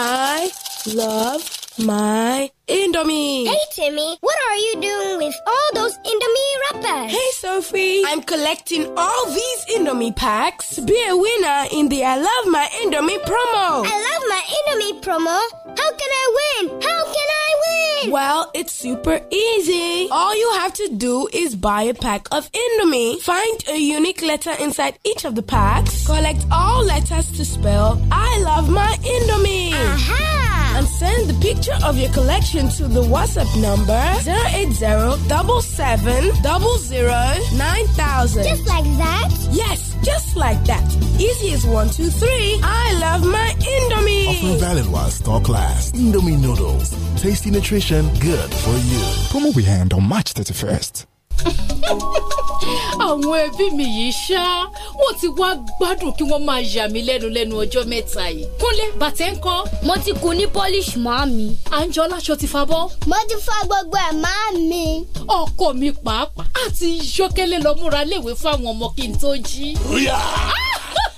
I love my Indomie. Hey, Timmy, what are you doing with all those Indomie wrappers? Hey, Sophie, I'm collecting all these Indomie packs. Be a winner in the I Love My Indomie promo. I Love My Indomie promo? Well, it's super easy. All you have to do is buy a pack of Indomie. Find a unique letter inside each of the packs. Collect all letters to spell I love my Indomie. Aha! and send the picture of your collection to the WhatsApp number 80 Just like that? Yes, just like that. Easy as one, two, three. I love my Indomie. Offer valid while stock lasts. Indomie noodles. Tasty nutrition, good for you. Promo we hand on March 31st. àwọn ẹbí mi yìí ṣá wọn ti wá gbádùn kí wọ́n máa yà mí lẹ́nu lẹ́nu ọjọ́ mẹ́ta yìí. kúnlé bàtẹ́ ń kọ́. mo ti kun ní polish máa mi. àǹjọ́ láṣọ ti fa bọ́. mo ti fa gbogbo ẹ̀ máa mi. ọkọ mi pàápàá àti yọkẹlẹ lọ múra léwe fáwọn ọmọ kí n tó jí. ó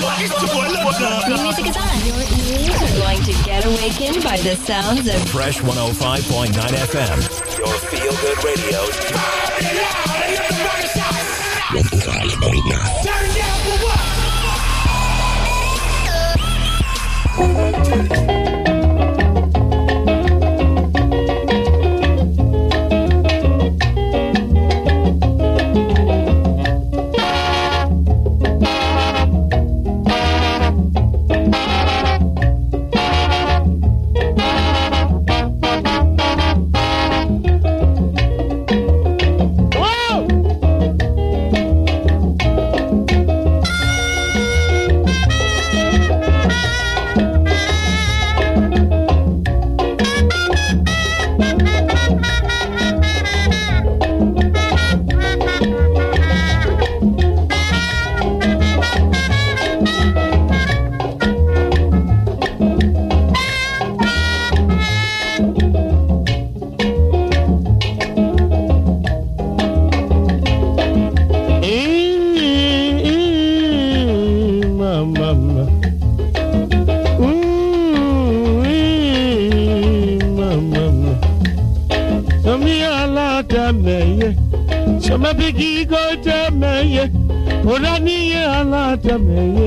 New music is on. Your ears are going to get awakened by the sounds of Fresh 105.9 FM. Your feel good radio. Turn down for what? go to me, what I need a lot of me.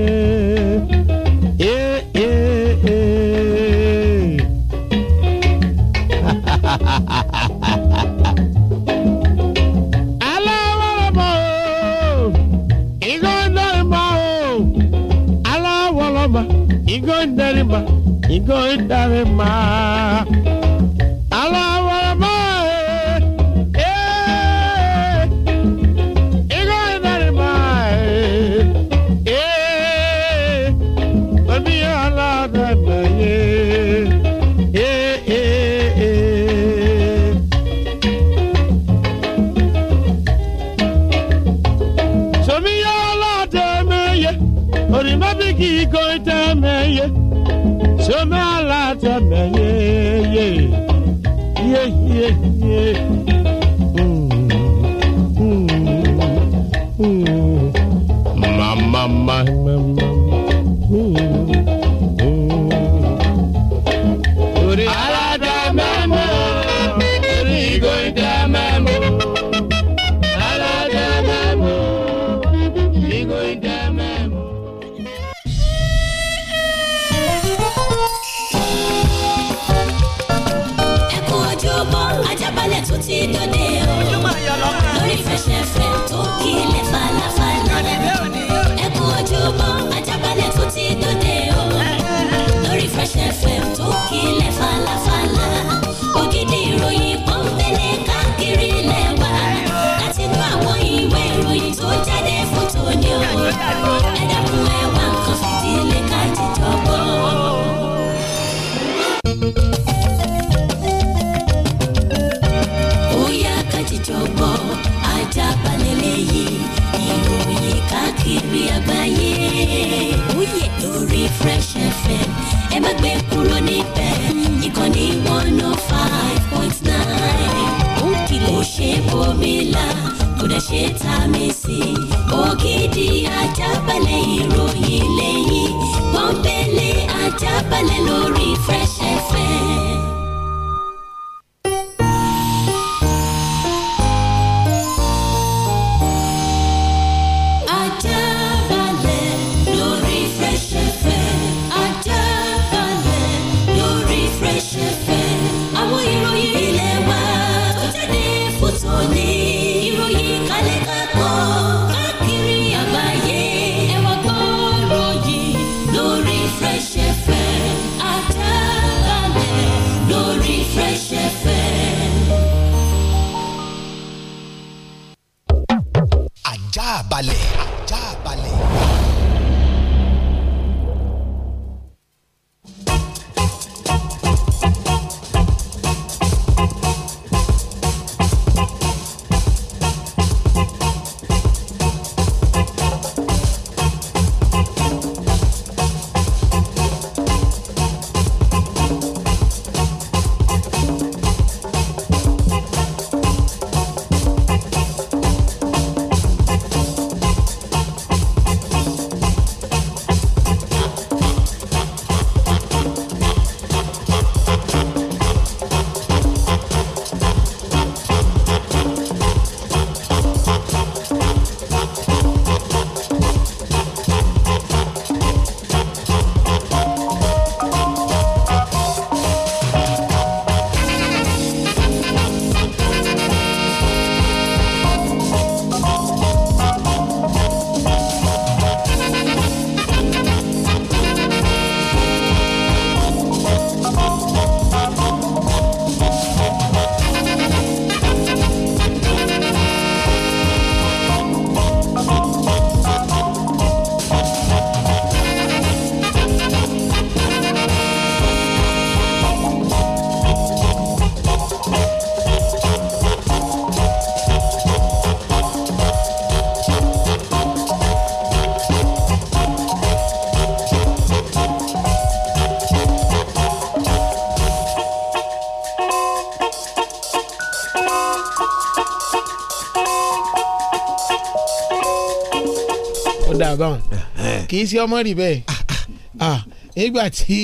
dáa báwọn kì í ṣe ọmọ rí bẹ́ẹ̀ ah, nígbà tí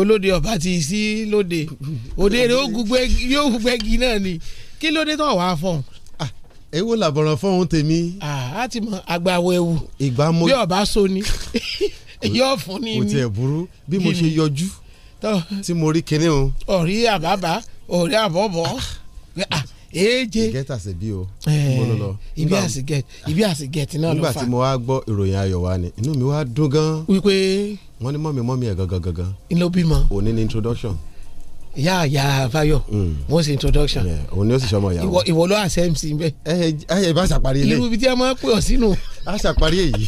olóde ọba ti sí lóde òde rẹ yóò gbẹgi náà ni kí lóde tó wàá fọ̀hún ah, èwo làbọ̀ràn fọ́hún tèmi. Ah, a ti mọ agbáwo ewu ìgbà mo bí ọba so ni yóò fún ni mi. kò tiẹ̀ burú bí mo ṣe yọjú tí mo rí kinní o. ọ̀rí àbábá ọ̀rí àbọ̀bọ̀ èéje. ìgẹ́ta ṣe bí o mo lọ lọ ibi àsìgẹ̀t ibi àsìgẹ̀t náà ló fà. nígbà tí mo wá gbọ́ ìròyìn ayọ̀ wa ni inú mi wá dùn gan. wípé. wọ́n ní mọ́mí mọ́mí ẹ̀ gangan gangan. iná bímọ. òní ni introduction. Ya ya Fáyọ̀ hmm. wọ́n ṣe introduction. òun ni ó sì sọmọ ìyàwó. ìwọ ló àṣẹ mc bẹ. ẹ ẹ bá ṣàparí ilé. irú ibi tí a máa ń pè ọ sínú. a ṣàparí èyí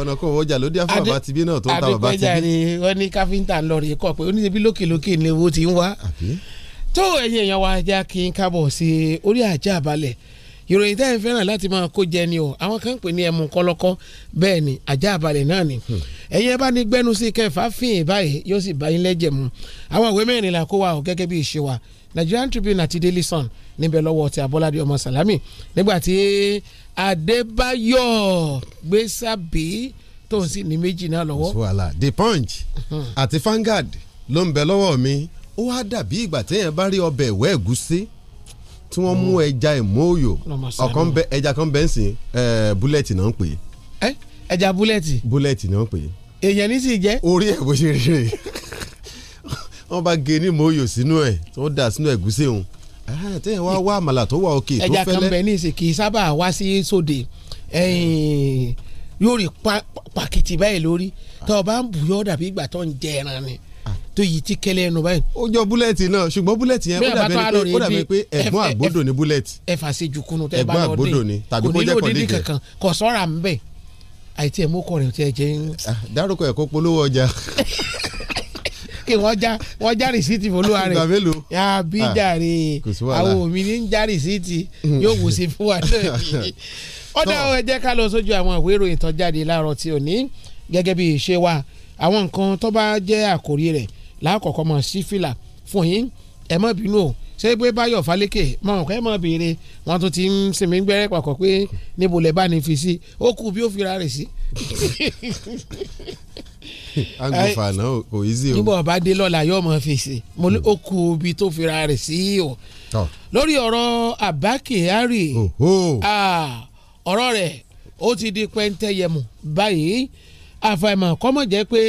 ọ̀nà kò wọ́jà ló dé afọ bàbá tibí náà tó ń ta bàbá tibí. àdèkọjà ni wọ́n ní káfíńtà ń lọ rè kọ́ pé oníṣẹ́bí lókèlókè ni owó ti ń wá. tó ẹ̀yin èèyàn wa já kí n ìròyìn tẹ́ ẹ̀ fẹ́ràn láti máa kó jẹ ni o àwọn kan ń pè ní ẹmu kọ́lọ́kọ́ bẹ́ẹ̀ ni ajá àbálẹ̀ náà ni hmm. ẹ̀yin ẹ bá ní gbẹ́nu sí kẹfà fìhìn báyìí yóò sì bá yín lẹ́jẹ̀ mu àwọn ìwé mẹ́rin là kó wa o gẹ́gẹ́ bí ìṣe wa Nigerian Tribune àti Daily Sun níbẹ̀ lọ́wọ́ ti Abọ́ládé ọmọ Sàlámì nígbàtí Adébáyọ̀ Gbèsàbí tóun sì ní méjì náà lọ́wọ́. The Punch hmm. àti Vanguard ló ń bẹ lọ́wọ́ mi ó wá dàbí ìgbà téèyàn bá rí ọbẹ̀ ìwẹ́ ẹ̀gúsí tí wọ́n mú ẹja ìmóòyò ọ̀kan bẹ ẹja kan bẹ́ẹ̀ sìn búlẹ̀tì náà ń pè é. ẹja búlẹ̀tì. búlẹ̀tì náà ń pè é. èèyàn ní sì jẹ́. orí ẹ̀ bó ṣe rí rè wọ́n bá gé ní ìmóòyò sínú ẹ̀ tó dà sínú ẹ̀gúsí òun tẹ́yìn wá wá àmàlà tó wà òkè tó fẹ́lẹ́. ẹja kan bẹ ní ìsìn kì í sábà wá sí sóde yóò rí pàkìtì báyìí lórí tó o bá ń bù tó yìí ti kẹlẹ́ ẹnu báyìí. ó jọ búlẹ̀tì náà ṣùgbọ́n búlẹ̀tì yẹn ó dàbẹ̀ ó dàbẹ̀ pé ẹ̀gbọ́n àgbódò ni búlẹ̀tì. ẹ fàṣejù kunu tẹ bá lọ dé kò nílò dídí kankan kò sọ́ra ń bẹ̀ àìtí ẹ̀ mú kọ̀ rẹ̀ tí ẹ jẹ́ ń. dárúkọ ẹ̀kọ́ polówó ọjà. kí wọ́n já wọ́n já rìsíìtì olúwa rẹ̀ yà bí jàre àwọn òmìn ní ń já rìsíìtì yóò wò sí fún wa náà yìí. ọ̀dà ẹ jẹ́ ká lọ sójú àwọn ìwé ìròyìn lákọ̀ọ́kọ́ mọ̀ sí fìlà fún yín ẹ má bínú o ṣé pé báyọ̀ falékè mọ ọ̀kọ́ ẹ má béèrè wọn tún ti ń sinmi gbẹ́rẹ́ pàkọ́ pé níbo lẹ́ bá ní fi sí ó kù bí ó fira rẹ̀ sí. àgùfà náà kò í sí o. níbo ọba dé lọ́la yóò mọ fèsì mo ní hmm. ó kù bí tó fira rẹ̀ sí o. lórí ọ̀rọ̀ Abba Kyari ọ̀rọ̀ rẹ̀ ó ti di pẹ́ńtẹ́yẹmù báyìí àfàìmọ̀ kọ́mọ̀ jẹ́ pé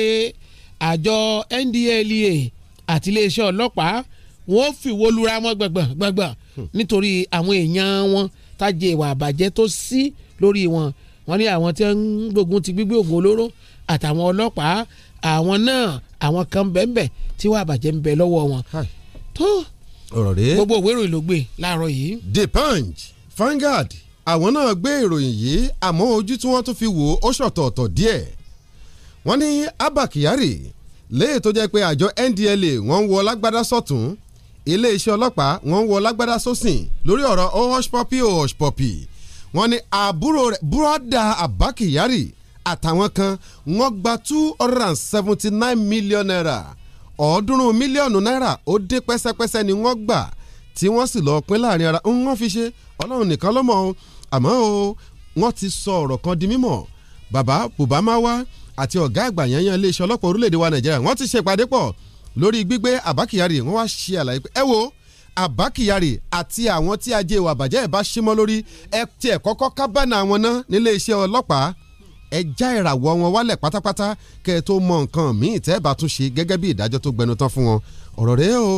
àjọ NDLEA àti iléeṣẹ́ ọlọ́pàá wọn ó fìwó lura wọn gbọ̀ngbọ̀n gbọ̀ngbọ̀n hmm. nítorí àwọn èèyàn wọn tájẹ ìwà àbàjẹ́ tó sí lórí wọn wọn ní àwọn tí ń gbógun ti gbígbé òògùn olóró àtàwọn ọlọ́pàá àwọn náà àwọn kan bẹ́ẹ̀nbẹ́ tí wàá bàjẹ́ ń bẹ lọ́wọ́ wọn. tó ọ̀rọ̀ rẹ̀ gbogbo òwe ìròyìn láàárọ̀ yìí. The Punch, Vanguard àwọn náà gbé ìròyìn yìí àmọ́ ojú tí wọ́n tún fi wò ó ṣọ̀tọ̀ọ̀tọ̀ díẹ̀ wọ́n ní Abba Kyari léè tó jẹ́ pé àjọ NDLA wọ́n ń wọ lágbádá sọ́tún iléeṣẹ́ ọlọ́pàá wọ́n ń wọ lágbádá sósìn lórí ọ̀rọ̀ ohoshpopi ohoshpopi wọ́n ní àbúrò rẹ̀ búrọ́dà Abba Kyari àtàwọn kan wọ́n gba two hundred and seventy nine million naira ọ̀ọ́dúnrún mílíọ̀nù náírà ó dé pẹ́sẹ́pẹ́sẹ́ ni wọ́n gbà tí wọ́n sì lọ́ọ́ pín láàrin ara ń wọ́n fi ṣe ọlọ́run nìkan ló àmọ́ wọ́n ti sọ ọ̀rọ̀ kan di mímọ̀ bàbá Buba Marwa àti ọ̀gá àgbà yanyan iléeṣẹ́ ọlọ́pàá orílẹ̀-èdè wa nàìjíríà wọ́n ti ṣe ìpàdé pọ̀ lórí gbígbé àbá kyari wọ́n wá ṣe àlàyé pé ẹ wo àbá kyari àti àwọn tí ajé ìwà àbàjẹ́ ẹ̀ bá símọ́ lórí ẹ tiẹ̀ kọ́kọ́ kábàánà wọn ná nílé iṣẹ́ ọlọ́pàá ẹ já ìràwọ̀ wọn wálẹ̀ pátápátá kẹ́ ẹ tó mọ nǹkan míì tẹ́ ẹ bá tún ṣe gẹ́gẹ́ bí ìdájọ́ tó gbẹnu tán fún wọn ọ̀rọ̀ rèé o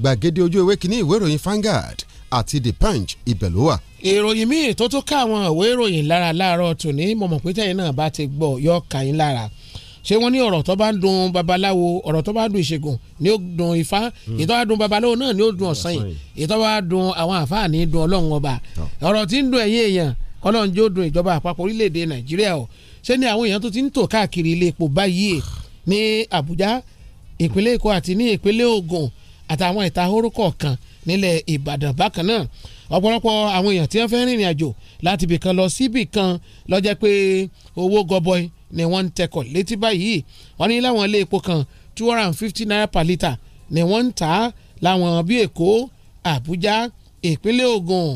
gbàgede ojú ewé kínní ìwé ìròyìn Vanguard àti The Punch ibẹ̀ ló wà. ìròyìn míì tó tún ká àwọn ìwé ìròyìn lára láàárọ̀ tòní mo mọ̀ pé tẹ̀yìn náà bá ti gbọ́ yọ ká yín lára ṣé wọ́n ní ọ̀rọ̀ tó bá ń dùn babaláwo ọ̀rọ̀ tó bá ń dùn ìṣègùn ni ó dùn ifá hmm. ìtọ́ bá dùn babaláwo náà ni ó dùn ọ̀sán yìí ìtọ́ bá dùn àwọn àfáà ní ọlọ́run ọba ọ̀rọ̀ tí ń dùn ẹ̀yìn èèyàn ọlọ́run jó dùn ìjọba àpapọ̀ orílẹ̀-èdè nàìjíríà o ṣé ni àwọn èèyàn tó ti ń tò káàkiri ilé epo báyìí ní àbújá ìpínlẹ̀ èkó àti ní ìpínlẹ̀ ògùn àtàwọn ìtahóró kọ̀ọ̀kan nílẹ̀ Ìbàdàn bákan náà ọ̀pọ̀lọpọ̀ àwọn èèyàn tí wọ́n fẹ́ rìnrìn àjò láti ibì kan lọ síbì kan ló jẹ́ pé owó gọbọi ni wọ́n ń tẹkọ̀ létí báyìí wọ́n ní láwọn ilé epo kan two hundred and fifty naira per litre ni wọ́n ń tà á láwọn bí Èkó Àbújá ìpínlẹ̀ Ògùn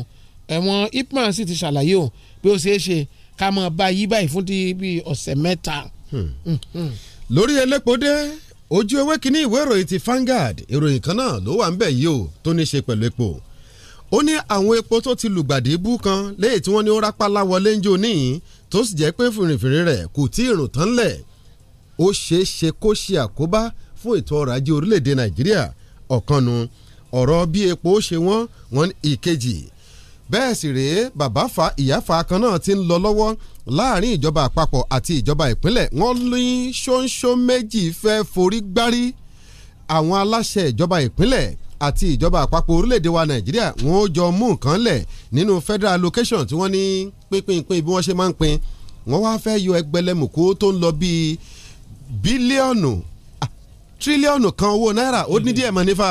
ẹ̀wọ̀n IPMAN sì ti ṣàlàyé o pé ó ṣeé ṣe ká mọ̀ bá yí báyìí fún ti bí ọ̀sẹ̀ mẹ́ta. Hmm. lórí elépo dé ojú ewé kínní ìwé ìròyìn ti Vanguard ìròyìn kan náà ló wà ń bẹ̀ yìí o tó ní í ṣe pẹ̀lú epo ó ní àwọn epo tó ti lùgbàdì bú kan léyìí tí wọ́n ní ó rápálá wọlé ń jò níyìn tó sì jẹ́ pé fìrìfìrì rẹ̀ kò tí ì rùn tán lẹ̀ ó ṣeé ṣe kó ṣe àkóbá fún ètò ọrọ̀ ajé orílẹ̀-èdè Nàìjíríà ọ̀kanu ọ̀rọ̀ bí epo ṣe wọ́n wọn ìkejì bẹ́ẹ̀ sì rèé bàbá fa ìyá fa kan náà ti ń lọ lọ́wọ́ láàrin ìjọba àpapọ̀ àti ìjọba ìpínlẹ̀ wọ́n ní ṣóńṣó méjì fẹ́ forí gbárí àwọn aláṣẹ ìjọba ìpínlẹ̀ àti ìjọba àpapọ̀ orílẹ̀-èdè wa nàìjíríà wọ́n jọ mú nǹkan lẹ̀ nínú federal allocation tí wọ́n ní pínpínpín bí wọ́n ṣe máa ń pín wọ́n wá fẹ́ yọ ẹgbẹ̀lẹ́mùkú tó ń lọ bíi bílíọ̀nù tírílíọ̀nù kan owó náírà ó ní díẹ̀ mọ̀ nífà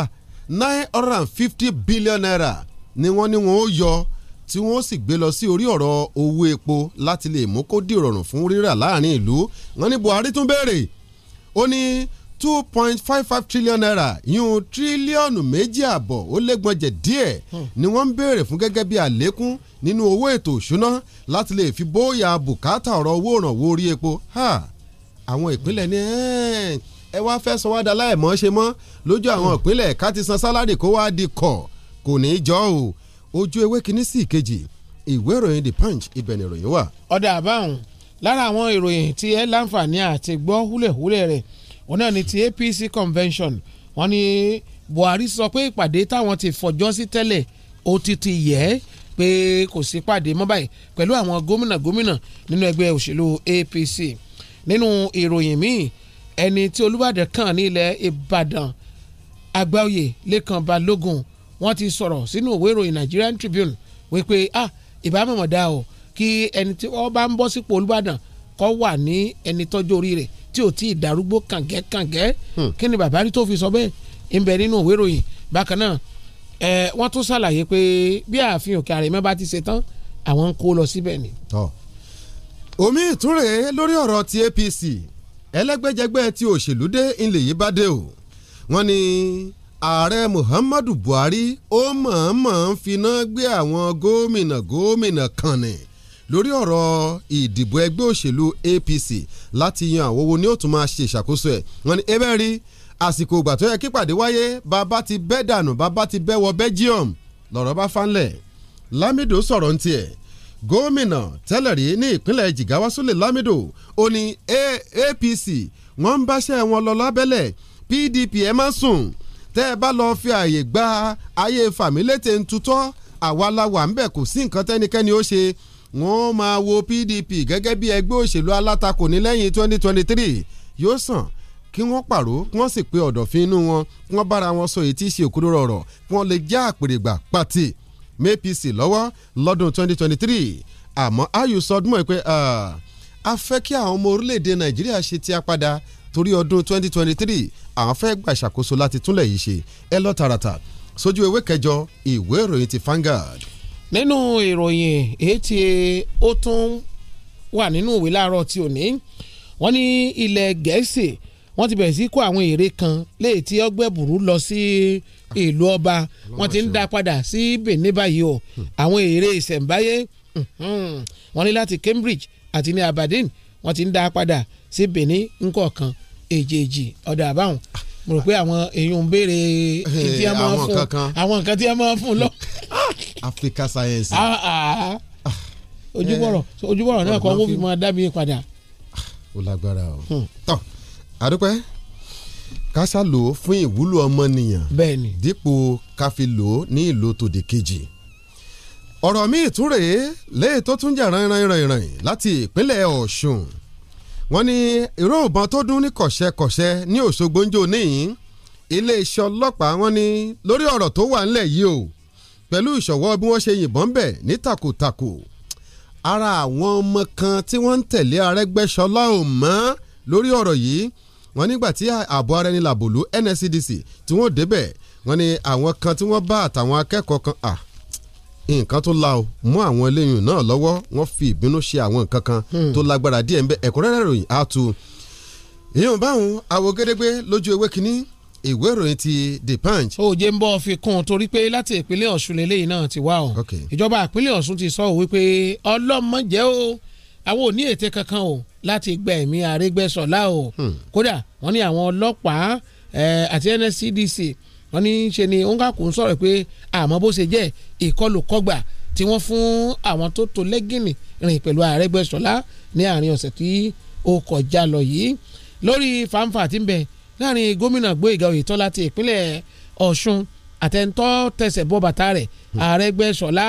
nine hundred and fifty billion naira ni wọ́n ní wọn ó yọ tí wọ́n sì gbé lọ sí orí ọ̀rọ̀ owó epo láti lè mú kó di ìrọ̀rùn fún rírà láàrin ìlú wọ́n ní Buhari tún béèrè ó ní two point five five trillion naira yún tírílíọ̀nù méjì àbọ̀ ó lẹ́gbọ̀njẹ̀ díẹ̀ hmm. ni wọ́n ń béèrè fún gẹ́gẹ́ bí àlékún nínú owó ètò òṣùná láti lè fi bóyá bùkátà ọ̀rọ̀ owó ìrànwọ́ orí epo àwọn ìpínlẹ̀ ní ẹ wá fẹ́ sanwó-adá láì mọ́ ṣe mọ́ lójú àwọn ìpínlẹ̀ ká ti san sálárì kó wá di kọ̀ kò ní í jọ o ojú ewé kínní sí ìkejì ìwé ìròyìn the punch ibẹ̀ ni ìròyìn wà. ọ̀dà àbáhùn lára àwọn ìròyìn tí ẹ láǹfààní àti gbọ́ húlẹ̀húlẹ̀ rẹ̀ òun náà ni ti APC convention wọ́n ní Buhari sọ pé ìpàdé táwọn ti fọjọ́ sí tẹ́lẹ̀ ó ti ti yẹ ẹ́ pé kò sí pàdé mọ́ báyìí pẹ̀lú àwọn gómìnà gómìnà nínú ẹgbẹ́ òṣèlú APC nínú ìròyìn míì ẹni tí Olúbàdàn kàn ní ilẹ̀ Ìbàdàn àgbáòye Lékan Balógun wọ́n ti sọ̀rọ̀ sínú òwe ìròyìn Nigerian Tribune wípé ah ìbámọ̀mọ̀ dá o kí ẹni tí wọ́n bá ń bọ́ sípò Olúbàdàn kọ́ wà ní ẹni tọ́jú orí rẹ̀ tí ò tí ì darúgbó kàǹgẹ́ kàǹgẹ́ hmm. kí ni bàbá rí tó fi sọ bẹ́ẹ̀ ń bẹ nínú òwe ìròyìn bákan náà ẹ wọ́n tún ṣàlàyé pé bí ààfin òkè àrèmọ bá ti ṣe tán àwọn ń kó lọ síbẹ̀ ni. omi ìtúre lórí ọ̀rọ̀ ti APC ẹlẹ́gbẹ́jẹgbẹ́ ti òṣèlú dé ilé yìí bá dé o wọ́n ní ààrẹ muhammadu buhari ó mọ̀ọ́mọ̀ ń finá gbé àwọn gómìnà gómìnà kan ni lórí ọ̀rọ̀ ìdìbò ẹgbẹ́ òṣèlú APC láti yan àwọn owó ni ó tún máa ṣe ìṣàkóso ẹ̀ wọ́n ní ebẹ́ rí àsìkò ìgbà tó yẹ kí pàdé wáyé bàbá ti bẹ́ dànù bàbá ti bẹ́ wọ Belgium lọ́rọ̀ bá fanlẹ̀ Lamido sọ̀rọ̀ ń tiẹ̀ gómìnà tẹ́lẹ̀ rí ní ìpínlẹ̀ Jigawa Sule Lamido ó ní APC wọ́n ń báṣẹ́ wọn lọ lábẹ́lẹ̀ PDP ẹ̀ máa sùn tẹ́ ẹ bá lọ́ọ́ fi àyè gba ayé fàmílétè ń tutọ́ àwa la wà ńbẹ̀ kò sí nǹkan tẹ́nikẹ́ni ó ṣe wọ́n máa wo PDP gẹ́gẹ́ bí ẹgbẹ́ òṣèlú alátakò ní lẹ́yìn 2023 yóò sàn kí wọ́n pàró kí wọ́n sì pe ọ̀dọ̀fín inú wọn kí wọ́n bára wọn sọ èyí tí í ṣe òkúrò ọ̀rọ̀ kí wọ́n lè já àpèrègbà pàtì mapc lọ́wọ́ lọ́dún 2023 àmọ́ ayù sọdúnmọ́ ẹ pé a fẹ́ kí àwọn ọmọ orílẹ̀-èdè nàìjíríà ṣe ti apadà torí ọdún 2023 àwọn fẹ́ gba ìṣàkóso láti túnlẹ̀ yìí ṣe ẹ lọ tààràtà sójú ewé kẹjọ ìwé ìròyìn ti Vanguard. nínú ìròyìn ètí ó tún wà nínú ìwé láàárọ̀ tí ò ní wọ́n ní ilẹ̀ gẹ̀ẹ́sì wọ́n ti bẹ̀rẹ̀ sí kó àwọn ère kan léyìí tí ọgbẹ́ burú lọ sí ìlú ọba wọ́n ti ń dá padà sí Benin báyìí o àwọn ère ìṣẹ̀ǹbáyé wọ́n ní láti Cambridge àti ní Aberdeen wọ́n ti ń dá padà sí Benin nkọ̀ọ̀kan èjèèjì ọ̀dà àbáwọn mo rò pé àwọn èèyàn ń béèrè eh, tí a máa fún àwọn nǹkan tí a máa fún lọ. Africa science. Ah, ah. ojúbọ̀rọ̀ eh. ojúbọ̀rọ̀ náà kọ́ wọ́n fi máa dá mi padà. Ah, ó lágbára o hmm. tọ́ àdúpẹ́ kásá lò ó fún ìwúlò ọmọnìyàn bẹ́ẹ̀ni dípò ká fi lò ó ní ìlò tòde kejì ọ̀rọ̀ mi ìtúrèé léè tó tún jà ránranranran láti ìpínlẹ̀ Ọ̀ṣun wọ́n ní ìró ìbọn tó dún ní kọ̀ṣẹ́kọ̀ṣẹ́ ní Òṣogbo ń jò níyìn iléeṣẹ́ ọlọ́pàá wọ́n ní lórí ọ̀rọ̀ tó wà ńlẹ̀ yìí o pẹ̀lú ìṣọ̀wọ́ bí wọ́n ṣe yìnbọn bẹ̀ ní takòtakò ara àwọn ọmọ kan tí wọ́n ń tẹ̀lé Arẹ́gbẹ́ṣọlá ò mọ́ lórí ọ̀rọ̀ yìí wọ́n nígbà tí ààbò ara ẹni làbòlú NSCDC tí wọ́n débẹ̀ wọ́n ní àwọn kan tí wọ́n bá àtàwọn akẹ́kọ̀ọ́ kan ah nǹkan tó la o mú àwọn eléyìn náà lọ́wọ́ wọ́n fi ìbínú ṣe àwọn nǹkan kan hmm. tó lágbára díẹ̀ ń bẹ ẹ̀kúnrẹ́rẹ́ ròyìn á tu. ìyẹn báwọn awogedegbe lójú ewé kínní ìwé ìròyìn ti the punch. òye ń bọ́ fi kún un torí pé láti ìpínlẹ̀ ọ̀ṣun lélẹ́yìn náà ti wá o ìjọba ìpínlẹ̀ ọ̀ṣun ti sọ wípé ọlọ́mọdé o àwọn ò ní ète kankan o láti gba ẹ̀mí Arẹ́gbẹ́ṣọlá o hmm. kódà wọ́n ní àwọn ọlọ́pàá eh, àti NSCDC wọ́n ní ṣe ni ongaku ń sọ̀rọ̀ pé àmọ́ bó ṣe jẹ́ ìkọlù kọgbà tí wọ́n fún àwọn tó tó lẹ́gìnì rìn pẹ̀lú Arẹ́gbẹ́ṣọlá ní àárín ọ̀sẹ̀ tí ó kọjá lọ yìí lórí fàǹfà tí ń bẹ láàrin gómìnà Gbóyèga Oyètọ́lá ti ìpínlẹ̀ Ọ̀ṣun àtẹ̀ntọ́ tẹsẹ̀ bọ́ bàtà rẹ̀ Arẹ́gbẹ́ṣọlá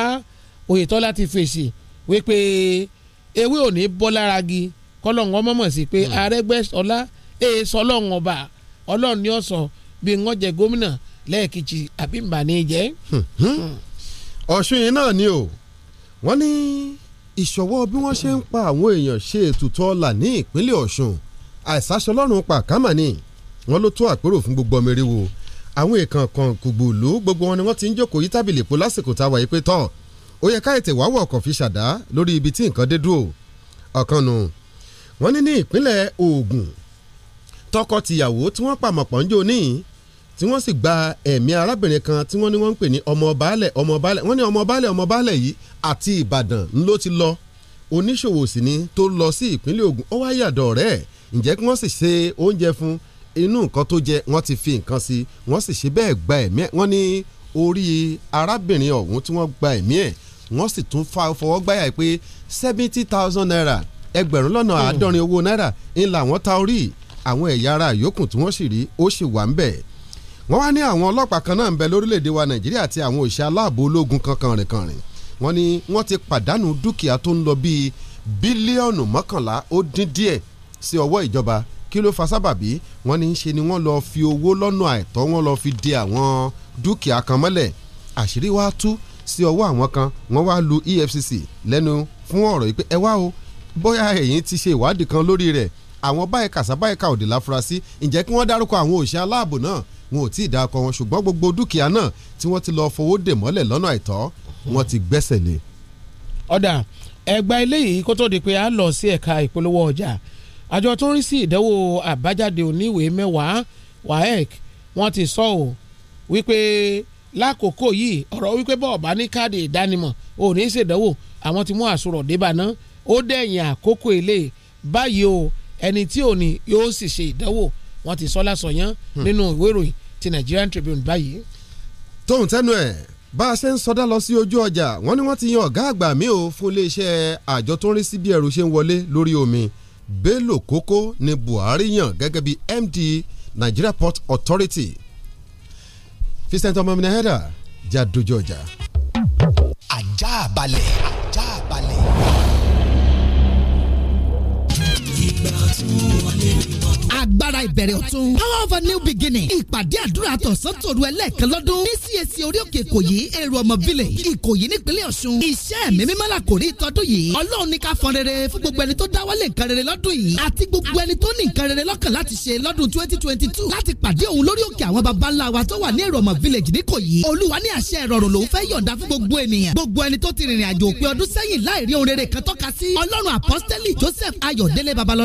Oyètọ́lá ti fèsì wípé ewé ò ní bọ́ lára gi kọ́lọ́hún ọmọ mọ̀ sí pé Arẹ́gbẹ́ṣọlá hmm. èèṣọ́ ọlọ́run ọba ọlọ́run ni bí wọ́n jẹ gómìnà lẹ́ẹ̀kejì àbí mbàní jẹ́. Hmm, hmm. ọ̀sùn yìí náà ni o wọ́n ní ìṣọwọ́ bí wọ́n ṣe ń pa àwọn èèyàn ṣe ètùtù ọlà ní ìpínlẹ̀ ọ̀sùn àìsàṣọlọ́run pàkámà ni wọ́n ló tó àpérò fún gbogbo ọmọ eré wo àwọn èèkàn kan gbogbo ìlú gbogbo wọn ni wọ́n ti ń jókòó yí tábìlì po lásìkò táwa yìí pé tán ó yẹ ká ètè wá ọkọ̀ fi ṣàdá lórí ibi tí nǹkan dé dúró ọ̀kan nù wọ́n ní ní ìpínlẹ̀ Ògùn tọkọ tìyàwó tí wọ́n pàmọ̀pọ̀ ń jò níyìn tí wọ́n sì gba ẹ̀mí arábìnrin kan tí wọ́n ní wọ́n ń pè ní ọmọ baálẹ̀ ọmọ baálẹ̀ wọ́n ní ọmọ baálẹ̀ ọmọ baálẹ̀ yìí àti Ìbàdàn ló ti lọ oníṣòwò sì ni tó lọ sí ìpínlẹ̀ Ògùn ó wá yàdọ̀ rẹ̀ ǹjẹ́ kí wọ́n sì ṣe oúnjẹ fún inú nǹkan tó jẹ wọ́n ti fi nǹkan sí wọ́n sì ṣe bẹ́ẹ̀ gba ẹ̀mí ẹ̀ wọ́n ní orí arábìnrin ọ̀hún tí wọ́n gba ẹ̀mí ẹ̀ wọ́n sì tún fọwọ́ gbáyà pé seventy thousand naira ẹgbẹ̀rún lọ́nà hmm. àádọ́rin owó naira ńlá àwọn ta orí àwọn ẹ̀yà ara yòókù tí wọ́n sì rí ó sì wà ń bẹ̀ẹ́ wọ́n wá ní àwọn ọlọ́pàá kan náà ń bẹ lórílẹ̀‐èdè wa nàìjíríà àti àwọn òṣìṣẹ́ aláàbò ológun kankan rìnkanrìn wọ́n ní wọ́n ti pàdánù dúkìá tó ń lọ bíi bílíọ̀nù mọ́kànlá ó dín díẹ̀ sí ọwọ́ ìjọba kí ló fa sábàbí wọ́n ní í ṣe ni wọ́n lọ fi owó lọ́nà àìtọ́ wọ́n lọ fi de àwọn dúkìá kan mọ́lẹ̀ àṣírí wá tú sí ọwọ́ àwọn kan wọ́n wá lu EFCC lẹ́nu fún ọ̀rọ̀ yìí pé ẹ wá o bóyá ẹ̀yin ti ṣe ìwádìí kan lórí rẹ̀ àwọn báyìí kàṣà báyìí ka òdì láfurasí ǹjẹ́ kí wọ́n dárúkọ àwọn òṣìṣẹ́ aláàbò náà wọn ò tí ì dákọ wọn ṣùgbọ́n gbogbo dúkìá náà tí wọ́n ti lọ fowó dè mọ́lẹ̀ lọ́nà àìtọ́ wọ́n ti gbẹ́sẹ̀ lé. ọ̀dà ẹgbà eléyìí kó tó di pé a lọ sí ẹ̀ka ìpolówó ọjà àjọ tó ń rí sí ìdánwò àbájáde oníwèé mẹ́wàá waec wọ́n ti sọ ọ́ wípé lákòókò yìí ọ̀rọ̀ wípé bọ́ọ̀ bá ní káàdì ìdánimọ̀ ò ní í ṣèdánwò àwọn ti mú àsùrọ̀ débàná ó dẹ̀yìn àkókò ilé báyìí o ẹni tí ò ní yóò sì ṣe ìdánwò wọ́n ti sọ lásọyán hmm. nínú ìwé ìròyìn ti Nigerian Tribune báyìí. tóun tẹnu ẹ bá a ṣe ń sọdá lọ sí ojú ọjà wọn ni wọn ti yan ọgá àgbà mi ò fún iléeṣẹ́ àjọ tó ń rí sí bí ẹrù ṣe ń wọlé lórí omi Bello Koko ni Buhari yan gẹ́gẹ́ bí MD Nigeria Port Authority Vincent ọmọmìnira hẹ́dà já dojú ọjà. ajá balẹ̀ ajá balẹ̀ agbára ìbẹ̀rẹ̀ ọ̀tun power of a new beginning ìpàdé àdúrà tọ̀sán tòru ẹlẹ́ẹ̀kan lọ́dún ní CAC orí òkè ìkòyí èrò ọmọ village ìkòyí nípínlẹ̀ ọ̀ṣun iṣẹ́ mi mímọ́ la kò rí ìtọ́dún yìí ọlọ́run ní ká fọn rere fún gbogbo ẹni tó dáwọ́lé nǹkan rere lọ́dún yìí àti gbogbo ẹni tó ní nǹkan rere lọ́kàn láti ṣe lọ́dún twenty twenty two láti pàdé òun lórí wa tó village níkòyí olúwa ní àṣẹ ìrọ̀rùn lòún fẹ́ yọ̀ǹda fún gbogbo ènìyàn gbogbo ẹni tó ti rìnrìn àjò òpin ọdún sẹ́yìn láì rí ohun rere kan tọ́ka sí ọlọ́run àpọ́stẹ́lì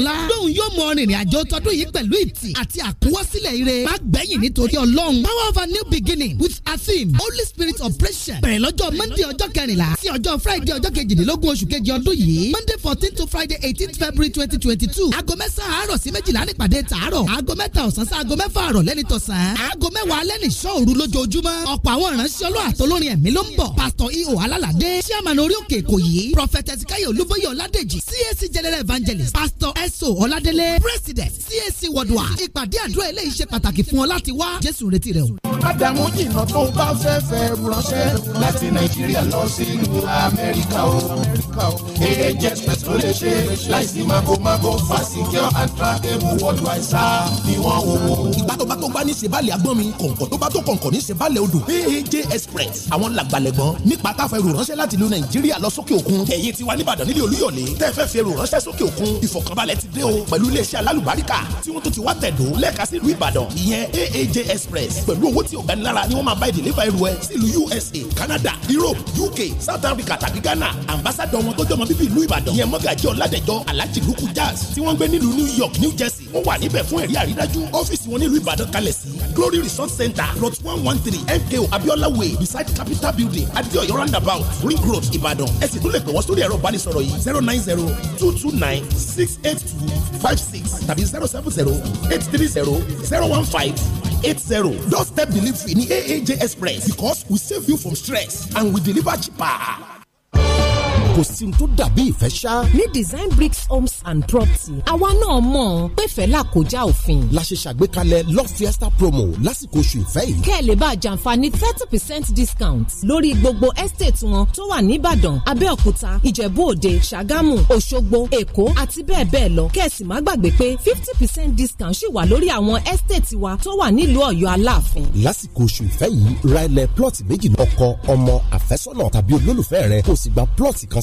ọlá lóun yóò mọ rìnrìn àjò tọdún yìí pẹ̀lú ìtì àti àkúwọ́sílẹ̀ ire má gbẹ̀yìn nítorí ọlọ́run power of a new beginning with asim holy spirit operation bẹ̀rẹ̀ lọ́jọ́ monday ọjọ́ kẹrìnlá sí ọjọ́ friday ọjọ́ kejìlélógún oṣù kejì ọdún yìí monday fourteen to friday eighteen february twenty twenty two aago mẹ́sàn-án àárọ̀ sí méjìlá nípàdé tààrọ̀ aago mẹ́ta ọ̀sán sí aago mẹ́fà àrọ̀ lẹ́ni tọ̀sán aago mẹ́wàá lẹ́ni sọ́ọ̀rù lójoojúmọ́ ọ̀pọ̀ àwọn ìránṣẹ́ ọlọ́ àtolórin ẹ̀mí ló ń bọ̀ pásítọ̀ ihò e alálàdé chairman orí òkè èkó yìí prophet ezekiel olúbóyè ọládèjì cac general evangelist pastor s Jésù Ọládélé president CAC worldwide ìpàdé àdúrà eléyìí ṣe pàtàkì fún ọ láti wá Jésù retí rẹ o. Adamu jìnnà tó bá fẹ́ fẹ́ ránṣẹ́ láti Nàìjíríà lọ sílùú Amẹ́ríkà o. Èdè Jẹ́sìpẹ̀sì ló lè ṣe láìsí magomago Fasikẹ́ Antrakebu Worldwide sá ni wọ́n wò. Ìgbà bá tó bá ní ṣèbálẹ̀ agbọ́n kọ̀ǹkọ̀ tó bá tó kọ̀ǹkọ̀ ní ṣèbálẹ̀ odò. AAJ Express àwọn làgbàlẹ̀gbọ́n nípa káfẹ́rù ránṣẹ́ láti ìlú Nàìjíríà lọ sókè òkun. Èyí ti ti dé o pẹ̀lú iléeṣẹ́ alálùbáríkà tí wọ́n tún ti wá tẹ̀dó lẹ́ka sí ìlú ìbàdàn ìyẹn aaj express pẹ̀lú owó tí ò gani lára ni wọ́n máa bá ìdílẹ́fà ẹrù ẹ sílùú usa canada europe uk south africa tàbí ghana ambassadọ wọn tó jọmọ bíbí ìlú ìbàdàn ìyẹn mọ́gàjí ọ̀làdẹ̀jọ alhaji luku jazz tí wọ́n gbé nílùú new york new jersey ó wà níbẹ̀ fún ẹ̀rí àrídájú ọ́fíìsì wọn nílùú ìbàdàn kalẹ̀ sí glory resort center plot one one three mko abiola way beside capital building adeoyo roundabout ring road ìbàdàn ẹ sì tún lè pè wọ́n sórí ẹ̀rọ ìbánisọ̀rọ̀ yìí zero nine zero two two nine six eight two five six tàbí zero seven zero eight three zero zero one five eight zero doorstep delivery ní aaj express because we save you from stress and we deliver cheaper kò sí ní tó dàbí ìfẹ́ ṣá. ní design bricks homes and property àwa náà mọ̀ pé fẹ́lá kò já òfin. la ṣe ṣàgbékalẹ̀ love fiesta promo lásìkò oṣù ìfẹ́ yìí. kẹ́ ẹ̀ lè bá jàǹfààní thirty percent discount lórí gbogbo estate wọn tó wà níbàdàn abẹ́òkúta ìjẹ̀bú-òde ṣàgámù òṣogbo èkó àti bẹ́ẹ̀ bẹ́ẹ̀ lọ kẹ́ má gbàgbé pé fifty percent discount ṣì wà lórí àwọn estate wa tó wà nílùú ọ̀yọ́ aláàfin. lásìkò oṣù ìfẹ́ yìí ra ilẹ̀ plọ̀tì méjì ọkọ ọmọ àfẹ́sọ́nà tàbí olólùfẹ́ rẹ kó sì gba plọ̀tì kan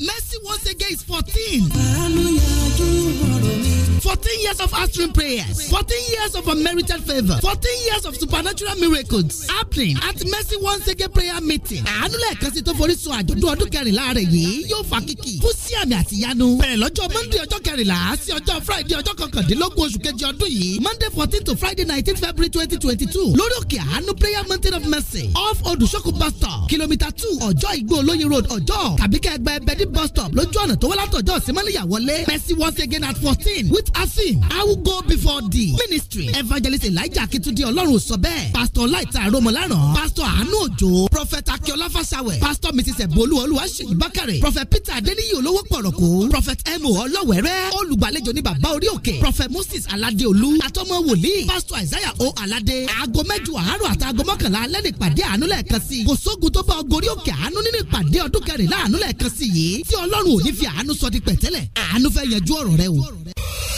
Mercy once again is fourteen. 14 years of answering prayers, 14 years of unmerited favor, 14 years of supernatural miracles happening at Mercy Once Again prayer meeting. Àánú lẹ́ẹ̀kan sí tó forí sọ àjọ̀dún ọdún kẹrìnlá rẹ̀ yìí yóò fa kíkì. Kú sí àmì àti ìyanu. Bẹ̀rẹ̀ lọ́jọ́ Monday ọjọ́ kẹrìnlá sí ọjọ́ Friday ọjọ́ kọkàndínlógún oṣù kejì ọdún yìí. Monday fourteen to Friday nineteen February twenty twenty two. Lórí òkè àánú prayer mountain of mercy off Odùsókù bus stop kìlómítà two ọjọ́ Ìgbó Olóyin road ọjọ́ tàbí kẹ́gbẹ́ Bẹ́dí bus stop lójú ọ̀nà tó wọ́lá tọ̀jọ́ sí Mọ́níyà wọlé. Mercy Once Again at fourteen with asin i will go before the ministry evangelist elijah akitunde ọlọ́run sọ bẹ́ẹ̀ pastor laita aromolaran pastor anu ojo prophet akiola fasawẹ pastor mrs ebolu oluwaseyi Ibakare. prophet peter adeniyi olówó pọ̀rọ̀kọ́ prophet emu ọlọ́wẹ̀rẹ́ olùgbàlejò ní bàbá orí òkè prophet moses aladeolu atọ́mọ wòlíì pastor isaiah o alade aago mẹ́jọ àárọ̀ àti aago mọ́kànlá alẹ́ ní ìpàdé àánú lẹ́ẹ̀kan sí i kò sógun tó bá ọgọ́rí òkè àánú nínú ìpàdé ọdún kẹrìnlá àánú lẹ́ẹ̀kan sí i yìí tí ọlọ́run ò ní fi àánú sọ di pẹ̀tẹ́lẹ̀ àánú fẹ́ yanjú ọ̀rọ̀ rẹ o.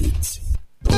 Говорите.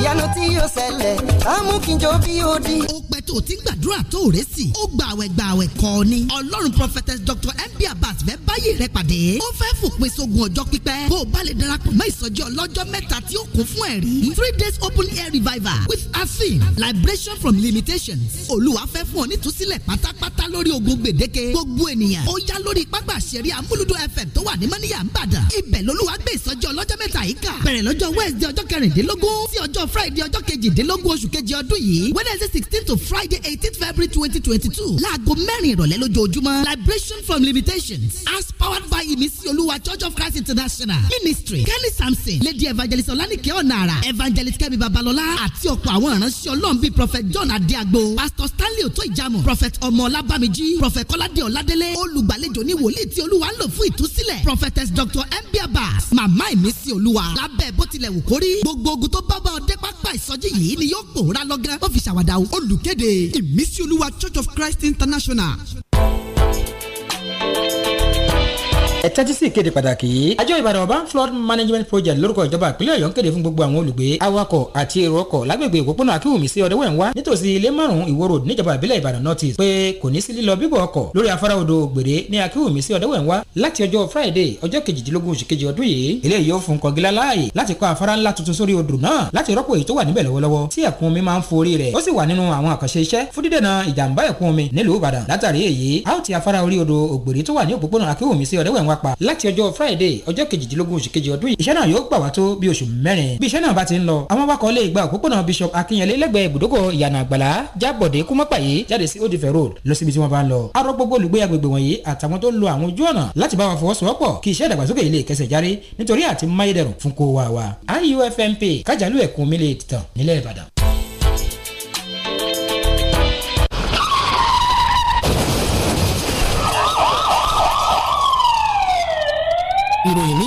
ìyanu tí yóò ṣẹlẹ̀ á mú kí n jó bí ó di. ó pẹ́ tó ti gbàdúrà tó rẹ̀ sí ó gbààwẹ̀ gbààwẹ̀ kọ́ ni ọlọ́run prophetess dr mb abbas fẹ́ báyé rẹ pàdé ó fẹ́ fòpin sógun ọjọ́ pípẹ́ bó o bá lè darapọ̀ mọ́ ìsọjí ọlọ́jọ́ mẹ́ta tí ó kún fún ẹ̀rí three days open air revival with a theme liberation from limitations olúwa fẹ́ fún ọ nítúsílẹ̀ pátápátá lórí ogun gbèdéke gbogbo ènìyàn ó yá lórí pápá àṣẹrí amúlùdó fm tó wà ní mọ́níyà ń bàdàn ibẹ̀ lolúwa gbé ìsọjí ọlọ́jọ́ mẹ́ta yìí kà bẹ̀rẹ̀ lọ́jọ́ wednesday ọjọ́ kẹrìndínlógún sí ọjọ́ ọjọ́ friday ọjọ́ kejìdínlógún oṣù kejì ọdún yìí wednesday sixteen to friday eighteen february twenty twenty two láago mẹ́rin ìrọ̀lẹ́ lójoojúmọ́ liberation from limitations as powered by ìmísí olúwa church of christ international ministry kenny samson lady evangelist Olanike Onara, evangelist Kemi babalọ́lá àti ọ̀pọ̀ àwọn ìránṣẹ́ ọlọ́run bíi prophet john adiagbo pastor stanley oto ìjàmọ̀ prophet ọmọ ọlábàmíjì prophet kọ́ládé ọládélé olùgbàlejò ní wòlíì tí olúwa ń lò fún ìtúsílẹ̀ prophetess dr mbiabas màmá ìmísí olúwa lábẹ́ bó tilẹ̀ wù kórí gbogbo ogun tó bá bá ọdẹ dé pápá ìsọjí yìí ni yóò pòórá lọ́gán ó fi ṣàwàdà olùkéde ìmísí olúwa Church of Christ International ẹ tẹ́tí sí ìkéde pàtàkì yìí àjọ ìbàdàn urban flood management project lórúkọ ìjọba ìpínlẹ̀ ọ̀yọ́ ń kéde fún gbogbo àwọn olùgbé awakọ̀ àti èrò ọkọ̀ lágbègbè òpópónà akíwùmí sí ọ̀dẹ́wẹ̀ ń wá nítòsí ilé márùn-ún ìwó road níjọba ìbílẹ̀ ìbàdàn north east pé kò ní sí lílọ bíbọ̀ ọkọ̀ lórí afárá odò gbèrè ní akíwùmí sí ọ̀dẹ́wẹ̀ ń láti ọjọ́ friday ọjọ́ kejìdínlógún oṣù kejì ọdún yìí eléyìí yóò fún kọ̀ǹgílá láàyè láti kọ́ afárá ńlá tuntun sórí odò náà láti rọ́pò èyí tó wà níbẹ̀ lọ́wọ́lọ́wọ́ tí ẹ̀kún omi máa ń forí rẹ̀ ó sì wà nínú àwọn àkànṣe iṣẹ́ fún dídènà ìjàmbá ẹ̀kún omi nílùú ìbàdàn látàrí èyí a ó wá pa láti ọjọ́ friday ọjọ́ kejìdínlógún oṣù kejì ọdún yìí iṣẹ́ náà yóò gbà wá tó bí oṣù mẹ́rin bí iṣẹ́ náà bá ti ń lọ àwọn awakọ̀ lè gba òpópónà bishop akínyẹlé lẹ́gbẹ̀ẹ́ ibùdókọ̀ ìyànà àgbàlá jábọ̀dé kúmọ́pàyé jáde sí odifẹ̀ road lọ síbi tí wọ́n bá ń lọ arọ gbogbo olùgbé agbègbè wọ̀nyí àtàwọn tó ń lo àwọn ojú ọ̀nà láti bá wa fọwọ́sowọ́pọ̀ kí iṣẹ́ ìdàgbàsókè ilé kẹsẹ̀ járí nítorí àti máyédẹrùn fún kó wa wa iufmp kájàlú ẹ̀kún mílíọ̀tì tán nílẹ̀ ìbàdàn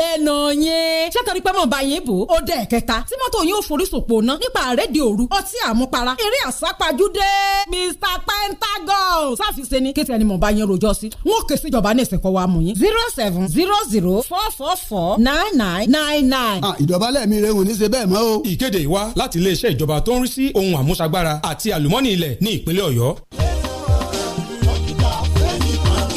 lẹ́nu yẹn. ṣé torí pé bá yín bò ó dẹ̀ kẹta tí mọ́tò yín ò ná nípa àrédìí òru ọtí àmupara eré àsápajúdé Mr Pentagon sáfìsẹ́ ni kéte ẹni mo bá yín rojọ́ sí. n ó ké síjọba ní ìsìnkọ́ wa mú yín. zero seven zero zero four four four nine nine nine nine. Ah, ìdọ̀bálẹ̀ mi rehun ní ṣe bẹ́ẹ̀ mọ́ o. ìkéde ìwá láti iléeṣẹ́ ìjọba tó ń rí sí ohun àmúṣagbára àti àlùmọ́nì ilẹ̀ ní ìpínlẹ̀ Ọ̀yọ́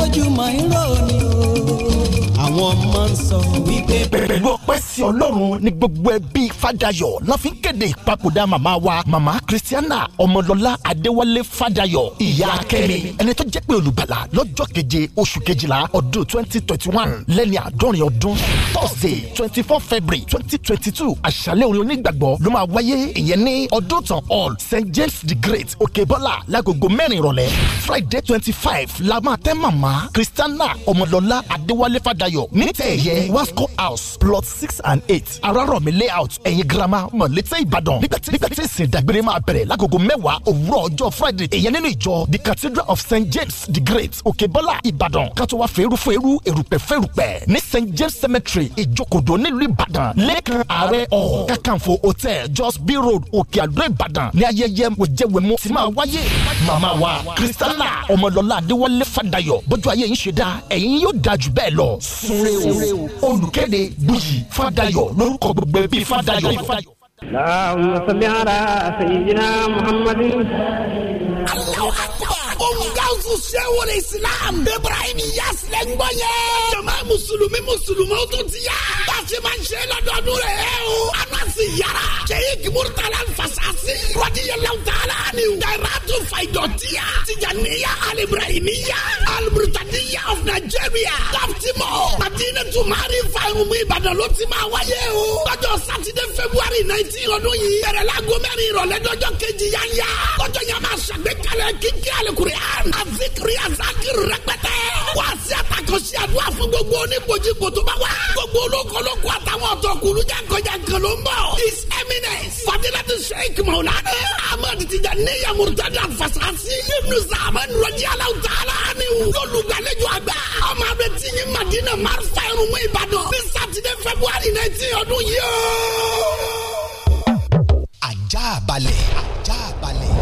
bójú mọ̀ ń rò ni o àwọn máa ń sọ wípé. pẹ̀lú ọpẹ́ sí ọlọ́run ní gbogbo ẹbí fàdáyọ̀ la fi ń kéde ìpapòdà màmá wa màmá kristiana ọmọlọ́lá adéwálé fàdáyọ̀ ìyá kẹ́mi ẹni tó jẹ́ pé olùgbàlà lọ́jọ́ keje oṣù kejìlá ọdún twenty twenty one lẹ́ni àádọ́rin ọdún thursday twenty four february twenty twenty two àṣálẹ́ orin onígbàgbọ́ ló máa wáyé ìyẹn ní ọdún tàn hall st james the great òkèbọ́là lágogo mẹ́rin ìrọ̀lẹ́ friday twenty five la máa tẹ́ màmá kristiana ọmọlọ́lá adéwálé fàdáyọ̀ ayọ̀ nítẹ̀yẹ wasco house plot six and eight arárọ̀mí layout ẹ̀yìn girama mọ̀létẹ́ ìbàdàn nígbàtí ìsìn ìdágbére máa bẹ̀rẹ̀ lágogo mẹ́wàá òwúrọ̀ ọjọ́ friday èyẹn nínú ìjọ the cathedral of st james the great òkèbọ́lá ìbàdàn kátó wá fẹ́rú fẹ́rú èrùpẹ̀ fẹ́rùpẹ̀ ní st james cemetery ìjókòdó nílùú ìbàdàn lẹ́kàn ààrẹ ọ̀hún kàkànfò hotel just b road òkè àdó ìbàdàn ní ayẹyẹ òjẹwẹmú ti máa wáyé màmá wa kristalla ọmọlọ́lá adéwálé fàdáyọ̀ bójú ayé yín ṣe dá ẹ̀yin yóò dájú bẹ́ẹ̀ lọ sí sunre o olùkéde bùjì fàdáyọ̀ lórúkọ gbogbo ẹbí fàdáyọ̀. làwọn sọ̀bí ara ṣèyí jìnnà muhammadu gawusu sẹ́wọ̀n islam ibrahim yasilẹ̀ ń gbọ́ yẹ. jama musulumi musulumi o tún ti yá. baasi ma ṣe lọ́dọọdún rẹ̀ o. a sì yára. sheikh murtala fasasi. radiyallahu ta'ala ni. dairatu faidọ̀tiya. tijaniya alibrahimiya. alibrutadiya of nigeria. daptimo. madina tumari fayirumu ibadan ló ti máa wáyé o. lọ́jọ́ sátidé february nineteen ọdún yìí. bẹ̀rẹ̀ la gomẹ́rin ìrọ̀lẹ́ dọ́jọ́ kejì yanya. kọjọ yẹn máa ṣàgbékalẹ̀ kíkí alikuri àdúrà zikiri azakiri rẹpẹtẹ. wà á sí àtàkọ́sí àdúrà fún gbogbo oníkojú kò tó bá wá. gbogbo olókolóko àtàwọn ọ̀tọ̀kùlú jàǹkọjà kan ló ń bọ̀. his eminence fadilati sheik maulana ahmed tijani yamurutadi alfasasi. ibnu sàmán rọjí aláwùtàlá ni o. lọ́lùgbàlejò àgbà. ọmọ abẹ ti ní madina marifa irunmu ìbàdàn. ní sátidé february nineteen ọdún yìí o. ajá balẹ̀ ajá balẹ̀.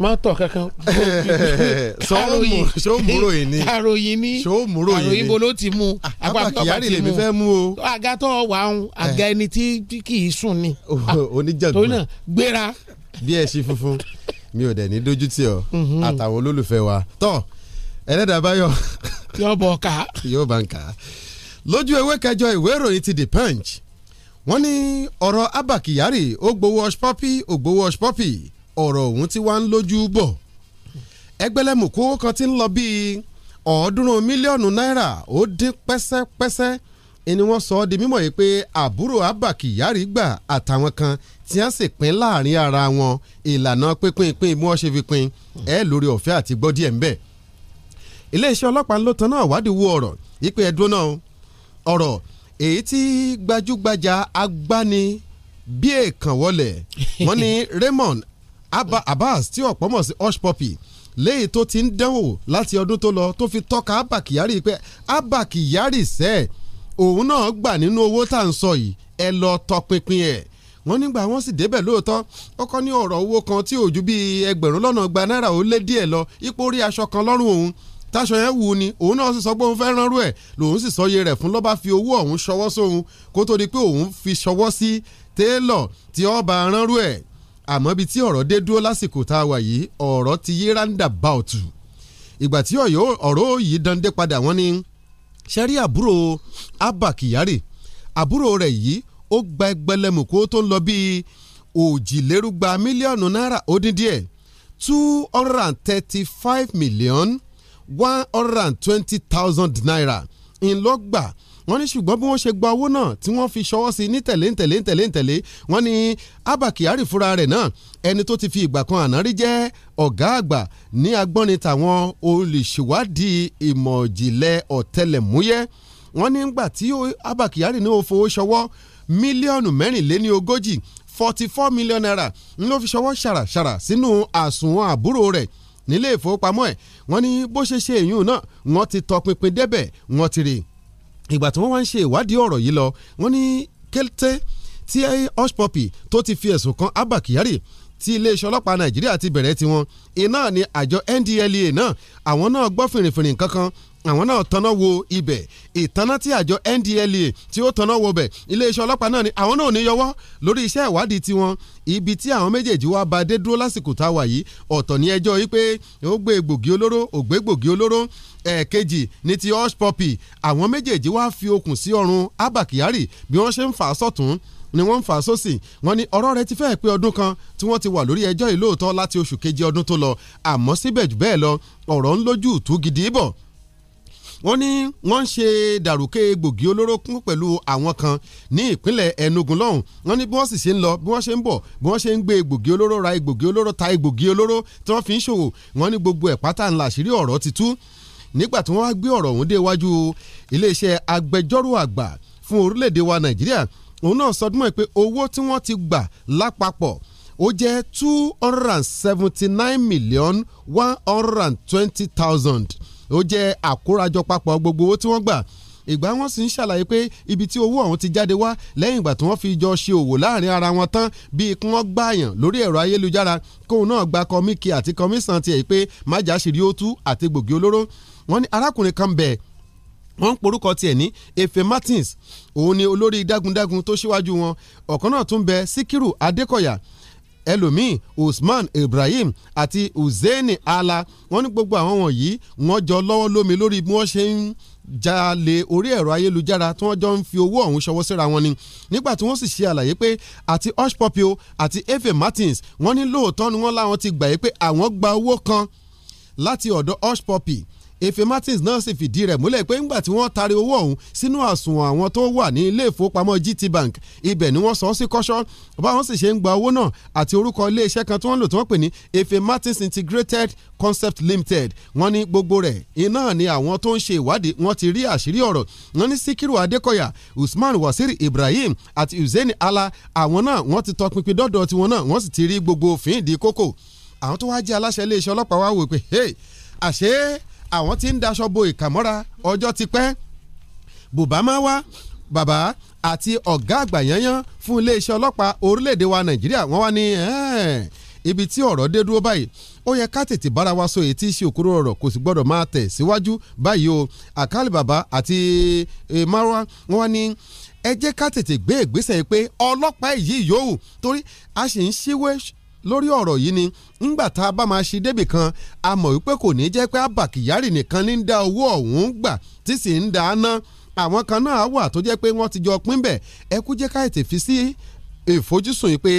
máa tọ̀ kankan. sọ́ọ̀mùròyìn ni àròyìn ni àròyìn bo ló ti mú apapọ̀ ah, bá ti mú àga tó wà ń àga eh. ẹni tí kì í sùn ni. Ah, oníjàngbọ̀n tó náà gbéra. bí ẹ ṣe funfun mi ò dẹ̀ ní dojú tì ọ́ mhm. àtàwọn olólùfẹ́ wa tọ́ ẹlẹ́dàbáyọ̀. yóò bọ̀ ká. yóò bá ń kà á lójú ewé kẹjọ ìwé ìròyìn ti The Punch wọ́n ní ọ̀rọ̀ Abba Kyari ó gbowó ọ̀ṣpọ́pì ó gbowó ọ̀ṣpọ́pì ọ̀rọ̀ ọ̀hún tí wàá ń lójú bọ̀ ẹgbẹ́lẹ́mùkú owó kan ti ń lọ bíi ọ̀ọ́dúnrún mílíọ̀nù náírà ó dín pẹ́sẹ́pẹ́sẹ́ ni wọ́n sọ ọ́ di mímọ̀ yìí pé àbúrò Abba Kyari gbà àtàwọn kan tí wọ́n sì pín láàrin ara wọn ìlànà pínpín pín bí wọ́n ṣe fi pín ẹ lórí ọ̀fẹ́ àti gbọ́ díẹ̀ ńbẹ̀. iléeṣẹ́ ọlọ́pàá ló tan náà wo ọ̀rọ̀ ìpè ẹ̀dùn náà ọ̀rọ̀ èyí tí gbajúgbajà agbani bí èèkàn wọlé wọ́n ní Raymond Abbas tí ọ̀pọ̀ mọ̀ sí Hush Puppy léyìí tó ti ń dánwò láti ọdún tó lọ tó fi tọ́ka Abba Kyari pé Abba Kyari sẹ́ òun náà gbà nínú owó tá à ń sọ yìí ẹ lọ tọpinpin ẹ̀ wọ́n nígbà wọ́n sì débẹ̀ lóòótọ́ ọkọ ní ọ̀rọ̀ owó kan tí ò ju bíi ẹgbẹ̀rún lọ́nà gba náírà ó lé díẹ̀ lọ ipò orí aṣọ kan lọ́rùn òun táṣọ yẹn wù ni òun náà sì sọ pé òun fẹ́ ránrú ẹ̀ lòun sì sọ iye rẹ̀ fún lọ́ba fi owó ọ̀hún ṣọwọ́ sóhun kó tó di pé òun fi ṣọwọ́ sí télọ̀ tí ọba ránrú ẹ̀ àmọ́ bí tí ọ̀rọ̀ dé dúró lásìkò tá a wà yìí ọ̀rọ̀ ti yí roundabout ìgbà tí ọ̀rọ̀ yìí dande padà wọ́n ní sẹ́rí àbúrò Abba Kyari àbúrò rẹ̀ yìí ó gba ẹgbẹ̀lẹ́mù kó tó ń lọ bíi òjìlérúgba mílíọ̀nù náírà ó dín díẹ̀ two hundred and thirty-five million one hundred and twenty thousand naira ńlọgbà wọ́n ní ṣùgbọ́n bí wọ́n ṣe gba owó náà tí wọ́n fi ṣọwọ́ sí ní tẹ̀lé tẹ̀lé tẹ̀lé tẹ̀lé wọ́n ní Abba Kyari fúnra rẹ̀ náà ẹni tó ti fi ìgbà kan àná rí jẹ́ ọ̀gá àgbà ní agbọ́nrin tàwọn olùṣèwádìí ìmọ̀jìnlẹ̀ ọ̀tẹlẹ̀múyẹ́ wọ́n ní gbà tí Abba Kyari ní ó ṣọwọ́ mílíọ̀nù mẹ́rìnléní ogójì forty four million naira ń ló fi ṣọwọ́ ṣàràṣàrà sínú àsùnwọ̀n àbúrò rẹ̀ nílé ìfowópamọ́ ẹ̀ wọ́n ní bó ṣe ṣe èyún náà wọ́n ti tọpinpin débẹ̀ wọ́n ti rí i ìgbà tí wọ́n wá ń ṣe ìwádìí ọ̀rọ̀ yìí lọ wọ́n ní kété tí hush puppy tó ti fi ẹ̀sùn kan Abba Kyari tí iléeṣẹ́ ọlọ́pàá nàìjíríà ti bẹ̀rẹ̀ tiwọn iná ni àjọ NDLEA náà àwọn náà gbọ́ fìrìfìrì kankan àwọn náà tanná wo ibẹ̀ ìtanná tí àjọ NDLEA tí ó tanná wo bẹ̀ iléeṣẹ́ ọlọ́pàá náà ni àwọn náà ò ní yọwọ́ lórí iṣẹ́ ìwádìí tiwọn ibi tí àwọn méjèèjì wá ba dé dúró lásìkò tá a wà yìí ọ̀tọ̀ ní ẹjọ́ yìí pé ó gbé gbòógì olóró ó gbé gbòógì olóró ẹ̀ẹ̀kejì ní ti hush puppy àwọn méjèèjì wá fi okùn sí ọrùn Abba Kyari bí wọ́n ṣe ń fà á sọ̀tún ni wọ́n ń fà sósì wọ́n ní ọ̀rọ̀ rẹ̀ ti fẹ́ẹ̀ pé ọdún kan tí wọ́n ti wà lórí ẹjọ́ ìlóòótọ́ láti oṣù keje ọdún tó lọ àmọ́ síbẹ̀ jù bẹ́ẹ̀ lọ ọ̀rọ̀ ń lójú ìtú gidi bọ̀ wọ́n ní wọ́n ń ṣe dàrúkẹ́ gbòógì olóró kún pẹ̀lú àwọn kan ní ìpínlẹ̀ Enugu lọ́hùn wọ́n ní bí wọ́n sì ṣe ń lọ bí wọ́n ṣe ń bọ̀ bí wọ́n ṣe ń gbé egbògi olóró ra egbògi olóró ta egbògi olóró tí wọ́n fi ń ṣòwò wọ́n ní gbogbo ẹ̀ pátá ńlá àṣírí ọ̀rọ̀ ti tú nígbà tí wọ́n wá gbé ọ̀rọ̀ ọ̀hún dé iléeṣẹ́ agbẹjọ́rò àgbà fún orílẹ̀-èdè wa Nàìjíríà òun náà sọdúnmọ́ ẹ pé owó tí wọ́n ti gbà lápapọ̀ ó jẹ́ two hundred and seventy nine million one hundred and twenty thousand ó jẹ́ àkórajọpapọ̀ gbogbo owó tí wọ́n gbà ìgbà wọn sì ń ṣàlàyé pé ibi tí owó ọ̀hún ti jáde wá lẹ́yìn ìgbà tí wọ́n fi jọ ṣe òwò láàrin ara wọn tán bíi kí wọ́n gbààyàn lórí ẹ̀rọ ayélujára kóun náà gba kọ́míkì àti kọ́mísàn tiẹ̀ pé májàṣírí ó tú àti gbòógì olóró wọ́n ní arákùnrin kan bẹ̀ wọ́n ń porúkọ tiẹ̀ ní Efe Martins òun ni olórí dágundágun tó ṣíwájú wọn ọ̀kan náà tún bẹ Síkírù Adékọ̀yà ẹlòmíì Usman Ibrahim àti Hussein Ala wọ́n ní gbogbo àwọn wọ̀nyí wọ́n jọ lọ́wọ́ lómi lórí bí wọ́n ṣe ń jalè orí ẹ̀rọ ayélujára tí wọ́n jọ ń fi owó ọ̀hún ṣọwọ́ síra wọn ni nígbà tí wọ́n sì ṣe àlàyé pé àti Hush Puppy àti Efe Martins wọ́n ní lóòótọ́ ni wọ́n láwọn ti gbà yé pé àwọn gba owó kan láti ọ̀dọ̀ Hush Puppy Efe Martins náà sì fìdí rẹ̀ múlẹ̀ pé ńgbà tí wọ́n taari owó ọ̀hún sínú àsùnwọ̀n àwọn tó wà ní ilé ìfowópamọ́ GT Bank ibẹ̀ ni wọ́n sọ ọ́ sí kọ́ṣọ́ báwọn sì ṣe ń gba owó náà àti orúkọ ilé iṣẹ́ kan tí wọ́n lò tí wọ́n pè ní Efe Martins Integrated Concept Limited wọ́n ní gbogbo rẹ̀ iná ni àwọn tó ń ṣe ìwádìí wọ́n ti rí àṣírí ọ̀rọ̀ wọ́n ní Síkírù Adékọ̀yà Usman Wasiri Ibrahim àti Hussein Ala àwọn náà wọ́n ti tọpinpin dọ́dọ̀ tiwọn náà wọ́n sì ti rí gbogbo òfin ìdí kókò àwọn tó wáá jẹ́ aláṣẹ iléeṣẹ́ ọlọ́pàá wá wò pé àṣé àwọn tí ń daṣọ bo ìkàmọ́ra ọjọ́ ti pẹ́ bùbá máa wá bàbá àti ọ̀gá àgbà yanyan fún iléeṣẹ́ ọlọ́pàá orílẹ̀‐èdè wa nàìjíríà wọ́n wá ní ibi tí ọ̀rọ̀ dé dúró báyìí ó yẹ ká tètè bára wa so èyí tí í ṣe òkúrò ọ̀rọ̀ kò sì gbọ́dọ̀ máa tẹ̀ síwájú báyìí o àkàlì bàbá àti e, marwa wọ́n wá ní ẹ jẹ́ ká tètè gbé ìgbésẹ̀ yìí pé ọlọ́pàá yìí yòówù torí a sì ń ṣíwé lórí ọ̀rọ̀ yìí ni ńgbà tá a bá máa ṣe débì kan a mọ̀ wípé kò ní jẹ́ pé Abba Kyari nìkan ní ń da owó ọ̀hún gbà tí sì ń da ná àwọn kan náà wà tó jẹ́ pé wọ́n ti jọ pín bẹ̀ ẹ kú jẹ́ ká ètè fi sí ìfojúsùn yìí pé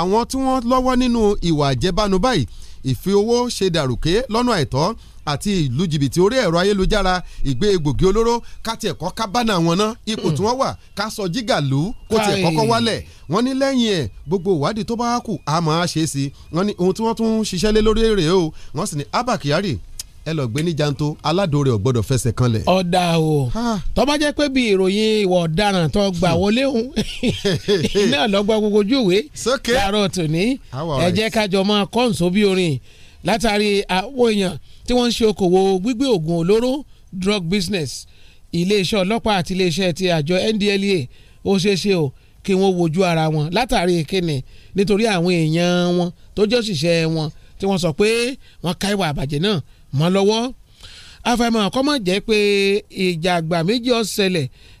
àwọn tí wọ́n lọ́wọ́ nínú ìwà àjẹbánu báyìí ìfi owó ṣe dàrúkẹ́ lọ́nà àìtọ́ àti ìlú jìbìtì orí ẹ̀rọ ayélujára ìgbé egbògi olóró káti ẹ̀kọ́ kábánà wọn ná ipò tí wọ́n wà ká sọ jígà lù ú kó tiẹ̀ kọ́kọ́ wálẹ̀ wọ́n ní lẹ́yìn ẹ̀ gbogbo ìwádìí tó bá kù á máa ṣe é sí wọ́n ní ohun tí wọ́n tún ṣiṣẹ́ lé lórí rèé o wọ́n sì ní Abba Kyari ẹ lọ gbé ní janto aládòrè ò gbọ́dọ̀ fẹsẹ̀ kanlẹ̀. ọ̀dà o tó bá jẹ́ pé bí ìròyìn ìwà ọ̀daràn tó gbà hmm. wọlé òun iná lọ́gbà gbogbo ojú ìwé láàárọ̀ tòní ẹ jẹ́ ká jọ máa kọ́ǹsó bí orin látàrí àwọn èèyàn tí wọ́n ń ṣe okòwò gbígbé oògùn olóró drug business iléeṣẹ́ ọlọ́pàá àti iléeṣẹ́ ti àjọ NDLEA ó ṣeéṣe o kí wọ́n wojú ara wọn látàrí kíni nítorí àwọn èèyàn wọn tó jẹ́ òṣìṣẹ́ wọn tí wọ́n sọ pé wọ́n ká ìwà àbàjẹ́ náà mọ́ lọ́wọ́ àfàìmọ̀ kọ́mọ̀ jẹ́ pé ìjà àgbà méjì ó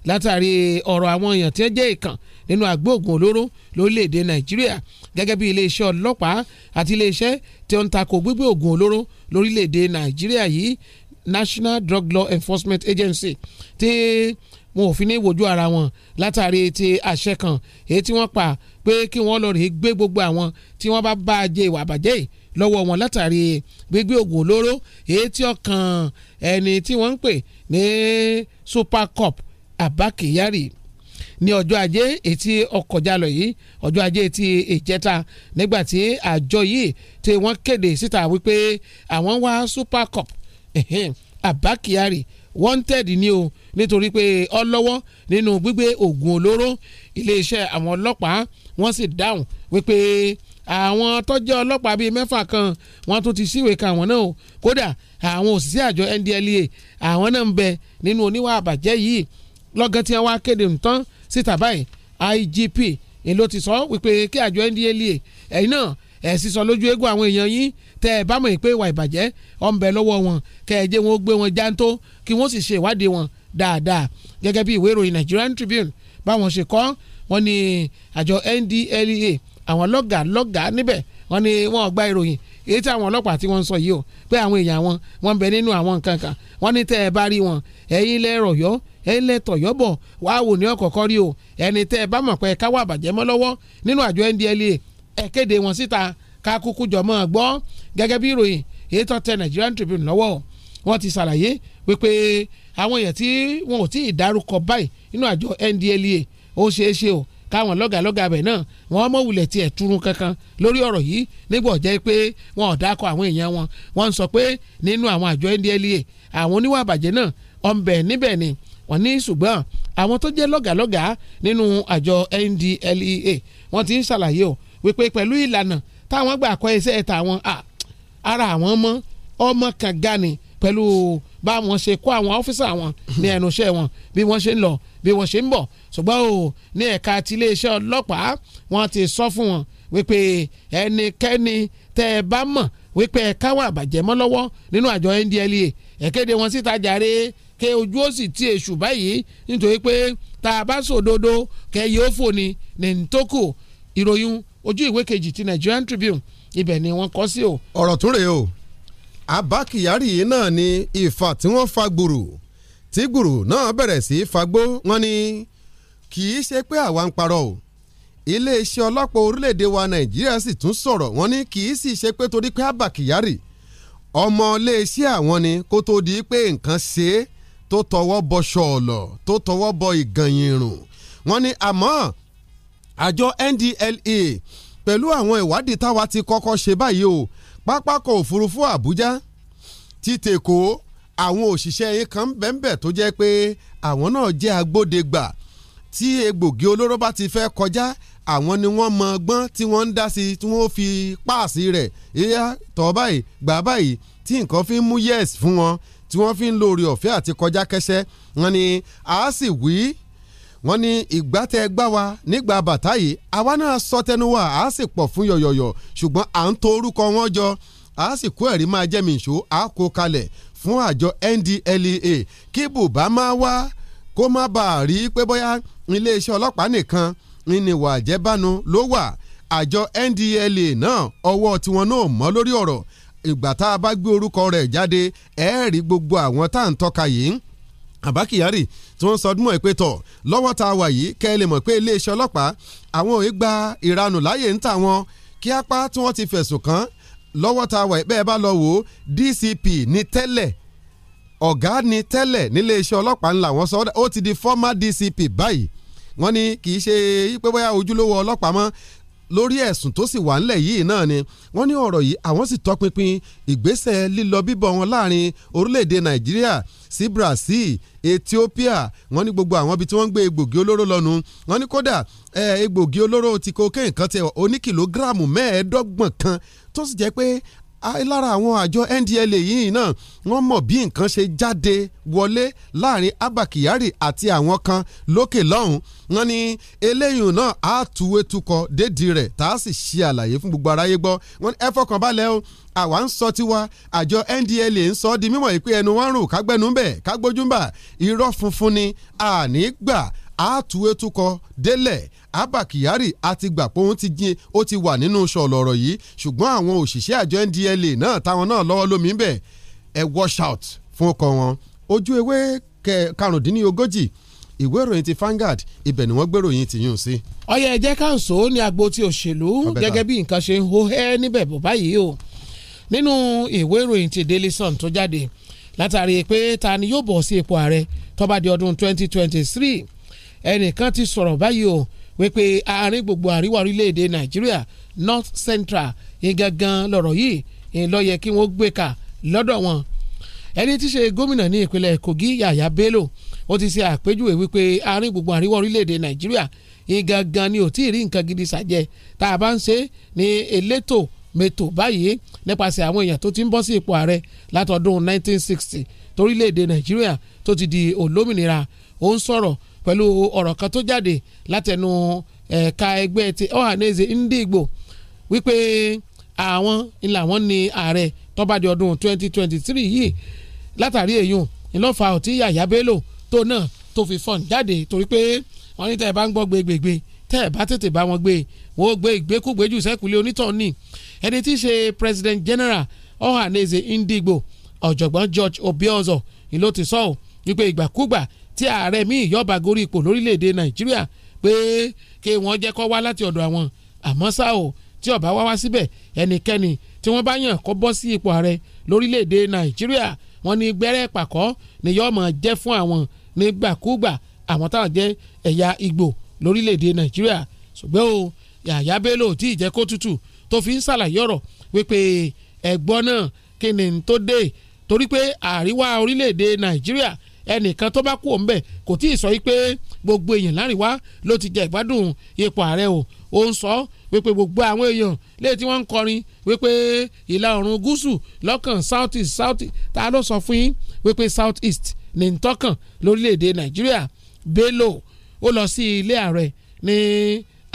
látàrí ọ̀rọ̀ àwọn èèyàn tí wọ́n jẹ́ ìkàn nínú àgbóògùn olóró lórílẹ̀‐èdè nàìjíríà gẹ́gẹ́ bí iléeṣẹ́ ọlọ́pàá àti iléeṣẹ́ tí ó ń takò gbígbé ògùn olóró lórílẹ̀‐èdè nàìjíríà yìí National Drug Law Enforcement Agency tí wọn ò fi ní wojú ara wọn látàrí ti àṣẹ kan èyí tí wọ́n pa pé kí wọ́n lọ rèé gbé gbogbo àwọn tí wọ́n bá bá a jẹ ìwà àbàjẹ́ yìí lọ́wọ́ wọn látàrí gbígbé oògùn olóró èyí tí ọkàn ẹni tí wọ́n ń pè ní Super Cup Abba Kyari ní ọjọ́ ajé etí ọkọjá lọ yìí ọjọ́ ajé etí ìjẹta nígbà tí àjọ yìí tí wọ́n kéde síta wípé àwọn wá super cup Abba Kyari wanted ni o nítorí pé ọlọ́wọ́ nínú gbígbé oògùn olóró iléeṣẹ́ àwọn ọlọ́pàá wọ́n sì dáhùn wípé àwọn tọ́jú ọlọ́pàá bíi mẹ́fà kan wọ́n tún ti síwèé kan àwọn náà o kódà àwọn òṣìṣẹ́ àjọ NDLEA àwọn náà ń bẹ nínú oníwà àbàjẹ́ yìí lọ́gán tí wọ́n á kéde nǹkan síta báyìí IGP ni ló ti sọ wípé kí àjọ NDLEA ẹ̀yin náà ẹ̀ sì sọ lójú eégún àwọn èèyàn yín tẹ́ ẹ bá mọ̀ pé ìwà ìbàjẹ́ ó ń bẹ lọ́wọ́ wọn kẹ́ ẹ jẹ́ wọn ó gbé wọn jáńtó kí wọ́n sì ṣe ìwádìí wọn dáadáa gẹ́gẹ́ bí ìwé ìròyìn Nigerian Tribune báwọn ṣe kọ wọ́n ní àjọ NDLEA àwọn lọ́gàá lọ́gàá níbẹ̀ wọ́n ní wọ́n gba ìròyìn èyí tí àwọn ọlọ́pàá tí wọ́n ń sọ yìí o pé àwọn èèyàn wọn wọ́n ń bẹ nínú àwọn nǹkan kan wọ́n ní tẹ́ ẹ bá rí wọn ẹ̀yin lẹ́rọ̀ yọ ẹlẹ́tọ̀ yọ́bọ̀ wàá wò ní ọ̀kọ̀ọ̀kọ́ rí o ẹni tẹ́ ẹ bá mọ̀ pé káwọ́ àbàjẹ́ mọ́ lọ́wọ́ nínú àjọ NDLEA ẹ kéde wọn síta ká kúkú jọ mọ́ ọ gbọ́ gẹ́gẹ́ bí ìròyìn ètò tẹ Nigerian Tribune lọ́wọ́ wọ́n ti ṣàlàyé wípé àwọn èèyàn tí wọn ò tí ì dárúkọ báyìí nínú àjọ NDLEA ó ṣeé ṣe o káwọn lọ́gàlọ́gà bẹ̀ náà wọ́n mọ̀ wulẹ̀ tiẹ̀ túrun kankan lórí ọ̀rọ̀ yìí nígbà ọ̀jẹ́ pé wọn ò dákọ̀ àwọn èèyàn wọn wọ́n sọ pé nínú àwọn àjọ NDLEA àwọn oníwà àbàjẹ́ náà ọ̀nbẹ̀ níbẹ̀ ni wọ́n ní ṣùgbọ́n àwọn tó jẹ́ lọ́gàlọ́gà nínú àjọ NDLEA wọ́n ti ń ṣàlàyé o wípé pẹ̀lú ìlànà táwọn gbà kọ́ iṣẹ́ tàwọn ara àwọn mọ́ ọmọ kan gani pẹ̀lú bá wọn ṣe kó àwọn ọ́fíìsà wọn ní ẹnu iṣẹ́ wọn bí wọ́n ṣe ń lọ bí wọ́n ṣe ń bọ̀ ṣùgbọ́n o ní ẹ̀ka ti iléeṣẹ́ ọlọ́pàá wọ́n ti sọ fún wọn wípé ẹnikẹ́ni tẹ́ ẹ bá mọ̀ wípé ẹ káwọn àbàjẹ́ mọ́ lọ́wọ́ nínú àjọ NDLEA ẹ kéde wọn síta jàre kẹ ojú ó sì ti èṣù báyìí nítorí pé tá a bá sòdodo kẹ yóò fò ní nìtókò ìròyìn ojú ìwé kejì ti Nigerian Tribune ibẹ̀ ni wọ́n kọ sí o. ọ̀rọ̀ tó rèé o Abba Kyari yìí náà ni ìfà tí wọ́n fa gbùrù tí gbùrù náà bẹ̀rẹ̀ sí fagbó wọn ni kì í ṣe pé àwa ń parọ́ o iléeṣẹ́ ọlọ́pàá orílẹ̀‐èdè wa nàìjíríà sì tún sọ̀rọ̀ wọn ni kì í sì ṣe pé torí pé Abba Kyari ọmọ àwọn ni kó tó di pé nǹkan ṣe é tó tọwọ́ bọ ṣọ̀ọ̀lọ̀ tó tọwọ́ bọ ìgànyìnrún wọ́n ní àmọ́ àjọ NDLEA pẹ̀lú àwọn ìwádìí táwa ti kọ́kọ́ ṣe báyìí o pápákọ̀ òfurufú Àbújá ti tèkó àwọn òṣìṣẹ́ yín kan bẹ́ẹ̀nbẹ́ tó jẹ́ pé àwọn náà jẹ́ agbódegbà tí egbògi olóró bá ti fẹ́ kọjá àwọn ni wọ́n mọ ọgbọ́n tí wọ́n ń dá sí tí wọ́n fi páàsì rẹ̀ yíyá tọ́ báyìí gbà báyìí tí nǹkan fi ń mú yẹ́ẹ̀sì fún wọn tí wọ́n fi ń lo oore ọ̀fẹ́ àti kọjá kẹsẹ́ wọn ni a sì wí wọ́n ní ìgbà tẹ́ ẹ gbá wa nígbà bàtà yìí àwa náà sọ tẹnu wa a sì pọ̀ fún yọ̀yọ̀yọ̀ ṣùgbọ́n à ń to orúkọ wọn jọ a sì kó ẹ̀rí máa jẹ́ mi ìṣó a kó kalẹ̀ fún àjọ NDLEA kí bùbá máa wá kó má bàa rí pé bóyá iléeṣẹ́ ọlọ́pàá nìkan ní àjẹbánu ló wà àjọ NDLEA náà ọwọ́ tiwọn náà mọ́ lórí ọ̀rọ̀ ìgbà tá a bá gbé orúkọ rẹ̀ jáde ẹ̀ rí gbogbo àwọn tá à ń tọ́ka yìí Abba Kyari tí wọ́n sọdún mọ́ ẹ pé tọ̀ lọ́wọ́ tá a wà yìí kẹ́ ẹ lè mọ̀ pé iléeṣẹ́ ọlọ́pàá àwọn òye gba ìranù láàyè ń tà wọn kí apá tí wọ́n ti fẹ̀sùn kàn lọ́wọ́ tá a wà yìí bẹ́ẹ̀ bá lọ wò ó DCP ni tẹ́lẹ̀ ọ̀gá ní tẹ́lẹ̀ níléeṣẹ́ ọlọ́pàá ńlá wọn sọ ó ti di former DCP báyìí wọ́n ní kì í ṣe pé bóyá ojúlówó ọlọ́pàá mọ́ lórí ẹ̀sùn tó sì wà ńlẹ̀ yìí náà ni wọ́n ní ọ̀rọ̀ yìí àwọn sì tọpinpin ìgbésẹ̀ lílọ bíbọ̀ wọn láàrin orílẹ̀-èdè nàìjíríà sí brazil ethiopia wọ́n ní gbogbo àwọn ibi tí wọ́n ń gbé egbògi olóró lọ́nu wọ́n ní kódà egbògi olóró ti cocaine kan tẹ oní kìlógíráàmù mẹ́ẹ̀ẹ́dọ́gbọ̀n kan tó sì jẹ́ pé lára àwọn àjọ NDLEA yìí náà wọ́n mọ̀ bí nǹkan ṣe jáde wọlé láàrin Abba Kyari àti àwọn kan lókè lọ́hùn wọ́n ní eléyìí náà á tuwé tukọ̀ dédìí rẹ̀ tá a sì ṣe àlàyé fún gbogbo aráyé gbọ́ wọ́n ní ẹ fọkàn balẹ̀ o àwa ń sọ tiwa àjọ NDLEA ń sọ di mímọ̀ yìí pé ẹnu wọn rùn kágbẹ́nu bẹ̀ kágbójúmbà irọ́ funfun ni àní gbà àtúwé túkọ délẹ̀ abba kyari àti gbà pé òun ti jin ó ti wà nínú sọ̀lọ̀ ọ̀rọ̀ yìí ṣùgbọ́n àwọn òṣìṣẹ́ àjọ NDLEA náà táwọn náà lọ́wọ́ lómi ń bẹ̀ ẹ wash out fún ọkọ wọn ojú ewé karùndínlógójì ìwé ìròyìn ti Vanguard ibẹ̀ ni wọ́n gbèròyìn ti yún sí. ọyẹ ẹjẹ káǹsó ní agbo ti òṣèlú gẹ́gẹ́ bí nǹkan ṣe ń hó ẹ́ níbẹ̀ bọ̀ báyìí o nínú ìwé ìròyìn ti Daily Sun tó jáde látàrí pé ta ni yóò bọ̀ sí ipò ààrẹ tó bá di ọdún 2023 ẹnìkan ti sọ̀rọ̀ báyìí o wípé àárín gbogbo àríwá orílẹ̀-èdè nàìjíríà north central ìgangan lọ̀rọ̀ yìí ìlọ́yẹ kí wọ́n gbé ka lọ́dọ̀ wọn ẹni tí ṣe gómìnà ní ìpínlẹ̀ kogi yàyà bello ó ti ṣe àpèjúwe wípé àárín gbogbo àríwá orílẹ̀-èdè nàìjíríà ìgangan ni ò tí ì rí nǹkan gidi ṣàjẹ tá a bá ń ṣe ní elétò mẹ́tò báyìí nípasẹ̀ àwọn èèyàn tó ti ń bọ́ sí ipò ààrẹ látọdún 1960 torílẹ̀-èdè nàìjíríà tó ti di olómìnira ó ń sọ̀rọ̀ pẹ̀lú ọ̀rọ̀ kan tó jáde látẹnu ẹ̀ka ẹgbẹ́ ti Ohanaeze Ndigbo wípé àwọn ilà wọn ni ààrẹ tó bá di ọdún 2023 yìí látàrí èyún ìlọ́fà ọ̀tí Yàyà Bello tó náà tó fi fọ́n jáde torí pé wọ́n ní tẹ́ ẹ bá ń gbọ́ gbégbégbé tẹ́ ẹ bá tètè bá wọn gbé wọn gbé ìgbékúgbé jù sẹ́kùlé onítọ̀ọ́nì ẹni tí í ṣe President General Ohanaeze Ndigbo ọ̀jọ̀gbọ́n George Obiozo ni ló ti sọ wípé ìgbàkúgbà tí ààrẹ mi ìyọba gorí ipò lórílẹ̀‐èdè nàìjíríà pé kí wọ́n jẹ́ kó wá láti ọ̀dọ̀ àwọn àmọ́ ṣá o tí ọba wá wá síbẹ̀ ẹnikẹ́ni tí wọ́n bá yàn kó bọ́ sí ipò ààrẹ lórílẹ̀‐èdè nàìjíríà wọ́n ní gbẹ́rẹ́ pàkọ́ ni yóò máa jẹ́ fún àwọn nígbàkúgbà àwọn táwọn jẹ́ ẹ̀yà ìgbò lórílẹ̀‐èdè nàìjíríà ṣùgbọ́n o yàyà bello tí ìjẹ́ kó tutù tó fi ń ṣàlàyé ọ̀rọ̀ wípé ẹ̀gbọ́n náà kí ni tó dé torí pé àríwá orílẹ̀‐èdè nàìjíríà ẹnìkan tó bá kú òun bẹ̀ kò tí ì sọ wípé gbogbo èèyàn láríwá ló ti jẹ ìgbádùn ipò ààrẹ o ó ń sọ wípé gbogbo àwọn èèyàn léyìí tí wọ́n ń kọrin wípé ìlà oòrùn gúúsù lọ́kàn south east south ta ló sọ fún yín wípé south east ní ntọ́kàn lórílẹ̀‐èdè nàìjíríà Bello ó lọ sí ilé ààrẹ ní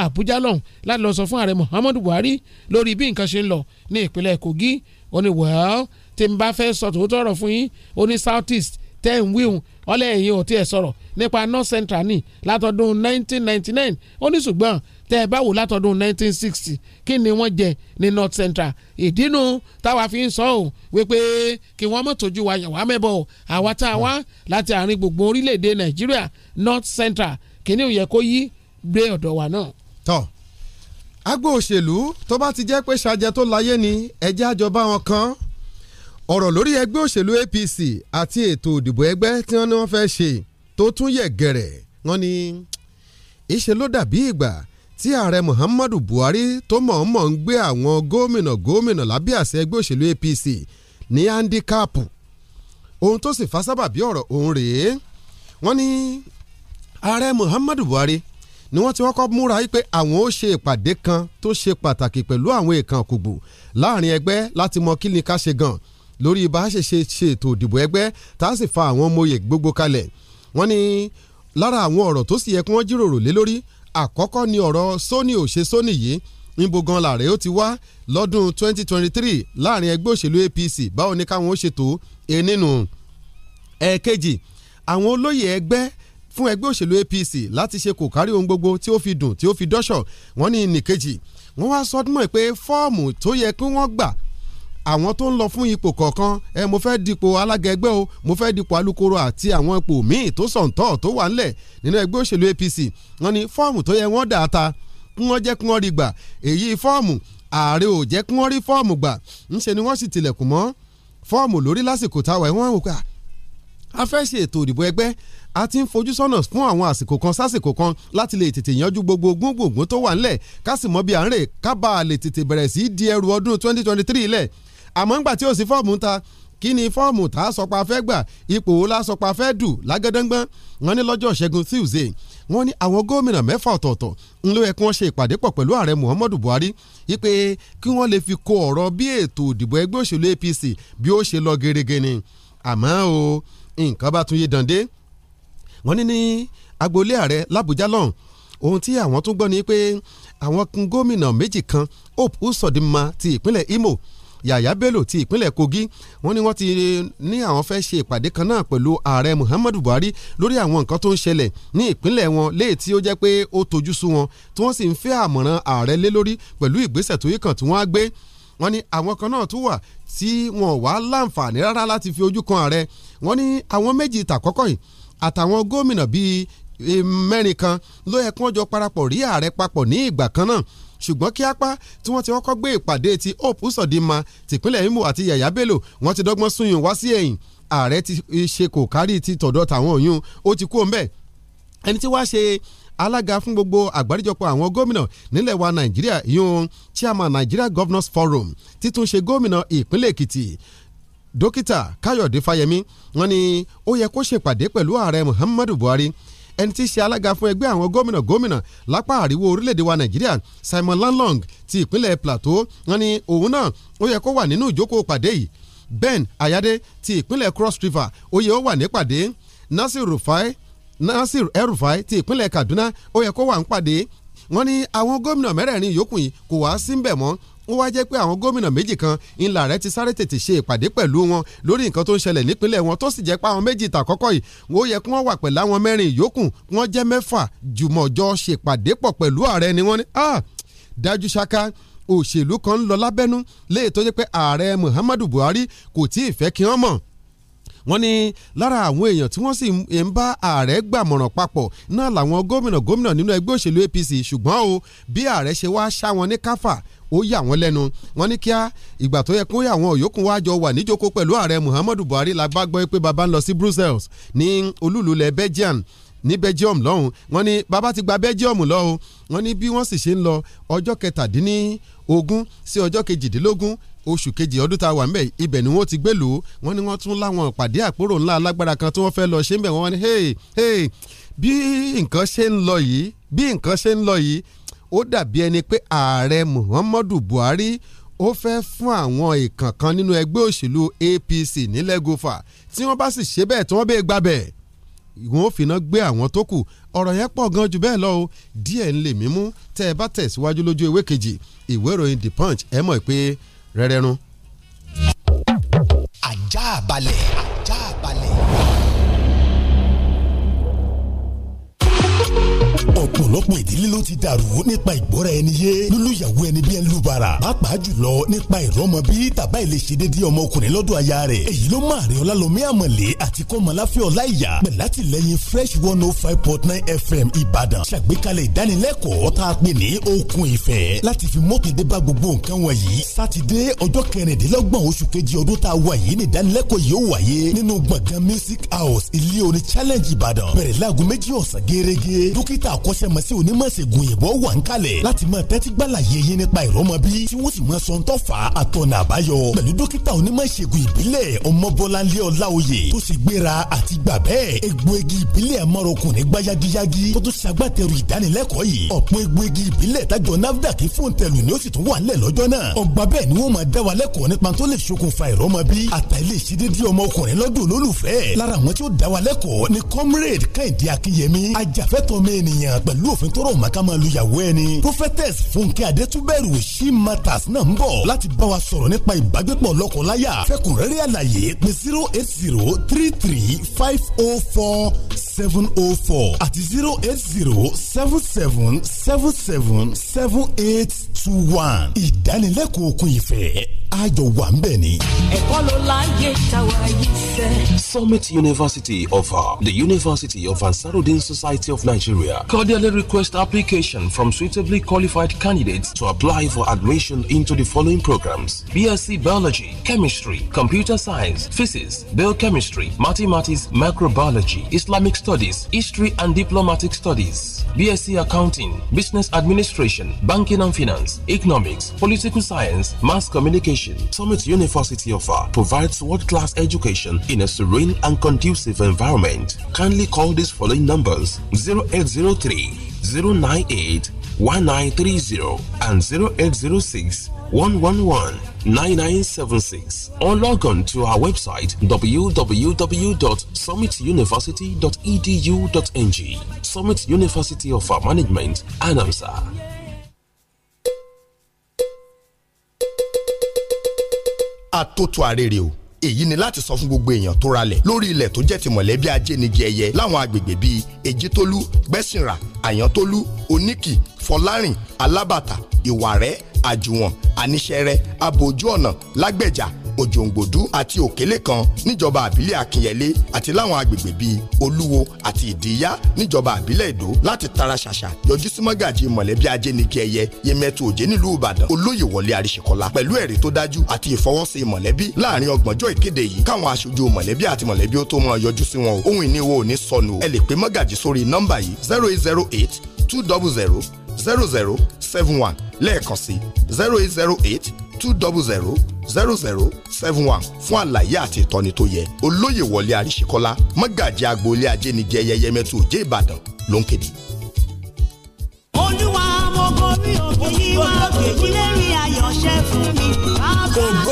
Àbújá lọ́hùn láti lọ sọ fún ààrẹ Muhammadu Buhari lórí bí nǹkan ṣe ń lọ ní ìpínlẹ̀ Kogi ó ní wẹ́ẹ́ tí n bá fẹ́ sọ tòótọ́ ọ̀rọ̀ fún yín ó ní south east Ten ń wíhun ọlẹ́ ẹ̀yìn ò tiẹ̀ sọ̀rọ̀ nípa north central ní látọdún 1999 ó ní ṣùgbọ́n tẹ́ ẹ bá wò látọdún 1960 kí ni wọ́n jẹ ní north central ìdínú táwa fi ń sọ ọ́ wípé kí wọ́n mọ̀ tójú wa yàn wá mẹ́bọ̀ àwa tá a wá láti àárín gbogbo orílẹ̀-èdè nàìjíríà north central kí ni ó yẹ kó yí gbé ọ̀dọ̀ wa náà. tọ́ agbó tó bá ti jẹ́ pé ṣàjẹ́ tó láyé ni ẹ̀jẹ̀ àjọba wọn kan ọ̀rọ̀ lórí ẹgbẹ́ òṣèlú APC àti ètò òdìbò ẹgbẹ́ tí wọ́n ní wọ́n fẹ́ ṣe tó tún yẹ̀ gẹ̀rẹ̀ wọ́n ní ìṣe ló dàbí ìgbà tí ààrẹ Muhammadu Buhari tó mọ̀ọ́mọ̀ ń gbé àwọn gómìnà gómìnà lábẹ́ àṣẹ ẹgbẹ́ òṣèlú APC ní handikapu ohun tó sì fa sábàbí ọ̀rọ̀ òun rèé wọ́n ní ààrẹ Muhammadu Buhari ni wọ́n ti kọ́kọ́ múra wípé àwọn ó ṣe ìpàdé kan tó ṣe pàtàkì pẹ̀lú àwọn èèkàn kùgbù láàrin ẹgbẹ́ láti mọ kí ni ká ṣe gan-an lórí bá a ṣe ṣe ṣe ètò òdìbò ẹgbẹ́ tá a sì fa àwọn ọmọye gbogbo kalẹ̀ wọ́n ní lára àwọn ọ̀rọ̀ tó sì yẹ kí wọ́n jíròrò lé lórí àkọ́kọ́ ni ọ̀rọ̀ sóní ò ṣe sóní yìí níbo gan làárẹ̀ ó ti wá lọ́dún 2023 láàrin ẹgbẹ́ òṣèlú APC báwo ni káwọn ó ṣètò e nínú ẹ̀ẹ̀kejì àwọn olóyè ẹgbẹ́ fún ẹgbẹ́ òṣèlú APC láti ṣe kò kárí ohun gbogbo tí ó fi dùn tí ó fi dọ́ṣọ̀ wọ́n ní nìkejì wọ́n wá sọdúnmọ́ pé fọ́ọ̀mù tó yẹ kí wọ́n gbà àwọn tó ń lọ fún ipò kọ̀ọ̀kan ẹ mo fẹ́ dipò alága ẹgbẹ́ o mo fẹ́ dipò alukoro àti àwọn ipò míì tó sọ̀ǹtọ̀ tó wà ńlẹ̀ nínú ẹgbẹ́ òṣèlú APC wọ́n ní fọ́ọ̀mù tó yẹ wọ́n dà á ta kí wọ́n jẹ́ kí wọ́n rí gbà èyí fọ́ọ̀mù ààrẹ ò jẹ́ kí wọ́n rí fọ́ọ̀mù gbà ńṣe ni wọ́n sì tilẹ̀kùn mọ́ fọ́ọ̀mù lórí lásìkò táwa ẹ̀ wọ́n wò pé a fẹ́ ṣe ètò ìdìbò ẹgbẹ́ a ti ń fojú sọ́nà fún àwọn àsìkò kan sásìkò kan láti lè tètè yanjú gbogbo gbùngbùngbùn tó wà ńlẹ̀ ká sì mọ bí à ń rè ká bá a lè tètè bẹ̀rẹ̀ sí í di ẹrù ọdún 2023 lẹ̀ àmọ́ ńgbà tí ó sì fọ́ọ̀mù ń ta kí ni fọ́ọ̀mù tá a sọpa fẹ́ gbà ipò wo la sọpa fẹ́ dù lágẹ́dẹ́gbọ́n wọn ní lọ́jọ́ ṣẹ́gun tuesday wọn ní àwọn gómìnà mẹ́fà ọ̀tọ̀ọ̀tọ̀ ń ló ṣe ìpàdé pọ̀ pẹ̀lú ààrẹ muhammadu buhari wípé kí wọ́n lè fi kó ọ̀rọ̀ bí ètò ìdìbò ẹgbẹ́ òṣèlú apc bí ó ṣe lọ gerege ni àmọ́ o nǹkan bá tún yé dande wọ́n ní ní agboolé ààrẹ làbújá lọ́hùn ohun tí àwọn tún gbọ́ ni pé àwọn gómìnà méjì kan hope usodimma ti ìpínlẹ̀ imo Yàyà Bello ti ìpínlẹ̀ Kogi wọ́n ni wọ́n ti ní àwọn fẹ́ ṣe ìpàdé kan náà pẹ̀lú ààrẹ Muhammadu Buhari lórí àwọn nǹkan tó ń ṣẹlẹ̀ ní ìpínlẹ̀ wọn léè tí ó jẹ́ pé ó tojú sú wọn tí wọ́n sì ń fẹ́ àmọ̀ràn ààrẹ lé lórí pẹ̀lú ìgbésẹ̀ tó yí kan tí wọ́n á gbé wọ́n ní àwọn kan náà tún wà tí wọn ò wá láǹfààní rárá láti fi ojú kan ààrẹ wọ́n ní àwọn méjì tàkọ́kọ́ yìí àtàwọn gómìnà bíi eh, mẹ́rin kan ló yẹ kí wọ́n jọ parapọ̀ rí ààrẹ papọ̀ ní ìgbà kan náà ṣùgbọ́n kí apá tí wọ́n ti kọ́kọ́ gbé ìpàdé ti hope sọ̀dìmọ̀ tìpínlẹ̀ Imo àti Yàyà Bello wọ́n ti dọ́gbọ́n súnyùn wá sí ẹ̀yìn ààrẹ ti ṣe kò kárí ti tọ̀dọ̀ tàwọn òyìn ó ti kú òǹbẹ̀ ẹni tí wàá ṣe alága fún gbogbo àgbáríjọpọ̀ àwọn gómìnà nílẹ̀ wa Nàìjíríà yún chairman Nigeria Governors Forum títún ṣe gómìnà ìpínlẹ̀ Èkìtì dókítà Káyọ̀dé Fáyẹmí wọ́n ní ó yẹ kó ṣèpàdé pẹ̀lú ààrẹ Muhammadu Buhari ẹni tí í ṣe alága fún ẹgbẹ́ àwọn gómìnà gómìnà lápá àríwó orílẹ̀-èdè wa nàìjíríà Simon Lalong ti ìpínlẹ̀ Plateau wọn ni òun náà ó yẹ kó wà nínú ìjókòó pàdé yìí Ben Ayade ti ìpínlẹ̀ Cross River ó yẹ ó wà ní pàdé Nasir Rufai Nasir El-Rufai ti ìpínlẹ̀ Kaduna ó yẹ kó wà ń pàdé wọ́n ní àwọn gómìnà mẹ́rẹ̀ẹ̀rin yòókù yìí kò wá síbẹ̀ mọ́ ó wá jẹ́ pé àwọn gómìnà méjì kan ńlá rẹ̀ ti sáré tètè ṣe ìpàdé pẹ̀lú wọn lórí nǹkan tó ń ṣẹlẹ̀ nípínlẹ̀ wọn tó sì jẹ́ pé àwọn méjì tàkọ́kọ́ yìí wọ́n yẹ kí wọ́n wà pẹ̀lú àwọn mẹ́rin ìyókù wọ́n jẹ́ mẹ́fà jùmọ̀jọ ṣèpàdé pọ̀ pẹ̀lú ààrẹ ni wọ́n ní dájú ṣáká òṣèlú kan ń lọ lábẹ́nú léè Muhammadu Buhari kò tí ì fẹ́ kí wọ́n mọ̀ wọ́n ní lára àwọn èèyàn tí wọ́n sì ń bá ààrẹ gbàmọ̀ràn papọ̀ náà làwọn gómìnà gómìnà nínú ẹgbẹ́ òṣèlú APC ṣùgbọ́n o bí ààrẹ ṣe wá ṣá wọn ní káfà ó yà wọ́n lẹ́nu wọ́n ní kíá ìgbà tó yẹ kó yà wọ́n òyòkùn wá jọ wà níjókòó pẹ̀lú ààrẹ Muhammadu Buhari la bá gbọ́ pé baba ń lọ sí Brussels ní olúlulẹ̀ Belgium ní Belgium lọ́hùn wọ́n ní baba ti gba Belgium lọ o wọ́n ní bí wọ́n sì ṣe ń lọ ọjọ́ kẹtàdínní ogún sí ọjọ́ kejìdínlógún oṣù kejì ọdún tá a wà ńbẹ̀ ibẹ̀ ni wọ́n ti gbé lò ó wọ́n ní wọ́n tún láwọn ìpàdé àpérò ńlá alágbára kan tí wọ́n fẹ́ lọ ṣe ń bẹ̀ wọ́n ní hey hey bí nǹkan ṣe ń lọ yìí bí nǹkan ṣe ń lọ yìí ó dàbí ẹni pé ààrẹ Muhammadu Buhari ó fẹ́ fún àwọn ìkànkan nínú ẹgbẹ́ òṣèlú APC nílẹ̀ gòfà tí wọ́n bá sì ṣe bẹ́ẹ̀ tí wọ́n bẹ́ẹ̀ gbà bẹ́ẹ̀ wọn ò fìná gbé àwọn tó kù ọ̀rọ̀ yẹn pọ̀ gan jù bẹ́ẹ̀ lọ o díẹ̀ ń lè mímú tẹ́ ẹ bá tẹ̀síwájú lójú ewé kejì ìwé ìròyìn The Punch ẹ mọ̀ pé rẹ́rẹ́rún. ajá balẹ̀ ajá balẹ̀. ọ̀pọ̀lọpọ̀ ìdílé ló ti dàrú nípa ìgbọ́ra ẹni yé lólùyàwó ẹni bí ẹni lùbàrà pàápàá jùlọ nípa ìrọmọ bí tàbá ìlẹsẹdẹdẹ ọmọkùnrin lọ́dọ̀ aya rẹ̀ èyí ló máa rí ọlálọmí àmọ̀lé àti kọ́mọláfẹ́ ọláìyá pẹ̀látìlẹ́yìn fresh one oh five point nine fm ìbàdàn ṣàgbékalẹ̀ ìdánilẹ́kọ̀ọ́ tá a pè ní okun ìfẹ́ láti fi mọ́tòdé bá gbogbo nǹkan wọ̀nyí sátidé ọjọ́ kẹrìndínlọ́gbọ̀n oṣù kejì ọdún tá a wà yìí ní ìdánilẹ́kọ̀ọ́ yìí ó wáyé nínú gbọ̀ngàn music house ilé orin challenge ìbàdàn bẹ̀rẹ̀ láago méjì ọ̀sán gẹ́gẹ́ dókítà akọ́ṣẹ́mọṣẹ́ onímọ̀ṣègùn ìbò wà ń kalẹ̀ láti máa tẹ́tí gbàlà yeye nípa ìrọ́mọbí tí wọ́n sì máa sọ ń tọ́fà àtọ̀nà àbáyọ pẹ̀lú dókítà onímọ̀ṣègùn ìbílẹ̀ ọmọbọ́láńlé ọláoyè tó sì gbéra àti gbà bẹ́ẹ̀ egbòogi ìbílẹ̀ amọ́rọ̀kùn ní gbáyagíyágí tó tún ṣagbátẹrù ìdánilẹ́kọ̀ọ́ yìí ọ̀pọ̀ egbòogi ìbílẹ̀ tájọ nafdac fóńtẹ̀lù ni ó sì tún wà ńlẹ̀ lọ́jọ́ náà ọgbà bẹ́ẹ̀ ni wọ́n máa dá wa lẹ́kọ̀ọ́ nípa tó lè ṣokùnfà ìrọ́mọbí àtàlẹ́ ìṣedédé ọmọ ọkùnrin lọ́dún olólùfẹ́ lára àwọn tí ó dá wa lẹ́kọ̀ọ́ ni comrade kẹ́hìndé níbàdàn pẹ̀lú òfin tó rọ̀ màkà máa lu ìyàwó ẹni. prophetess fúnkẹ́ adétúbẹ̀rù she matters náà ń bọ̀ láti bá wa sọ̀rọ̀ nípa ìbágbépọ̀ lọ́kọ̀ọ́láyà fẹ́kùnrẹ́rẹ́ àlàyé pé zero eight zero three three five oh four seven oh at zero eight zero seven seven seven seven seven eight two one. ìdánilẹ́kọ̀ọ́ òkun ìfẹ́ àjọ wà ń bẹ̀ ni. ẹ̀kọ́ ló láyé táwa yìí Summit University of uh, the University of Ansarudin Society of Nigeria cordially request application from suitably qualified candidates to apply for admission into the following programs BSc Biology, Chemistry, Computer Science, Physics, Biochemistry, Mathematics, Microbiology, Islamic Studies Studies, History and Diplomatic Studies, BSc Accounting, Business Administration, Banking and Finance, Economics, Political Science, Mass Communication. Summit University offer provides world-class education in a serene and conducive environment. Kindly call these following numbers 0803 098 1930 and 0806 111 9976 or log on to our website www.summituniversity.edu.ng. Summit University of our Management, Anamsa. Àtòtò àrèrè èyí ni láti sọ fún gbogbo èèyàn tó ralẹ̀ lórí ilẹ̀ tó jẹ́ ti mọ̀lẹ́bí ajénigi ẹyẹ láwọn agbègbè bíi èjítólú gbẹ́sìnrà àyántólú oníkì fọlárìn alábàtà ìwàrẹ́ àjùwọ̀n àníṣẹrẹ abòjú ọ̀nà lágbèjà òjòǹgbòdú àti òkèlè kan níjọba àbílẹ̀ akínyẹlé àti láwọn agbègbè bíi olúwo àti ìdíyá níjọba àbílẹ̀ èdó láti tara ṣàṣà yọjú sí mọ́gàjì mọ̀lẹ́bí ajénike ẹ̀yẹ yemẹtu òjé nílùú ìbàdàn olóyè wọlé àríṣekọlá pẹ̀lú ẹ̀rí tó dájú àti ìfọwọ́sí mọ̀lẹ́bí láàrin ọgbọ̀njọ́ ìkéde yìí káwọn aṣojú mọ̀lẹ́bí àti mọ̀lẹ́bí ó tó mọ yọjú sí wọn ohun ìní wo ò ní sọnù ẹ lè pe mọ́gàjì sórí nọ́mbà yìí zero eight zero eight two double zero zero zero seven one lẹ́ẹ̀kan sí zero eight zero eight two double zero zero zero seven one fún àlàyé àti ìtọ́ni tó yẹ olóyè wọlé àríṣekọ́lá mọ́gàjì agboolé ajé ni jẹ́ yẹyẹmẹ́tù òjé ìbàdàn ló ń kéde. olúwa ògo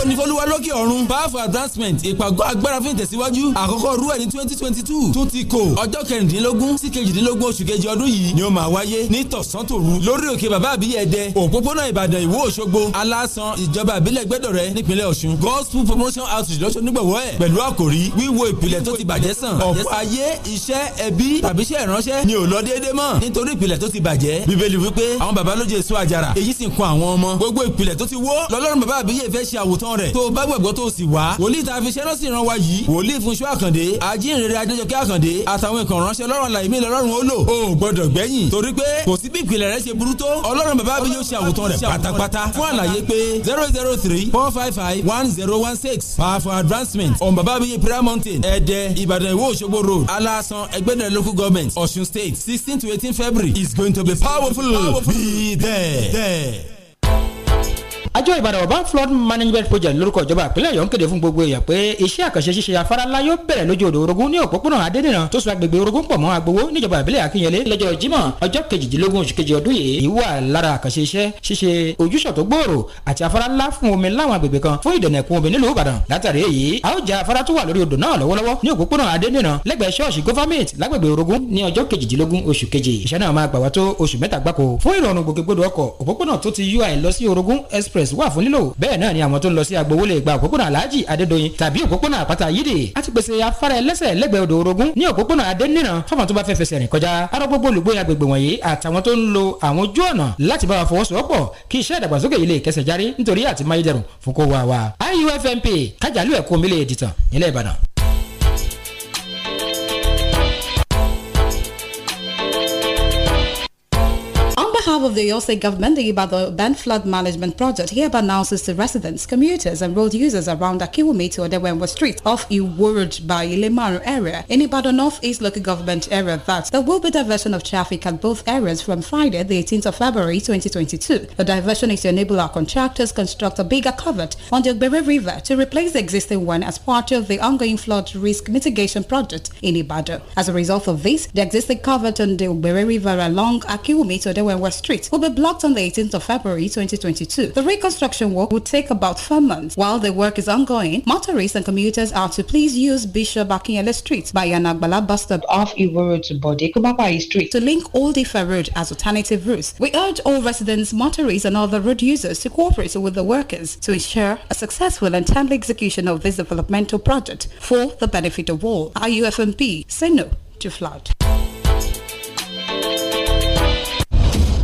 ni fọlúwa lókè ọ̀run power for advancement ìpàgọ́ agbára fún ìtẹ̀síwájú àkọ́kọ́ rú ẹ̀ ní twenty twenty two tún ti kò ọjọ́ kẹrìndínlógún sí kejìdínlógún oṣù kejì ọdún yìí ni ó máa wáyé ní tọ̀sán tòru lórí òkè bàbá àbí ẹ̀dẹ òpópónà ìbàdàn ìwó òṣogbo alásan ìjọba àbílẹ̀ gbẹ́dọ̀rẹ́ nípínlẹ̀ ọ̀ṣun gospel promotion outreach lọ́sọ̀ nígbàwọ́ ẹ̀ pẹ̀lú àkòrí wíwo ìpìlẹ̀ tó ti bàjẹ́ sàn ọ̀pọ̀ ayé iṣẹ́ ẹbí tàbíṣẹ́ ìránṣẹ́ ni ò lọ déédéé mọ́ nítorí ìpìlẹ̀ tó ti bàjẹ́ bíbélì wípé àwọn bàbá ló jẹ èso àjàrà èyí sì ń kan àwọn ọmọ gbogbo ìpìlẹ̀ tó ti wó lọ́lọ́run bàbá àbíyè fẹ́ ṣe àwòtán rẹ̀ tó bá gbàgbọ́ tó sì wá wòlíì tá a fi ṣẹ́nà sí ìran wa yìí wòlíì Fúnṣọ́ Àkàndé ajínrere Adéjọkẹ́ Àkàndé àtàwọn ìkàn ránṣẹ́ lọ́rùn làyèmí lọ́rùn ó lò ó gbọ́dọ̀ gbẹ́yìn torí pé kò sí bí ìpìlẹ̀ rẹ̀ ṣe burú tó ọlọ́run bàbá àbíyè ṣe àwòtán rẹ̀ pátápátá fún àlàyé pé zero zero three four five five one zero one six power advancement on bàbá àbíyè prayer mountain ẹ̀dẹ̀ Ìbàdàn Ìwó Òṣogbo road Aláàsán Ẹgbẹ́dẹ̀ local government Ọ̀ṣun state sixteen to eighteen February is going to be powerful. powerful. Líder. àjọ ìbàdàn urban flood management project lórúkọ ìjọba ìpínlẹ̀ ọ̀yọ́ ń kéde fún gbogbo èèyàn pé iṣẹ́ àkànṣe ṣíṣe afárá ńlá yóò bẹ̀rẹ̀ lójú odò orogún ní òpópónà adédìran tó so agbègbè orogún pọ̀ mọ́ agbowó níjọba ìbílẹ̀ akínyẹlé lọ́jọ́ jímọ̀ ọjọ́ kejìdínlógún oṣù kejì ọdún yìí wà lára àkànṣe iṣẹ́ ṣíṣe ojúṣọ̀ tó gbòòrò àti afárá ńlá fún omi láwọn agbègbè kan fún ìdènà ẹ̀kún omi nílùú ìbàdàn látàrí èyí a ó ja afárá tó wà lórí odò náà lọ́wọ́lọ́wọ́ ní òpópónà adédìran lẹ́gbẹ̀ẹ́ ṣọ́ọ̀ṣì gọ́fàmẹ̀tì lágbègbè orogún ní ọjọ́ kejìdínlógún oṣù kejì iṣẹ́ náà máa gbà wá tó oṣù mẹ́ta gbáko fún ìrọ̀rùn gbòkègbodò ọkọ̀ òpópónà tó ti ui lọ sí orogún express express wà fún lílò bẹ́ẹ̀ náà ni àwọn tó ń lọ sí agbowó lè gba òpópónà alhaji adédoyin tàbí òpópónà àpáta yídè àti pèsè afárá ẹlẹ́sẹ̀ lẹ́gbẹ̀ẹ́ odò orogún ní òpópónà adéníran fáwọn tó bá fẹ́ fẹsẹ̀ rìn kọjá arọ gbogbo olùgbòyìn agbègbè wọ̀nyí àtàwọn tó ń lo àwọn ojú ọ̀nà láti bá wa fọwọ́sowọ́pọ̀ kí iṣẹ́ ìdàgbàsókè yìí lè kẹsẹ̀ járí nítorí àti máyédẹrùn fún kó wa wa IUFMP kájàlú ẹ̀kọ́ mi lè dìtàn nílẹ̀ ìbàdàn. of the Oyo government, the Ibadan Flood Management Project hereby announces to residents, commuters and road users around Akiwumi to Odewenwa Street off Iworod by Ilemaru area in Ibadan Northeast Local Government area that there will be diversion of traffic at both areas from Friday, the 18th of February 2022. The diversion is to enable our contractors construct a bigger covert on the Ogbere River to replace the existing one as part of the ongoing flood risk mitigation project in Ibadan. As a result of this, the existing covert on the Ogbere River along Akiwumi to Odewenwa Street Street will be blocked on the 18th of February 2022. The reconstruction work will take about four months. While the work is ongoing, motorists and commuters are to please use Bishop Akinyele Street by Yanagbala bus stop off Iwo Road to Bodekubapai Street to link Old Ife Road as alternative routes. We urge all residents, motorists and other road users to cooperate with the workers to ensure a successful and timely execution of this developmental project for the benefit of all. IUFMP, say no to flood.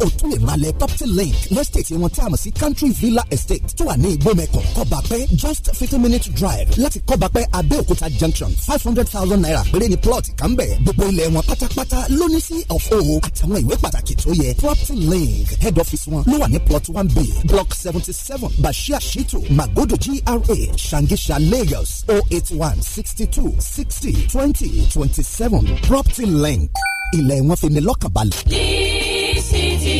o tún lè ra lẹ̀ property link lọ́sítẹ̀tì wọn tí a mọ̀ sí country villa estate tó wà ní ìgbọ́mẹ̀kọ̀ kọ́bàpẹ́ just fifty minutes drive láti kọ́bàpẹ́ abẹ́òkúta junction five hundred thousand naira péré ni plot kan bẹ̀ gbogbo ilẹ̀ wọn pátápátá ló sí of o àtàwọn ìwé pàtàkì tó yẹ property link head office wọn ló wà ní plot one b block seventy seven bashir shitu magodo gra shangisha lagos o oh eight one sixty two sixty twenty twenty seven property link ilẹ̀ wọn fi ni lọ́kàn 奇迹。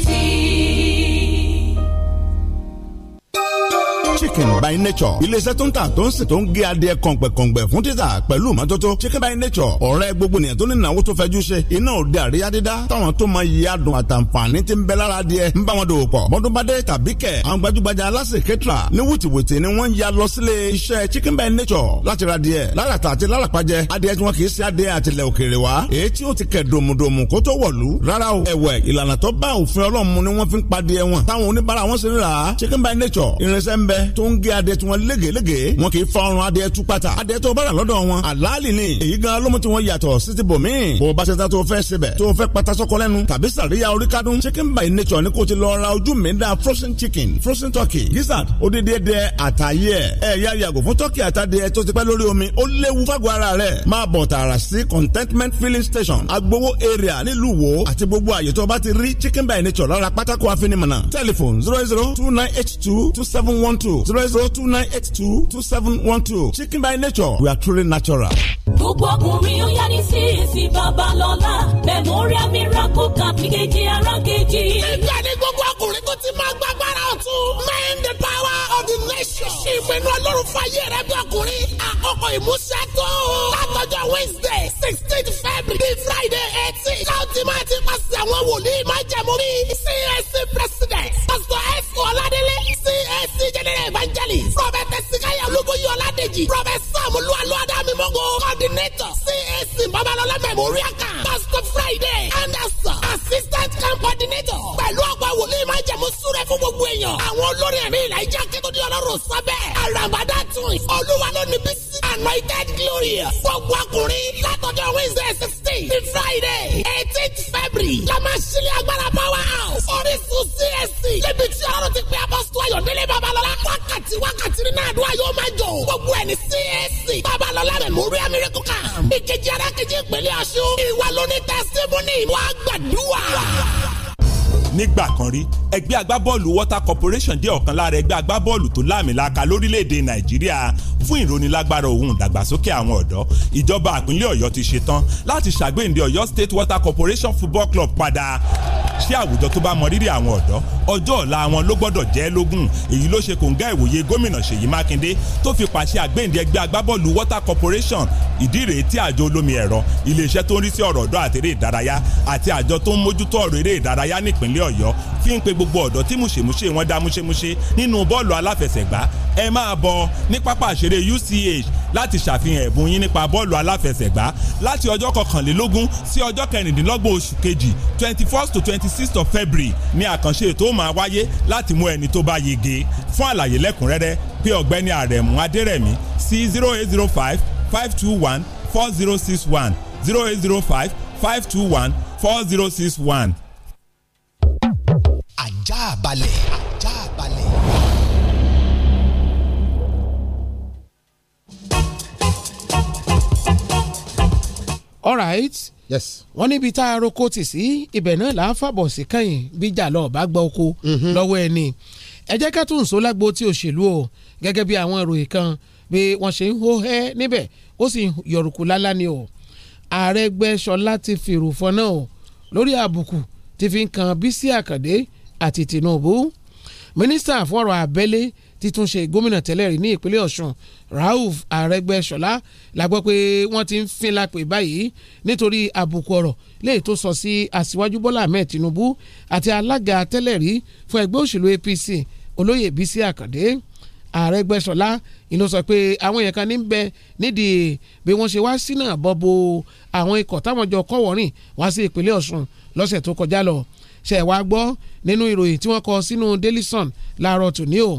City. chicken by nature iléeṣẹ́ tó ń tà tó ń sè tó ń gé adìẹ kọ̀ǹpẹ̀kọ̀ǹpẹ̀ fún títà pẹ̀lú mọ́tótó chicken by nature ọ̀rẹ́ gbogbo nìyẹn tó ní ìnáwó tó fẹ́jú ṣe iná òde àríyá dídá táwọn tó máa yí adùn àtàǹfààní ti ń bẹ lára adìẹ ń bá wọn dòwò pọ̀ bọ́dún bá tàbí kẹ̀ àwọn gbajúgbajà aláṣẹ kẹtìrà ní wùtìwùtì ni wọ́n ya lọ sílé iṣẹ́ chicken by nature láti ra adìẹ lálàtà àti lálàpàjẹ adìẹ tí wọn kì í ṣe adìẹ àtìlẹ̀ òkèèrè wa èyí tí ó ti kẹ̀ dòmùdòmù kó tó wọ̀lú rárá o ẹ̀wẹ̀ ìlànà tó bá òfin ọlọ́run chicken by nature irinṣẹ́ ń tó ń gé adìẹ tí wọ́n légelége wọn kì í fa ọrùn adìẹ tú pata adìẹ tó bára lọ́dọ̀ wọn àlàálì ni èyí gan ló mú tí wọ́n yàtọ̀ síti bò bó bá ṣe ta tó fẹ́ sebẹ̀ tó fẹ́ pata sọ́kọ tàbí sàríya orí kádùn chicken by nature ni kò ti lọ ra ojú mi da frozen chicken frozen turkey gizzard odidi dẹ àtàyè ẹ yá yàgò fún turkey àtàdé tó ti pẹ́ lórí omi ó léwu fágọ̀ ara rẹ̀ máa bọ̀ tààrà sí contentment filling station agbowo area nílùú wo àti gbogbo àyè tó bá ti rí chicken by nature lára pátákó àfinimọ̀nà telephone zero zero two nine eight two two seven one two zero zero zero two nine eight two two seven one two chicken by nature we are truly natural gbogbo ọkùnrin ó yá ní sísì babalọ́lá memorial miracle camp kejì ara kejì. ìgbà ní gbogbo ọkùnrin tó ti máa gbàgbára ọ̀tún. main the power of the nation. ṣe ìpinnu ọlọ́run fàyè rẹ bí ọkùnrin. àkókò ìmúṣẹ tó. látọjọ́ wednesday sixteen february friday eighteen. láti máa ti pàṣẹ àwọn wòlíì máa jẹ̀mú mi. csc president pastor f ọládélé csc general evangelist prophet sikaya olúbóyè ọládèjì prophet sam olúwa lọ́dà mímọ́gò coordinator CAC babalola memorial camp Pastor Friday Anderson assistant camp coordinator pẹ̀lú ọ̀pọ̀ wòlíì máa jẹ̀mú súrẹ́ fún gbogbo èèyàn àwọn olórí ẹ̀mí ìlà ìjà kékeré ọlọ́run sábẹ́ àràbàdà tún olúwa lónìí bí sí anointed glory gbogbo ọkùnrin látọjọ́ Wednesday sixteen ní Friday eighteenth February la máa ṣílẹ̀ agbára power house orísun CAC níbi tí ọlọ́run ti pe apọ́sítọ́ ayọ̀délé Babalọlá wákàtí wákàtí nínú àdúrà yóò máa jọ gbogbo ẹni CAC Babalọlá memorial miracle ìkejì ara kejì ìpínlẹ̀ aṣọ ìwà lóní tẹsítímọ́nì wàá gbàdúrà nígbà kan rí ẹgbẹ́ agbábọ́ọ̀lù water corporation jẹ́ ọ̀kan lára ẹgbẹ́ agbábọ́ọ̀lù tó láàmìlaka lórílẹ̀‐èdè nàìjíríà fún ìrónilágbára ohun ìdàgbàsókè àwọn ọ̀dọ́ ìjọba àpínlẹ̀ ọ̀yọ́ ti ṣetán láti ṣàgbéǹde ọ̀yọ́ state water corporation football club padà ṣé àwùjọ tó bá mọ rírì àwọn ọ̀dọ́ ọjọ́ ọ̀la wọn ló gbọ́dọ̀ jẹ́ lógún èyí ló ṣe kòǹgá ìwòye gómìnà ṣèyí mákindé tó fi pàṣẹ àgbéǹde ẹgbẹ́ agbábọ́ọ̀lù water corporation ìdí rèé tí àjọ olómi ẹ̀rọ iléeṣẹ́ tó ń rí sí ọ̀rọ̀ ọ̀dọ́ àti eré ìdárayá àti àjọ tó ń mójútó ọ̀rọ̀ eré ìdárayá nípínlẹ̀ ọ̀yọ́ fi ń pe gbogbo ọ̀dọ́ tí mùṣèmùṣe gbàgede UCH láti ṣàfihàn ẹ̀bùn yín nípa bọ́ọ̀lù aláfẹsẹ̀gbá láti ọjọ́ kọkànlélógún sí ọjọ́ kẹrìndínlọ́gbọ̀n oṣù kejì twenty first to twenty sixth of February ni àkànṣe ètò máa wáyé láti mú ẹni tó bá yege fún àlàyé lẹ́kùnrẹ́rẹ́ pé ọ̀gbẹ́ni àrẹ̀mú adẹ́rẹ̀mí sí zero eight zero five five two one four zero six one zero eight zero five five two one four zero six one. ajá balẹ̀. All right. yes wọ́n níbi tá a roko tì sí ibẹ̀ náà là á fàbọ̀ sí kẹ́yìn bíjà lọ bá gba oko mhm. lọ́wọ́ ẹni ẹ jẹ́ ká tún sọ lágbo tí òṣèlú o gẹ́gẹ́ bí àwọn ìròyìn kan bí wọ́n ṣe ń hó hẹ́ níbẹ̀ ó sì yọ̀rùkù lálá ni o ààrẹ Gbẹ́sọ̀lá ti fìrù fọ́nà o lórí àbùkù ti fi ń kan Bísí Àkàndé àti Tinubu mínísítà fọ̀rọ̀ àbẹ́lé títún ṣe gómìnà tẹ́lẹ̀ rí ní ìpínlẹ̀ Ọ̀ṣun Rauf Arẹ́gbẹ́ṣọlá la gbọ́ pé wọ́n ti ń fin lápè báyìí nítorí àbùkù ọ̀rọ̀ léyìí tó sọ sí aṣíwájú Bọ́lá Ahmed Tinubu àti alága tẹ́lẹ̀ rí fún ẹgbẹ́ òṣèlú APC olóyè Bísí Àkàndé Arẹ́gbẹ́ṣọlá ìlú sọ pé àwọn èèyàn kan ní bẹ nídìí bí wọ́n ṣe wá sínú àbọ̀bọ̀ àwọn ikọ̀ táwọn jọ kọ́wọ́rìn wá sí ìpínlẹ̀ Ọ̀ṣun lọ́sẹ̀ tó kọjá lọ ṣẹ̀wá gbọ́ nínú ìròyìn tí wọ́n kọ sínú Daily Sun láàárọ̀ tòní o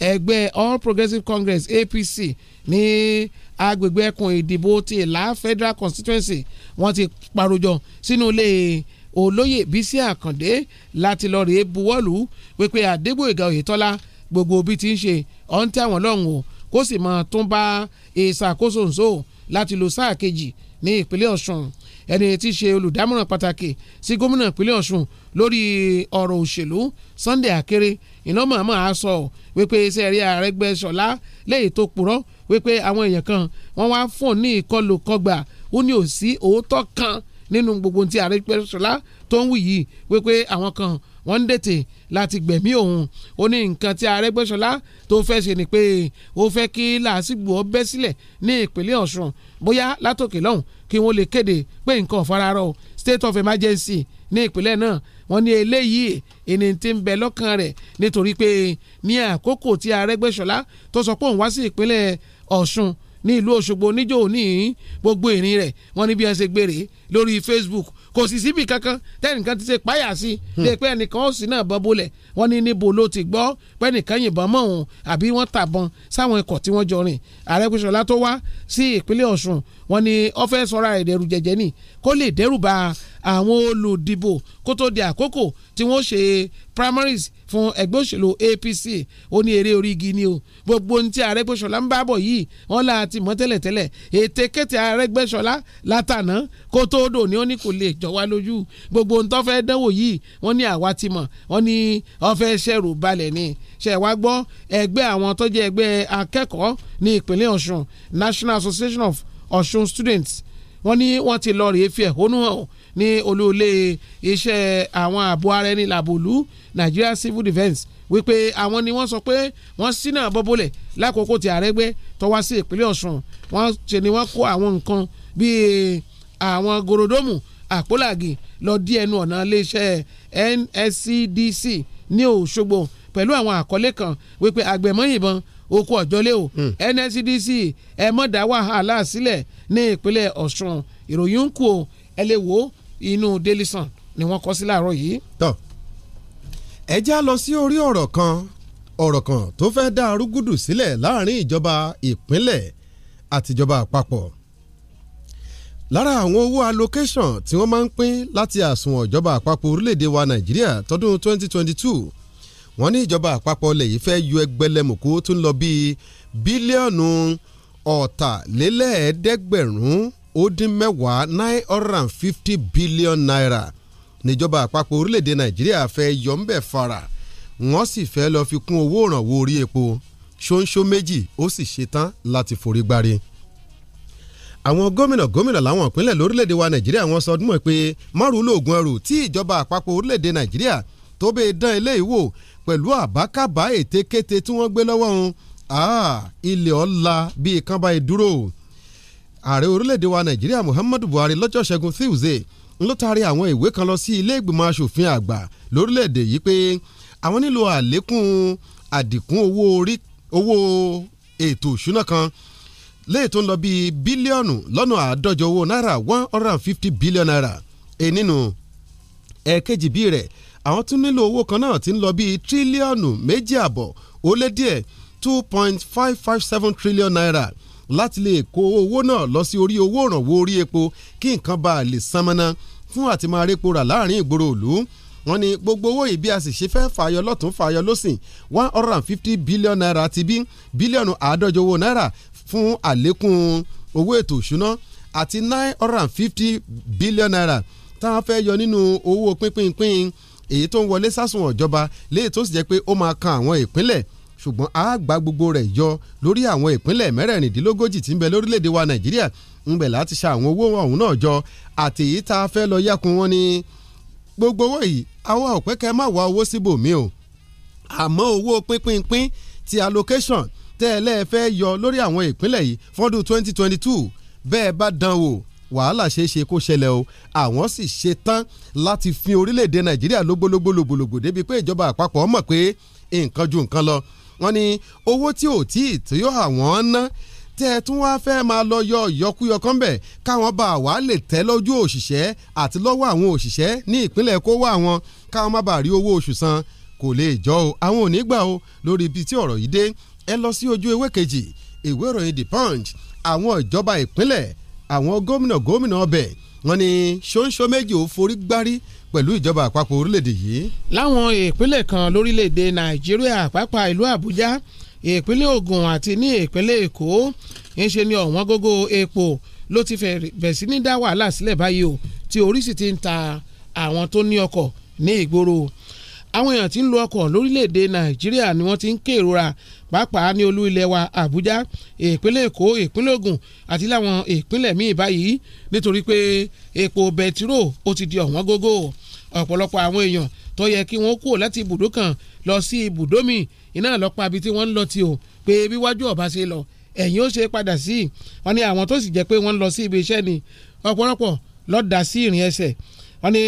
ẹgbẹ́ All Progressives Congress APC ní agbègbè ẹkùn ìdìbò ti Ìlá Federal Constituency wọ́n ti parojọ sínú ilé olóyè Bísí Àkàndé láti lọ rèé buwọ́lù pépé Adégbóyèga Oyètọ́lá gbogbo bí ti ń ṣe ọ̀ǹtẹ̀ àwọn lọ́hùn o kó sì mọ̀ tún bá ìṣàkóso nṣó láti lo sáà kejì ní ìpínlẹ̀ Ọ̀ṣun ẹni tí í ṣe olùdámọ̀ràn pàtàkì sí gómìnà ìpínlẹ̀ Ọ̀ṣun lórí ọ̀rọ̀ òṣèlú Sunday Akéré iná màmá a sọ wípé iṣẹ́ rí Arẹ́gbẹ́ṣọlá lẹ́yìn tó purọ́ wípé àwọn èèyàn kan wọ́n wá fún ní ìkọlù kọgbà ó ní òsí òótọ́ kan nínú gbogbo tí ààrẹ pẹ̀sọ́lá tó ń wí yìí wípé àwọn kan wọ́n ń dètè láti gbẹ̀mí òun ó ní nǹkan tí Arẹ́gbẹ́ṣọlá tó fẹ́ ṣe ni pé ó fẹ́ kí làásìgbò ọ bẹ́ sílẹ̀ ní ìpínlẹ̀ Ọ̀ṣun bóyá látòkè lọ́hùn kí wọ́n lè kéde pé nǹkan ọ̀fararọ̀ state of emergency ní ìpínlẹ̀ náà wọ́n ní eléyìí ẹni tí ń bẹ lọ́kàn rẹ̀ nítorí pé ní àkókò tí Arẹ́gbẹ́ṣọlá tó sọ pé òun wá sí ìpínlẹ̀ Ọ̀ṣun ní ìlú Òṣogbo níjó ní gbogbo ìrìn rẹ̀ wọ́n ní bí wọ́n ṣe gbére lórí Facebook kò sì síbi kankan tẹ́nìkan ti ṣe páyà sí lè hmm. pé ẹnìkan ó sì náà bọ́ bolẹ̀ wọ́n ní níbo ló ti gbọ́ pé ẹnìkan yìnbọn mọ́ òun àbí wọ́n tàbọn sáwọn ikọ̀ tí wọ́n jọ rìn Arẹ́gbẹ́ṣọlá tó wá sí ìpínlẹ̀ Ọ̀ṣun wọ́n ní ó fẹ́ sọra ẹ̀dẹ̀rù jẹ̀jẹ̀ ni kó lè dẹ́rù bà àwọn olùdìbò kó tó di àkókò tí wọ́n ṣe primaries fún ẹgbẹ́ òṣèlú APC ó ní eré orí ni o gbogbo ohun tí Arẹ́gbẹ́ṣọlá ń bá bọ̀ yìí wọ́n là ti mọ̀ tẹ́lẹ̀tẹ́lẹ̀ ète kété Arẹ́gbẹ́ṣọlá látàná kó tó dò ní ó ní kò lè jọ wá lójú gbogbo ohun tó fẹ́ dánwò yìí wọ́n ní àwa ti mọ̀ wọ́n ní ọ̀fẹ́ ṣẹ̀rù balẹ̀ ni ṣe wá gbọ́ ẹgbẹ́ àwọn tó jẹ́ ẹgbẹ́ akẹ́kọ̀ọ́ ní ìpínlẹ̀ Ọ̀ṣun National Association of Ọ̀ṣun Students wọ́n ní wọ́n ti lọ rèé fi ẹ̀hónú hàn ní olóòlé iṣẹ́ àwọn ààbò ara ẹni làbòlú Nigeria Civil Defence wípé àwọn ni wọ́n sọ pé wọ́n ṣínà bọ́bọ́lẹ̀ lákòókò tí Àrẹ́gbẹ́ tó wá sí ìpínlẹ̀ Ọ̀ṣun wọ́n ṣe ni wọ́n kó àwọn nǹkan bíi àwọn gòròdómù àpólàgì lọ dí ẹnu ọ̀nà iléeṣẹ́ NSCDC ní Òṣogbo pẹ̀lú àwọn àkọlé kan wípé àgbẹ̀mọ́ yìnbọn okú ọ̀jọ́lé o hmm. NSCDC ẹ mọ̀ dá wàhálà sílẹ̀ ní ìpínlẹ̀ Ọ̀ṣun ìròyìn ń kú o ẹ lè wò ó inú Daily Sun ni wọ́n kọ sí láàárọ̀ yìí. tọ́ ẹ já lọ sí orí ọ̀rọ̀ kan ọ̀rọ̀ kan tó fẹ́ dá arúgúdù sílẹ̀ láàrin ìjọba ìpínlẹ̀ àtijọba àpapọ̀ lára àwọn owó allocation tí wọ́n máa ń pín láti àsùnwọ̀n ìjọba àpapọ̀ orílẹ̀-èdè wa Nàìjíríà tọdún 2022 wọ́n ní ìjọba àpapọ̀ ilẹ̀ yìí fẹ́ yọ ẹgbẹ̀lẹ́mùkú tó ń lọ bíi bílíọ̀nù ọ̀tàlélẹ́ẹ̀ẹ́dẹ́gbẹ̀rún ó dín mẹ́wàá nine hundred and fifty billion naira níjọba àpapọ̀ orílẹ̀-èdè nàìjíríà fẹ́ yọ ń bẹ̀ fara wọ́n sì fẹ́ lọ fi kún owó òrànwó orí epo ṣóńṣó méjì ó sì ṣetán láti forí gbárí àwọn gómìnà gómìnà láwọn ìpínlẹ̀ lórílẹ̀‐èdè wa nàìjíríà wọ́n sọ ọdún mọ̀ pé márùn lóògùn ẹrù tí ìjọba àpapọ̀ orílẹ̀‐èdè nàìjíríà tó bẹ́ẹ̀ dán ilé ìwò pẹ̀lú àbákàbá ètekéte tí wọ́n gbé lọ́wọ́ wọn ilẹ̀ ọ̀la bíi kánbá ìdúró ààrẹ orílẹ̀-èdè wa nàìjíríà muhammadu buhari lọ́jọ́ ṣẹ́gun tuesday ló taari àwọn ìwé kan lọ sí ilé ìgbìmọ̀ asòfin àgbà lórílẹ̀-èdè yìí pé àwọn nílò àlékún àdìkún owó orí owó ètò ìṣúná kan léè tó ń lọ bíi bílíọ̀nù lọ́nà àádọ́jọ owó náírà one hundred and fifty billion naira e nínú ẹ̀ẹ́kejì bíi rẹ̀ àwọn tún nílò owó kan náà ti ń lọ bíi tírílíọ̀nù méjì àbọ̀ ó lé díẹ̀ two point five five seven trillion naira láti lè kó owó náà lọ sí orí owó òrànwó orí epo kí nǹkan bá a lè san mọ́ná fún àti máa répo rà láàrin ìgboro ìlú wọ́n ní gbogbo owó yìí bí a sì ṣe fẹ́ fàyọ lọ́tún fàyọ lọ́sìn one hundred and fifty billion naira ti bí bílíọ̀nù àádọ́jọ owó náírà fún àlékún owó ètò ìṣúná àti nine hundred and fifty billion naira táwọn fẹ́ yọ nínú owó pínpín pín èyí tó ń wọlé sásùn ọ̀jọba léyìí tó sì jẹ́ pé ó máa kan àwọn ìpínlẹ̀ ṣùgbọ́n a gba gbogbo rẹ̀ yọ lórí àwọn ìpínlẹ̀ mẹ́rẹ̀ẹ̀rìndínlógójì tí ń bẹ lórílẹ̀‐èdè wa nàìjíríà ńbẹ̀ láti ṣe àwọn owó ọ̀hún náà jọ àti èyí tá a fẹ́ lọ yẹkun wọn ni gbogbo owó yìí àwọn òpẹ́ kẹ́ má wá owó síbòmí o àmọ́ owó pínpínpín ti allocation tẹ́ ẹ lẹ́ẹ̀fẹ́ yọ lórí àwọn ìpínlẹ̀ yìí fọ́dún 2022 bẹ́ẹ̀ bá dán wò wàhálà ṣeé ṣe kó ṣẹlẹ̀ o àwọn sì ṣe tán láti fin orílẹ̀-èdè nàìjíríà lógbólógbó lògbòlògbò débi pé ìjọba àpapọ̀ mọ̀ pé nǹkan ju nǹkan lọ wọ́n ní owó tí ò tí ì tó àwọn ná tẹ́ ẹ tún wáá fẹ́ máa lọ yọ ìyọkúyọ kan bẹ̀ káwọn bá wà á lè tẹ́ lójú òṣìṣẹ́ àti lọ́wọ́ àwọn òṣìṣẹ́ ní ìpínlẹ̀ kó wá wọn káwọn má bàa rí owó oṣù san kò lè jọ o àwọn ò ní gbà o lórí ibi tí ọ̀rọ̀ yìí dé ẹ lọ sí ojú ewé kejì ìwé ìròyìn The Punch àwọn ìjọba ìpínlẹ̀ àwọn gómìnà gómìnà ọbẹ̀ wọ́n ní ṣóńṣó méjì ò forí gbárí pẹ̀lú ìjọba àpapọ̀ orílẹ̀-èdè yìí. láwọn ìpínlẹ̀ kan lórílẹ̀-èdè nàìjíríà pàápàá ìlú àbújá ìpínlẹ̀ ògùn àti ní ìpínlẹ̀ èkó ńṣe ni ọ̀wọ́n gógó epo ló ti bẹ̀rẹ̀ sí ní dá wàhálà sílẹ̀ báyìí o tí orí sì ti ń ta àwọn tó ní ọkọ̀ ní ìgboro àwọn èèyàn tí ń lo ọkọ̀ lórílẹ̀-èdè nàìjíríà ni wọ́n ti ń kérora pàápàá ní olú ilẹ̀ wa Àbújá ìpínlẹ̀ Èkó ìpínlẹ̀ Ògùn àti láwọn ìpínlẹ̀ míì báyìí nítorí pé epo bẹtiró ó ti di ọ̀wọ́n gógó ọ̀pọ̀lọpọ̀ àwọn èèyàn tó yẹ kí wọ́n kúrò láti ibùdó kan lọ sí ibùdó míì iná lọ́pàá ibi tí wọ́n ń lọ ti o pé wíwájú ọ̀bá ṣe lọ ẹ̀yìn ó ṣe padà sí i wọ́n ní àwọn tó sì jẹ́ pé wọ́n ń lọ sí ibi iṣẹ́ ni ọ̀pọ̀lọpọ̀ lọ́dà sí ìrìn ẹsẹ̀ wọ́n ní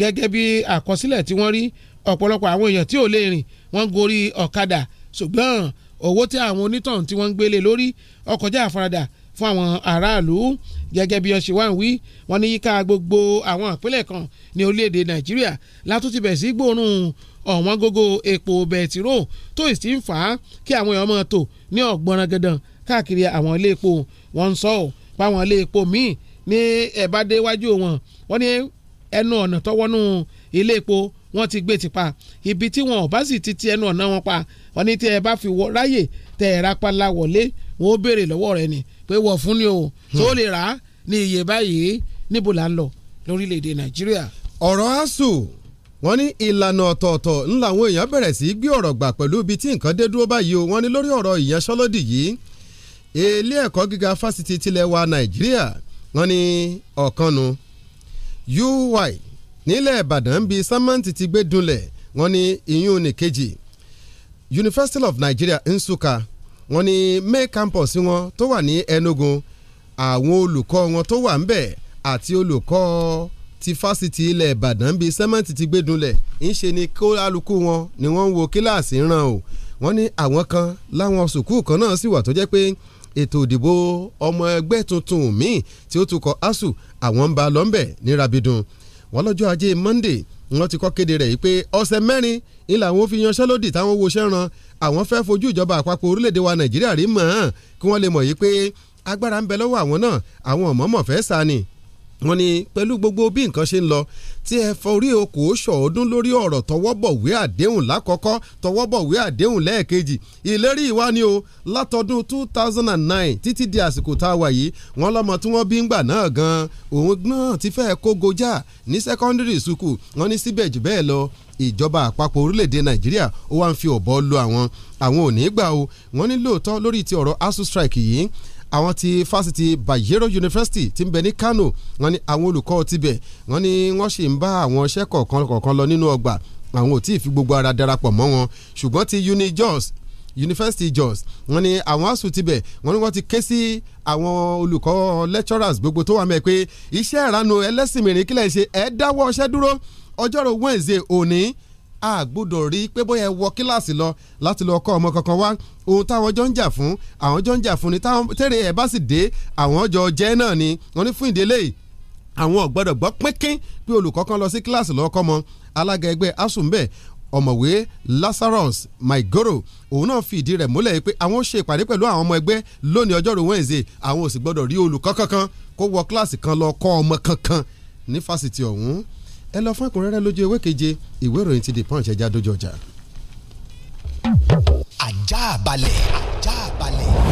gẹ́gẹ́ bí àkọsílẹ̀ tí wọ́n rí ọ̀pọ̀lọpọ̀ àwọn èèyàn tí ò lè rìn wọ́n gorí ọ̀kadà ṣùgbọ́n owó tí àwọn onítàn tí wọ́n ń gbélé lórí ó kọjá àfaradà fún àwọn aráàlú gẹ́gẹ́ bí ọṣẹ wa ń wí wọ́n ní yíká gbogbo àwọn ìpínlẹ̀ kan ní orílẹ̀-èdè nàìjíríà látúntì bẹ̀ sí gbòòrùn ọ̀wọ́n gógó epo bẹtiró tó sì ń fà á kí àwọn èèyàn máa tò ní ọ̀gbọ́nrán gandan káàkiri àwọn ilé epo wọ́n ń sọ ọ́ páwọn ilé epo míì ní ẹ̀bá déwájú wọn wọ́n ní ẹnu ọ̀nà tọ́wọ́nú ilé epo wọ́n ti gbé tipa ibi tí wọn ò bá sì ti ti ẹnu ọ̀nà wọn pa wọ́n ní tí ẹ bá fi wọ ráyè tẹ ẹ̀ rapala wọlé wọn ó béèrè lọ́wọ́ rẹ ni pé wọ̀ fún ni o tó lè rà á ní iye báyìí níbo là ń lọ lórílẹ̀‐èdè nàìjíríà. ọ̀rọ̀ asuu wọ́n ní ìlànà ọ̀tọ̀ọ̀tọ̀ ńlá àwọn èèyàn bẹ̀rẹ̀ sí í gbé ọ̀rọ̀ gbà pẹ̀lú ibi tí nǹkan dé dúró báyìí o wọ́n ní lórí ọ̀rọ̀ ìyanṣẹ́lódì yìí ilé ẹ̀kọ́ gíga fásitì tilẹ̀ wa nàìjíríà wọ́n ní ọ̀kanu uy nílẹ̀ ìbàdàn bíi sámẹ́ǹtì ti gbé dunlẹ̀ wọ́n ní ìyún nìkejì University of Nigeria Nsukka wọ́n ní main campus wọn tó wà ní Enugu àwọn olùkọ́ wọn tó wà ń bẹ̀ àti olùkọ́ ti fásitì ilẹ̀ ìbàdàn bíi sámẹ́ǹtì ti gbé dunlẹ̀ ń ṣe ni kó alukú wọn ni wọ́n ń wo kíláàsì ràn o wọ́n ní àwọn kan láwọn sùkúù kan náà sì wà tó jẹ́ pé ètò òdìbò ọmọ ẹgbẹ́ tuntun míì tí ó tukọ̀ ASUU àwọn ń ba lọ́nbẹ̀ ní rabidun wọ́n lọ́jọ́ ajé Monday wọ́n ti kọ́ kéde rẹ̀ yìí pé ọ̀sẹ̀ mẹ́rin ni làwọn fi yanṣẹ́lódì táwọn wo sẹ́ran àwọn fẹ́ fojú ìjọba àpapọ̀ orílẹ̀-èdè wa Nàìjíríà rí mọ̀ ọ́n kí wọ́n lè mọ̀ yìí pé agbára ń bẹ lọ́wọ́ àwọn náà àwọn ọ̀mọ́mọ̀ fẹ́ sani wọ́n ní pẹ̀lú gbogbo bí nǹkan ṣe ń lọ tí ẹ forí okòó ṣọ̀ọ́dún lórí ọ̀rọ̀ tọwọ́bọ̀wé àdéhùn lákọ́kọ́ tọwọ́bọ̀wé àdéhùn lẹ́ẹ̀kejì ìlérí ìwá ni o látọdún two thousand and nine títí di àsìkò tá a wà yìí wọ́n lọ́mọ tí wọ́n bí ń gbà náà gan-an òun náà ti fẹ́ kó gojá ní secondary school wọ́n ní síbẹ̀ jù bẹ́ẹ̀ lọ ìjọba àpapọ̀ orílẹ̀-èdè nàìjíríà ó wá ń fi ọ̀bọ lu àwọn àwọn ò gbà o wọ́n ní lóòótọ́ lórí ti ọ̀rọ̀ asu strike yìí àwọn ti fásitì Bayero University ti ń bẹ ní Kano wọ́n ní àwọn olùkọ́ tibẹ̀ wọ́n ní wọ́n sì ń bá àwọn iṣẹ́ kọ̀ọ̀kan kọ̀ọ̀kan lọ nínú ọgbà àwọn ò tí ì fi gbogbo ara darapọ̀ mọ́ wọn ṣùgbọ́n ti uni Jos University Jos wọ́n ní àwọn asùn tibẹ̀ wọ́n ní wọ́n ti ké sí àwọn olùkọ́ lecturers gbogbo tó wà mẹ́ pé iṣẹ́ ìranu ẹlẹ́sìn mìíràn kílẹ̀ ṣe ẹ̀ dáwọ́ iṣẹ́ dúró ọjọ́rò Wednesday òní a gbọ́dọ̀ rí pé bóyá ẹ wọ kíláàsì lọ láti lọ kọ́ ọmọ kankan wá ohun táwọn jọ ń jà fún àwọn jọ ń jà fún ni táwọn tẹ̀rẹ̀ ẹ̀ bá sì dé àwọn jọ jẹ́ náà ni wọ́n ní fún ìdílé yìí àwọn ọ̀gbọ́dọ̀ gbọ́ pínpín pé olùkọ́ lọ sí kíláàsì lọ́kọ́ mọ alága ẹgbẹ́ asùnbẹ̀ ọ̀mọ̀wé Lazarus Maigoro òun náà fi ìdí rẹ̀ múlẹ̀ pé àwọn ó ṣe ìpàdé pẹ̀lú àwọn ọmọ ẹgbẹ́ lónìí ọjọ́rú Wednesday àwọn ò sì gbọ́dọ̀ rí olùkọ́ kankan kó wọ kíláàsì kan lọ kọ́ ọmọ kankan ní fásitì ọ̀hún ẹ lọ fún ẹ̀kúnrẹ́rẹ́ lójú ewé keje ìwé ìròyìn ti The Punch ẹja dojú ọjà. ajá balẹ̀ ajá balẹ̀.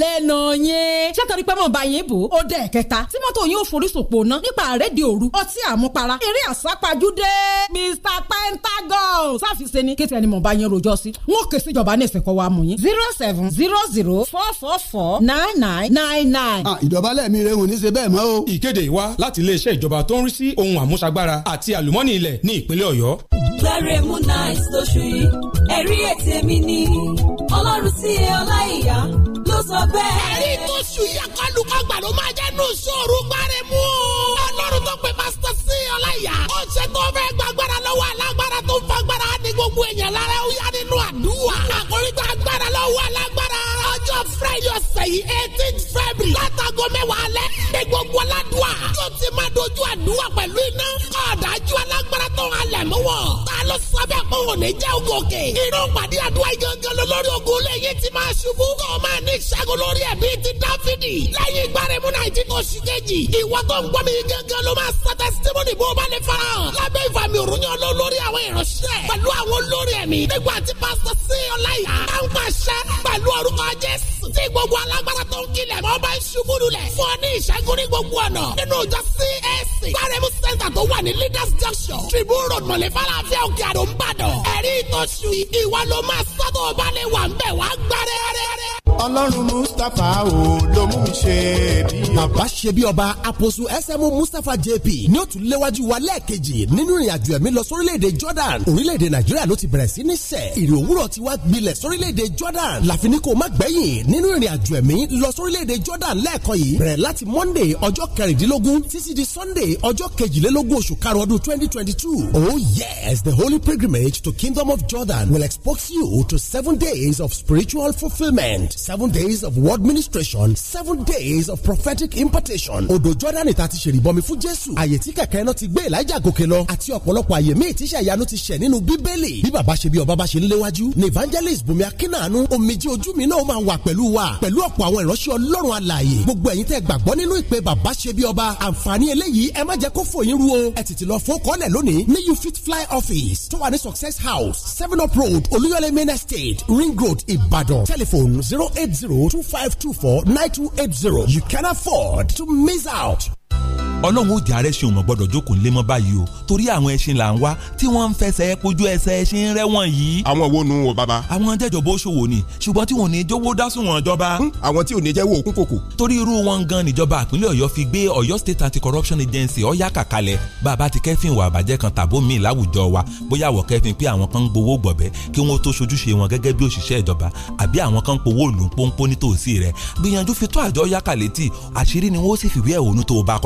lẹ́nu yẹn sátọ́rí pẹ́ mọ̀ bá yẹn bò ó dẹ̀ kẹta tí mọ́tò yóò forísòpò ná nípa àrédè òru ọtí àmupara eré àsápajúdé Mr Pentagon sáfìsẹ́ ni kéte ẹni mọ̀ bá yẹn rojọ́ sí wọn kè sí ìjọba ní ìsìnkọ́ wa mú yín zero seven zero zero four four four nine nine nine nine. ìjọba lẹ́ẹ̀mí rẹ̀ wọ́n ní ṣe bẹ́ẹ̀ mọ́ o. ìkéde wa láti iléeṣẹ́ ìjọba tó ń rí sí ohun àmúṣagbára àti àlùmọ́nì ilẹ̀ ní ìpínlẹ̀ Ọ̀yọ́. gbẹrẹmú náà lóṣù yìí ẹ̀rí ètè ni ọlọ́run e ló sọ bẹ́ẹ̀. ẹ̀rí tó ṣù yẹ kọ́lu ló máa jẹ́ nù sóòrù gbáremú. ọlọ́run tó pe pásítọ̀ sí ọláyà. ó ṣe tó fẹ́ gbàgbára lọ́wọ́ alágbára tó fagbára ní gbogbo èèyàn lára ó yá nínú àdúrà. àkórí gbàgbára lọ́wọ́ alágbára good friday ọ̀sẹ̀ yìí eighteen february látago mẹ́wàá alẹ́ ní gbogbo aládùá yóò ti máa dojú àdúrà pẹ̀lú iná ọ̀dájú alágbára tó halẹ̀ mú wọ̀ ta ló sábẹ́ pé òun ní jẹ́ ogun òkè inú pàdé àdúrà gangan lórí ogun lè yé ti máa ṣubú kó o máa ní ìṣẹ́gun lórí ẹ̀mí ti dáfídì lẹ́yìn ìgbàremú náà ti kó ṣu kejì ìwọ tó ń gbọ́ mi gangan ló máa sọ testimony bó o bá lè fara hàn lábẹ́ ìfàmì òrùnyàn lọ lórí àwọn ìránṣẹ́ pẹ̀lú àwọn olórí ẹ̀mí nígbà tí pásítọ̀ sí ọláyà à ń pàṣẹ pẹ̀lú orúkọ jésù Jésù tí gbogbo alágbára tó ń kilẹ̀ mọ́ bá ṣubú lulẹ̀ fún ọ ní ìṣẹ́gun ní gbogbo ọ̀nà nínú ìjọ CAC gbárẹ́mú center tó wà ní leaders junction tribune road mọ̀lẹ́ fàlàfẹ́ òkè àdó ń bàdàn ẹ̀rí ìtọ́sù ìwà ló máa sọ́dọ̀ ọba lè wà ń bẹ̀ wá gbárẹ́ ọlọ́run mustapha o ló mú mi ṣe bí bàbá ṣe bí ọba àpòsù ẹsẹmú mustapha jp ní òtún léwájú wa lẹ́ẹ̀kejì nínú ìrìnàjò ẹ̀mí lọ sórílẹ̀‐èdè jordan orílẹ̀‐èdè nàìjíríà ló ti bẹ̀rẹ̀ sí ní sẹ̀ èrè òwúrọ̀ ti jordan láfi ní nínú ìrìn àjò ẹ̀mí lọ sórílẹ̀-èdè Jordan lẹ́ẹ̀kan yìí bẹ̀rẹ̀ láti Monday ọjọ́ kẹrìndínlógún títí di Sunday ọjọ́ kejìlélógún oṣù karùn-ún ọdún twenty twenty two. Oh yes, the holy pilgrimage to Kingdom of Jordan will expose you to seven days of spiritual fulfilment, seven days of word ministration, seven days of prophetic impartation. Odò Jordan ta ti ṣèrìbọmi fún Jésù. Àyè tí kẹ̀kẹ́ náà ti gbé Elijah gòkè lọ àti ọ̀pọ̀lọpọ̀ àyè míì tíṣà ìyanu ti ṣẹ̀ nínú Bíbélì. Bí bàbá ṣe bí ọba bá ṣe ń léwájú ni evangelist Bùnmi Akínàánú omijì ojú mi náà máa wà pẹ̀lú pẹ̀lú wa pẹ̀lú ọ̀pọ̀ àwọn ìránṣẹ́ ọlọ́run alààyè gbogbo ẹ̀yin tẹ́ gbàgbọ́ nínú ìpè bàbá ṣe bí ọba àǹfààní eléyìí ẹ má jẹ́ kó fòyín ru o ẹ tètè lọ fún kọ́lẹ̀ lónìí ní you fit fly office tó wà ní success house seven up road olúyọlé main estate ring road ìbàdàn telephone zero eight zero two five two four nine two eight zero you can afford to miss out ọlọ́run ó jẹ́ ààrẹ ṣeun mọ̀ gbọ́dọ̀ jókòó nílé mọ́ báyìí o torí àwọn ẹṣin là ń wá tí wọ́n ń fẹsẹ̀ kojú ẹsẹ̀ ẹṣin rẹ́wọ̀n yìí. àwọn wo nu wo bàbá. àwọn jẹjọ bó ṣòwò ni ṣùgbọ́n tí wọn ò ní jówó dásùn wọn jọba. àwọn tí ò ní jẹ́ òkú kòkò. torí irú wọn gan níjọba àpínlẹ̀ ọ̀yọ́ fi gbé ọ̀yọ́ state anti-corruption agency ọ̀yá kàkalẹ̀ bàbá ti kẹ́fìn wà bàjẹ́ kan tàbó mi láwùjọ wa bóyá àwọ̀ kẹ́fìn pé àwọn kan ń gbowó gbọ̀bẹ́ kí wọ́n tó ṣojúṣe wọn gẹ́gẹ́ bí òṣìṣẹ́ ìjọba àbí àwọn kan ń lù ń pónpó nítòsí rẹ̀ gbìyànjú fi tó àjọ yákàlétì àṣírí ni wọ́n sì fìwé ẹ̀hónú tó o bá k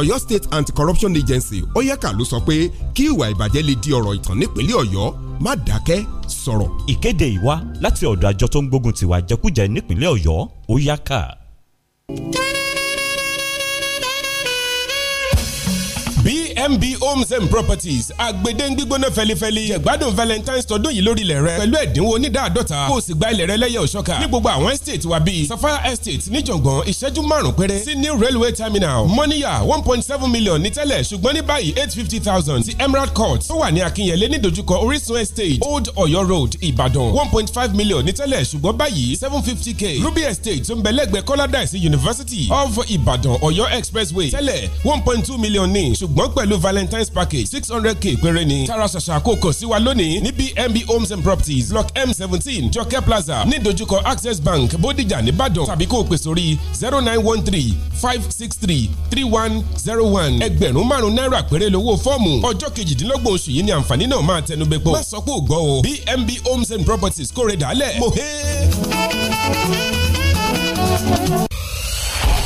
Ọ̀yọ́ State Anti-Corruption Agency oyeka ló sọ pé kí ìwà ìbàjẹ́ lè di ọ̀rọ̀ ìtàn nípínlẹ̀ Ọ̀yọ́ má dákẹ́ sọ̀rọ̀. Ìkéde ìwá láti ọ̀dọ̀ àjọ tó ń gbógun tiwa jẹkújẹ nípínlẹ̀ Ọ̀yọ́ oyeka. mb homes and properties agbede ń gbígbóná fẹlifẹli jẹ̀gbádùn valentines tọdún yìí lórí ilẹ̀ rẹ pẹ̀lú ẹ̀dínwó onídàádọ́ta kó o sì gba ilẹ̀ rẹ lẹ́yẹ òṣọ́ka ní gbogbo àwọn estate wa bíi sapphire estate níjọ̀ngàn ìṣẹ́jú márùn péré sí new railway terminal moniya one point seven million ní tẹ́lẹ̀ ṣùgbọ́n ní báyìí eight fifty thousand ti emerald court tó wà ní akínyẹlé nídojúkọ orísun estate old Oyo road ìbàdàn one point five million ní tẹ́lẹ̀ ṣùgbọ́n báyìí seven fifty k ruby estate tó ń bẹ university of ìbàdàn ọ̀yọ́ expressway tẹ́lẹ̀ one point two million ní ṣùgbọ́n pẹ̀lú valentine's package six hundred k péré ni tara ṣàṣà kò kàn sí wa lónìí ní bnb homes and properties block m seventeen jọkẹ́ plaza ní dojúkọ access bank bódìjà nìbàdàn tàbí kò pè sórí zero nine one three five six three three one zero one ẹgbẹ̀rún márùn náírà péré lówó fọ́ọ̀mù ọjọ́ kejìdínlọ́gbọ̀n oṣù yìí ni àǹfààní náà máa tẹnu bẹ́pọ̀ má sọ pé ò gbọ́ o bnb homes and properties kórè dálẹ̀ mo he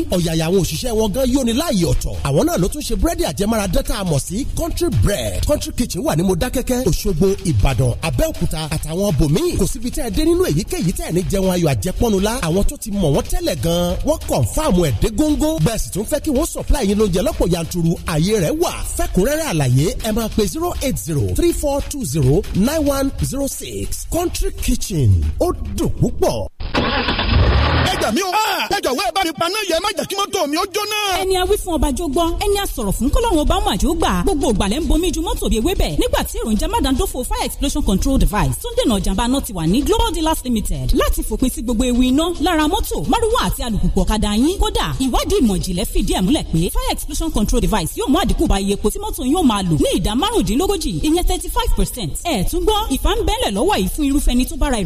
ní ọ̀yàyà àwọn òṣìṣẹ́ wọn gan yóni láàyè ọ̀tọ̀ àwọn náà ló tún ṣe búrẹ́dì àjẹmára dẹ́ta àmọ̀ sí country bread country kitchen wà ní Modákẹ́kẹ́ Òṣogbo Ìbàdàn Abẹ́òkúta àtàwọn bòmíì kò síbi tẹ́ ẹ dé nínú èyíkéyìí tẹ́ ẹ ní jẹun ayọ̀ àjẹpọ́nu la àwọn tó ti mọ̀ wọ́n tẹ́lẹ̀ gan wọ́n kàn fáàmù ẹ̀ dé góńgó bẹ́ẹ̀ sì supply yín lóúnjẹ yanturu àyè rẹ̀ wà fẹ́kúnrẹ́rẹ́ àlàyé country kitchen ó gbà mí o. Ah! ẹjọ wẹ́ẹ̀ bá mi paná yẹ má jẹ́ kí mọ́tò mi ó jóná. ẹni a wí fún ọba jó gbọ́ ẹni a sọ̀rọ̀ fún kọ́lọ́run ọba ọmọ àjò gbà gbogbo ìgbàlẹ̀ ń bomi ju mọ́tò bíi ewébẹ̀ nígbà tí èròjà mádàndófò fire explosion control device tó ń dènà ìjàmbá náà ti wà ní global dealers limited láti fòpin sí gbogbo ewu iná lára mọ́tò márùwá àti alùpùpù ọ̀kadà yín kódà ìwádìí ìmọ̀ ìjìnlẹ̀ fìdí ẹ̀ fire explosion control device yóò mú àdínkù bá iye epo tí mọ́tò yóò máa thirty five percent ẹ̀ tún gbọ́ ìfà ń bẹ́lẹ̀ lọ́wọ́ yìí fún irúfẹ́ni tó bára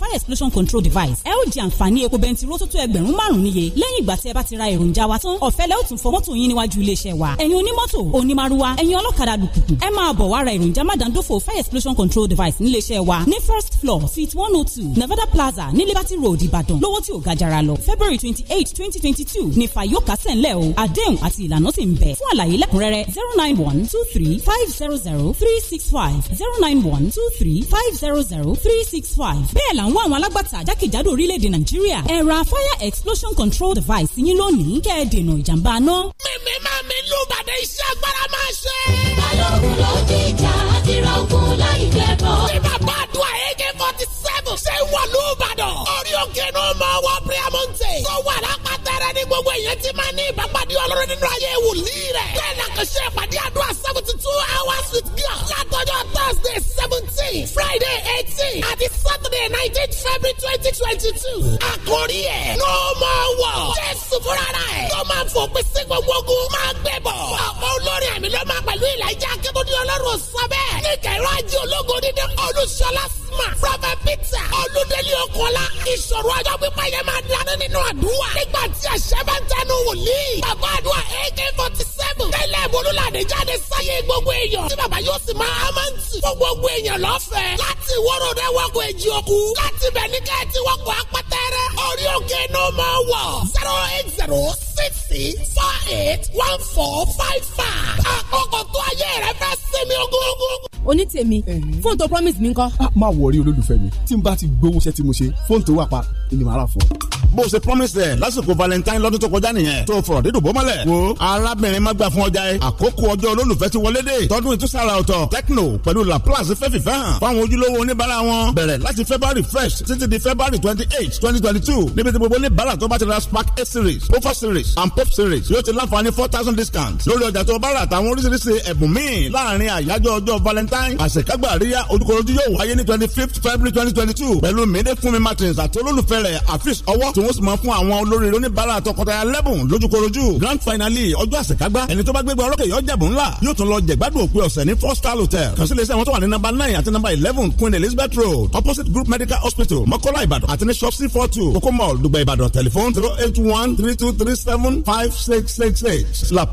fire explosion control device ẹ ó jẹ bẹntiró tó tó ẹgbẹ̀rún márùn-ún níye lẹ́yìn ìgbà tí ẹ bá ti ra èròjà wa tán ọ̀fẹ́ lẹ́ ó tún fọ mọ́tò yín níwájú iléeṣẹ́ wa ẹ̀yin onímọ́tò onímàrúwa ẹ̀yin ọlọ́kadà lùkùkù ẹ máa bọ̀ wá ra èròjà mádàndófò fire explosion control device níléeṣẹ́ wa ní first floor suite one O oh two Nevada Plaza ní Liberty Road Ìbàdàn lówó tí ò ga jara lọ February twenty eight twenty twenty two ní Fayoka sẹ́ńlẹ̀ o àdéhùn àti ìlànà sì ń bẹ fún àlàyé lẹ́kùnrẹ́rẹ́ zero nine one two three five zero zero three six five zero nine one two three five zero zero three six five bẹ́ẹ̀ là ń wá àwọn alágbàtà jákèjádò orílẹ̀-èdè Nàìjíríà ẹ fire explosion control device yín lónìí kẹ́ ẹ dènà ìjàmbá náà. mímí máa mi lù bàdé iṣẹ́ agbára máa ṣe. balógun ló jíjà àti rọgùn láì gbẹ̀bọ̀. bí bàbá àdúrà ak forty seven ṣe wà lù bàdàn. orí òkè ni ó máa wọ prayer mountain. tó wà lápá rẹ ni gbogbo èèyàn ti máa ní ìbápadì ọlọ́run nínú ayé wòlíì rẹ̀. bẹ́ẹ̀ la kàn ṣe ìpàdé àdúrà seventy two hours with God látọjọ́ thursday seventeen friday eighteen àti saturday nineteen february twenty twenty two. àkórí ẹ̀ no more war. jésù fúnra rẹ̀ tó máa fòpin sí gbogbo ogun máa gbẹ bọ̀. ọ̀pọ̀ olórin àmì ló máa pẹ̀lú ìlàjà akébọ̀dé ọlọ́run sọ bẹ́ẹ̀. ní kẹ̀rọ ajé ológo dídé olúṣọlá Fatma, Prophet Peter, Olúdélé Ọkọ̀lá. Ìṣòro ọjọ́ pípa yẹn máa dání nínú àdúrà. Nígbà tí àṣẹ́bàtánu wòlíì. bàbá àdúrà ak forty seven. tẹ́lẹ̀ bolúlàdé jáde sáyé gbogbo èèyàn. tí bàbá yóò sì máa amáǹtì. fún gbogbo èèyàn lọ́fẹ̀ẹ́. láti wọ́rọ̀ rẹ̀ wọ́kọ̀ èjì òkú. láti bẹ̀ ní kẹ́ẹ̀tì wọ́kọ̀ apá rẹ́rẹ́ orí òkè ló máa wọ̀ zero eight zero six six four eight one four five five àkókò tó ayé rẹ fẹ́ sinmi ogógógó. oní tèmi fóònù tó promise mi ń kọ́. Ah, má wọrí olólùfẹ́ mi tí n bá ti gbowó iṣẹ́ tí mo ṣe fóònù tó wà pa ni màá rà fún ọ bó ṣe promise ẹ lásìkò valentine lọ́dún tó kọjá nìyẹn tó fọ̀rọ̀ dídùn bó mọ́lẹ̀. wo arábìnrin má gbà fún ọjà yẹn àkókò ọjọ́ olólùfẹ́ ti wọlé dé tọdún ìtúsára ọ̀tọ̀ tecno pẹ̀lú laplace fẹ́ fìfẹ́ hàn fáwọn ojúlówó oníbàárà wọn bẹ̀rẹ̀ láti february first títí di february twenty eight twenty twenty twenty two níbi tí gbogbo oníbàárà tó bá ti ra spark eight series pofa series and pop series yóò ti láǹfààní four thousand discount lórí ọjà tó bá rà àtàwọn oríṣiríṣi ẹ̀bùn míì láàrin àyájọ́ ọjọ́ valentine àṣekágbà àríyá ojúkorojú yóò wáyé ní twenty fifth february twenty twenty two pẹ̀lú mèdè fúnmi martins àti olólùfẹ́ rẹ̀ afis ọwọ́ tí wọ́n sì máa fún àwọn olóríire oníbàárà tọkọtaya lẹ́bùn lójúkorojú grand finale ọjọ́ àṣekágbá ẹni tó bá gbégbá ọlọ́kẹ́ yọ jẹ̀bù ńlá yóò tún lọ jẹ̀gbádùn òpin ọ̀sẹ̀ ní four star hotel kàn sí lè ṣe àwọn tó wà ní number nine àti number eleven queen elizabeth road opposite group medical hospital mọ́kọ́lá ìbàdàn àti ní shop c four four two Coco Mall Dùgbẹ́ Ìbàdàn telephone zero eight one three two three seven five six six six La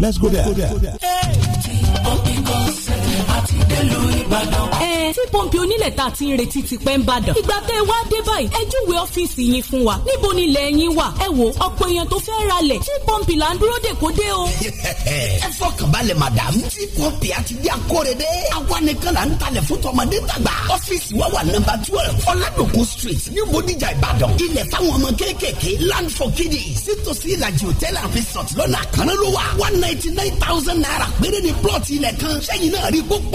let's go there. Hey ti délùú Ìbàdàn. ẹ tí pọ́ǹpì onílẹ̀ tá a ti ń retí ti pẹ́ ń bàdàn. ìgbà tẹ́ ẹ wá dé báyìí ẹ júwe ọ́fíìsì yín fún wa níbo ni ilẹ̀ yín wà. ẹ wo ọ̀pọ̀ èèyàn tó fẹ́ ra lẹ̀ tí pọ́ǹpì là ń dúró dè kó dé o. ẹ fọkàn balẹ̀ madam tí pọ́ǹpì àti bí akóredé awa nìkan là ń talẹ̀ fún tọmọdé tàgbà. ọ́fíìsì wa wà nọ́mbà twelve ọ̀làdòkun street ní bódìjà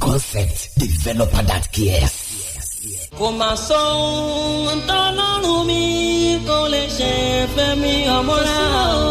concept developer that cares. kò mà sọ ohun tọ́lọ́run mi kò lè ṣe fẹ́mi ọmọ rẹ̀ o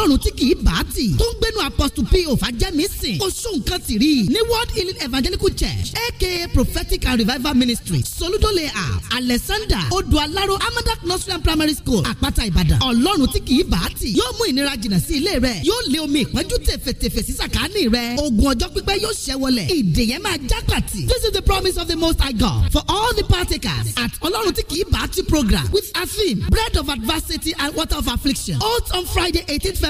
ọlọ́run tí kì í bá tì tó ń gbénu apostle p o fàjẹ́mísìn kò sóhun kan tì rí ní world healing evangelical church aka prophetic and revival ministry soludo layout alexander odualaro amadak nursery and primary school àpáta ìbàdàn ọlọ́run tí kì í bá tì yóò mú ìnira jìnnà sí ilé rẹ yóò lé omi ìpọ́njú tẹ̀fẹ̀tẹ̀fẹ̀ sí sàkáání rẹ ogun ọjọ́ pípẹ́ yóò ṣẹ́ wọlẹ̀ ìdè máa já pàtì this is the promise of the most high god for all the partakers at ọlọ́run tí kì í bá tì program with a theme bread of adversity and water of affliction hot on friday eighteen february.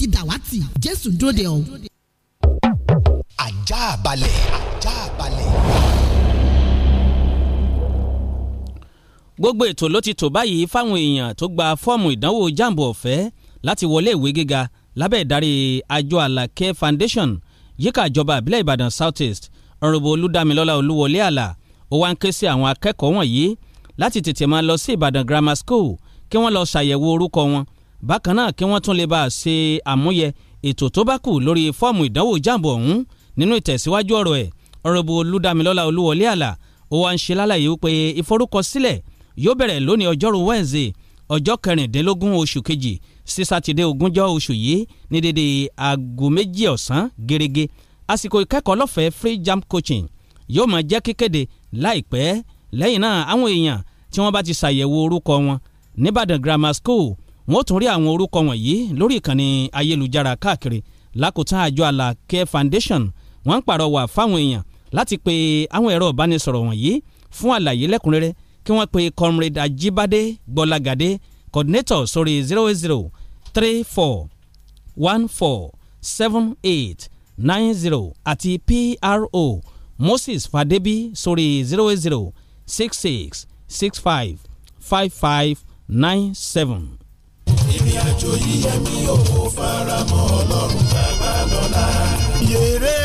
ti dàwátì jésù dúró de ọ. ajá balẹ̀ ajá balẹ̀. gbogbo ètò ló ti tò báyìí fáwọn èèyàn tó gba fọ́ọ̀mù ìdánwò jambo ọ̀fẹ́ láti wọlé ìwé gíga lábẹ́ ìdarí àjọ àlàkẹ́ foundation yíká ìjọba ìbílẹ̀ ìbàdàn south east ọ̀rọ̀bù olúdámilọ́lá olúwọlé àlà ó wá ń ké sí àwọn akẹ́kọ̀ọ́ wọ̀nyí láti tètè máa lọ sí ìbàdàn grammar school kí wọ́n lọ ṣàyẹ̀wò orúkọ wọn bákan náà kí wọ́n tún lè bá a ṣe àmúyẹ ètò tó bá kù lórí fọ́ọ̀mù ìdánwò jáàbù ọ̀hún nínú ìtẹ̀síwájú ọ̀rọ̀ ẹ̀ ọ̀rọ̀bù olùdámilọ́lá olúwọlé àlà ó wá ń ṣe lálàyé wípé ìforúkọsílẹ̀ yóò bẹ̀rẹ̀ lónìí ọjọ́rú Wednesday ọjọ́ kẹrìndínlógún oṣù kejì sí sátidé ogúnjọ́ oṣù yìí ní dédé aago méjì ọ̀sán gẹ́rẹ́gẹ́ àsìkò ìkẹ́kọ̀ọ́ lọ́fẹ̀ẹ́ free jam coaching yóò máa jẹ́ kíkéde láìpẹ́ lẹ́yìn náà àwọn èèyàn tí wọ́n bá ti ṣàyẹ̀wò orúkọ wọn nìbàdàn grammar school wọ́n tún rí àwọn orúkọ wọ̀nyí lórí ìkànnì ayélujára káàkiri lákòótán àjọ àlàkẹ́ foundation wọ́n ń pàrọwà fáwọn èèyàn láti pe àwọn ẹ̀rọ ìbánisọ̀rọ̀ wọ̀nyí fún àlàyé lẹ́kùnrẹ́rẹ́ kí wọ́n pe comrade ajibade gbọ́lagadé coordinator sórí zero eight zero three four one four seven eight nine zero àti pro moses fadebi sórí zero eight zero six six six five five five nine seven ìrìn àjò yíyẹ mi ò faramọ́ ọlọ́run bàbá lọ́la. yèrè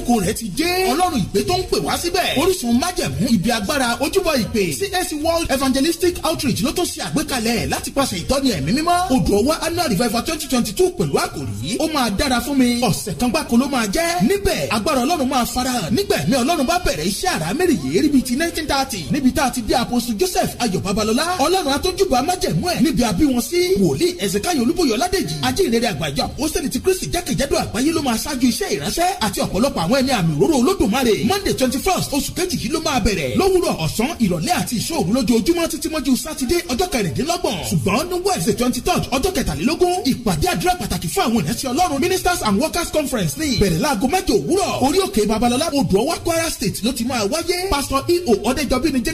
ìjókòó rẹ̀ ti dé ọlọ́run ìpè tó ń pè wá síbẹ̀ orísun májẹ̀mú ibi agbára ojúbọ ìpè CAC World Evangelistic Outreach ló tó ṣe àgbékalẹ̀ láti pàṣẹ ìtọ́ni ẹ̀mí mímọ́ odò ọwá annual revival twenty twenty two pẹ̀lú àkòrí ó máa dára fún mi ọ̀sẹ̀ kan gbáko ló máa jẹ́ níbẹ̀ agbára ọlọ́run máa farahàn nígbẹ̀mí ọlọ́run bá bẹ̀rẹ̀ iṣẹ́ àrà mẹ́rìnyé ríbi ti nineteen thirty níbi tá a ti bí àpòsù Joseph Ayọ̀ Babalọ́lá ọlọ́run atójúbọ amájẹ̀mú ẹ̀ níbi àbí wọn sí wòlíì Ezekiel Olúbóyọ̀ Ládèjì ajínrere àgbàjọ àpòsẹ́ni ti Kristi jákèjádò àgbáyé ló máa ṣáájú iṣẹ́ ìránṣẹ́ àti ọ̀pọ̀lọpọ̀ àwọn àwọn ẹni àmì òróró olódùmarè monday twenty first oṣù kejì yìí ló máa bẹ̀rẹ̀ lówùrọ̀ ọ̀sán ìrọ̀lẹ́ àti ìṣòro lójoojúmọ́ títí mọ́jú sátidé ọjọ́ kẹrìndínlọ́gbọ̀n ṣùgbọ́n ní wednesday twenty third ọjọ́ kẹtàlélógún ìpàdé àdúrà pàtàkì fún àwọn ẹ̀sìn ọlọ́run ministers and workers conference ní ìbẹ̀rẹ̀ láago mẹ́jọ òwúrọ̀ orí òkè babalọlá odò ọwá kwara state ló ti máa wáyé pastor eo ọ̀dẹ́jọ́bí ni ni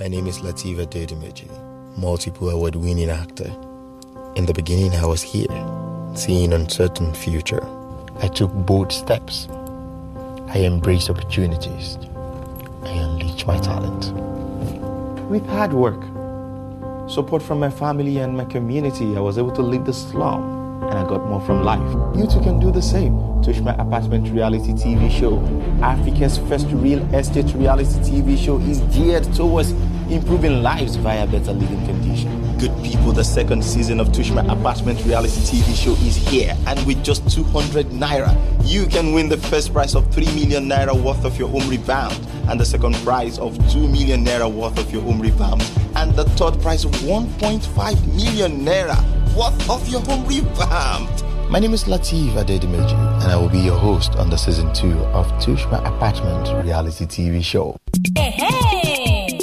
My name is Lativa Dedemaji. multiple award winning actor. In the beginning, I was here, seeing uncertain future. I took bold steps. I embraced opportunities. I unleashed my talent. With hard work, support from my family and my community, I was able to leave the slum and I got more from life. You too can do the same. Toshima Apartment Reality TV Show, Africa's first real estate reality TV show, is geared towards improving lives via better living conditions. Good people, the second season of Tushma Apartment Reality TV show is here, and with just 200 naira, you can win the first prize of 3 million naira worth of your home revamped, and the second prize of 2 million naira worth of your home revamped, and the third prize of 1.5 million naira worth of your home revamped. My name is Latif Adedimeji, and I will be your host on the season two of Tushma Apartment reality TV show. Hey, hey.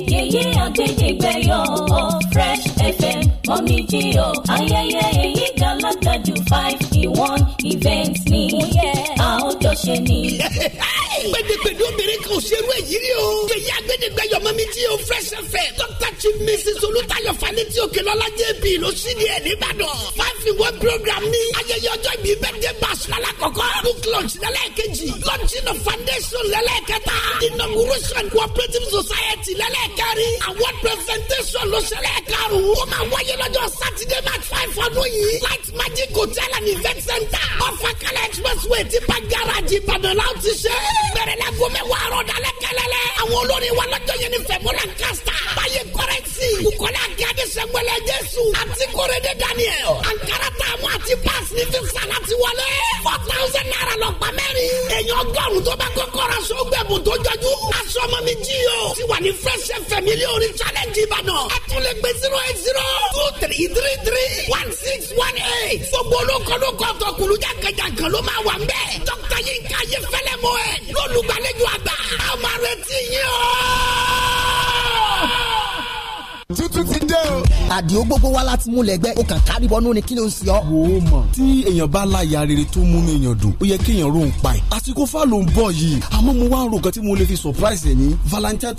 Yeah, yeah, gbẹdẹgbẹdẹ obìnrin kan òṣèlú èyí rí o. yèyí agbẹdẹgbẹ yọmọ mi tí o fresh fẹ. dókítà tí mrs olùtayọ fani tí o kẹlẹ ọlajẹ bí ló sì ní ẹ nìbàdàn. five in one program ni ayẹyẹ ọjọ́ ìbí bẹ́ẹ̀dẹ̀ bash lọ́la kọ̀kọ́. book launch lọ́la kejì. launching of foundation lọ́la kẹta. inauguration cooperative society lọ́la kẹrin. award presentation ló ṣẹlẹ̀ karùn-ún. ó máa wáyé lọ́jọ́ saturday march five ọdún yìí. light magic hotel and event center. ọ̀fà kala expressway ti bá garaji ìbàdàn láti ṣe é bẹ̀rẹ̀ la gomẹ wɔɔrɔ dalẹ kɛlɛlɛ. àwọn olórin wa lọ́jọ́ yẹn ni fẹmọ la kasta. báyé kọrẹsì. u kọlẹ agadi sẹgbẹlẹ jésù. àti kore de daniel. ankara taamu àti paasi ni fi salati wọlé. four thousand naira lọ gbàmẹ́rin. èèyàn gbọ́rù tó bá kọ́kọ́rọ́ so gbẹ̀bù tó jọjú. asọ́mọ mi jí o. ti wà ní fresh fm mílíọ̀nù challenge ìbàdàn. a tún lè gbé zero eight zero two three three three one six one eight. gbogbo olókòlókò tó kulujà kẹjà kan máa wà ń bẹ́ẹ̀. dókítà yín ká yé fẹ́lẹ́ mọ́ olùgbàlejò àgbà. a máa retí yín o tuntun ti dé o. àdìo gbogbo wa láti mú lẹgbẹ o kàn kárí bọnú ni kí ló ń ṣe ọ. wò ó mọ̀ tí èèyàn bá la ìyá rere tó múnú èèyàn dùn ó yẹ kéèyàn rò ń pa ẹ̀. àsìkò fáàlù ń bọ̀ yìí àmọ́ mo wá ń ro nǹkan tí mo lè fi surprise ẹ̀ ní valentine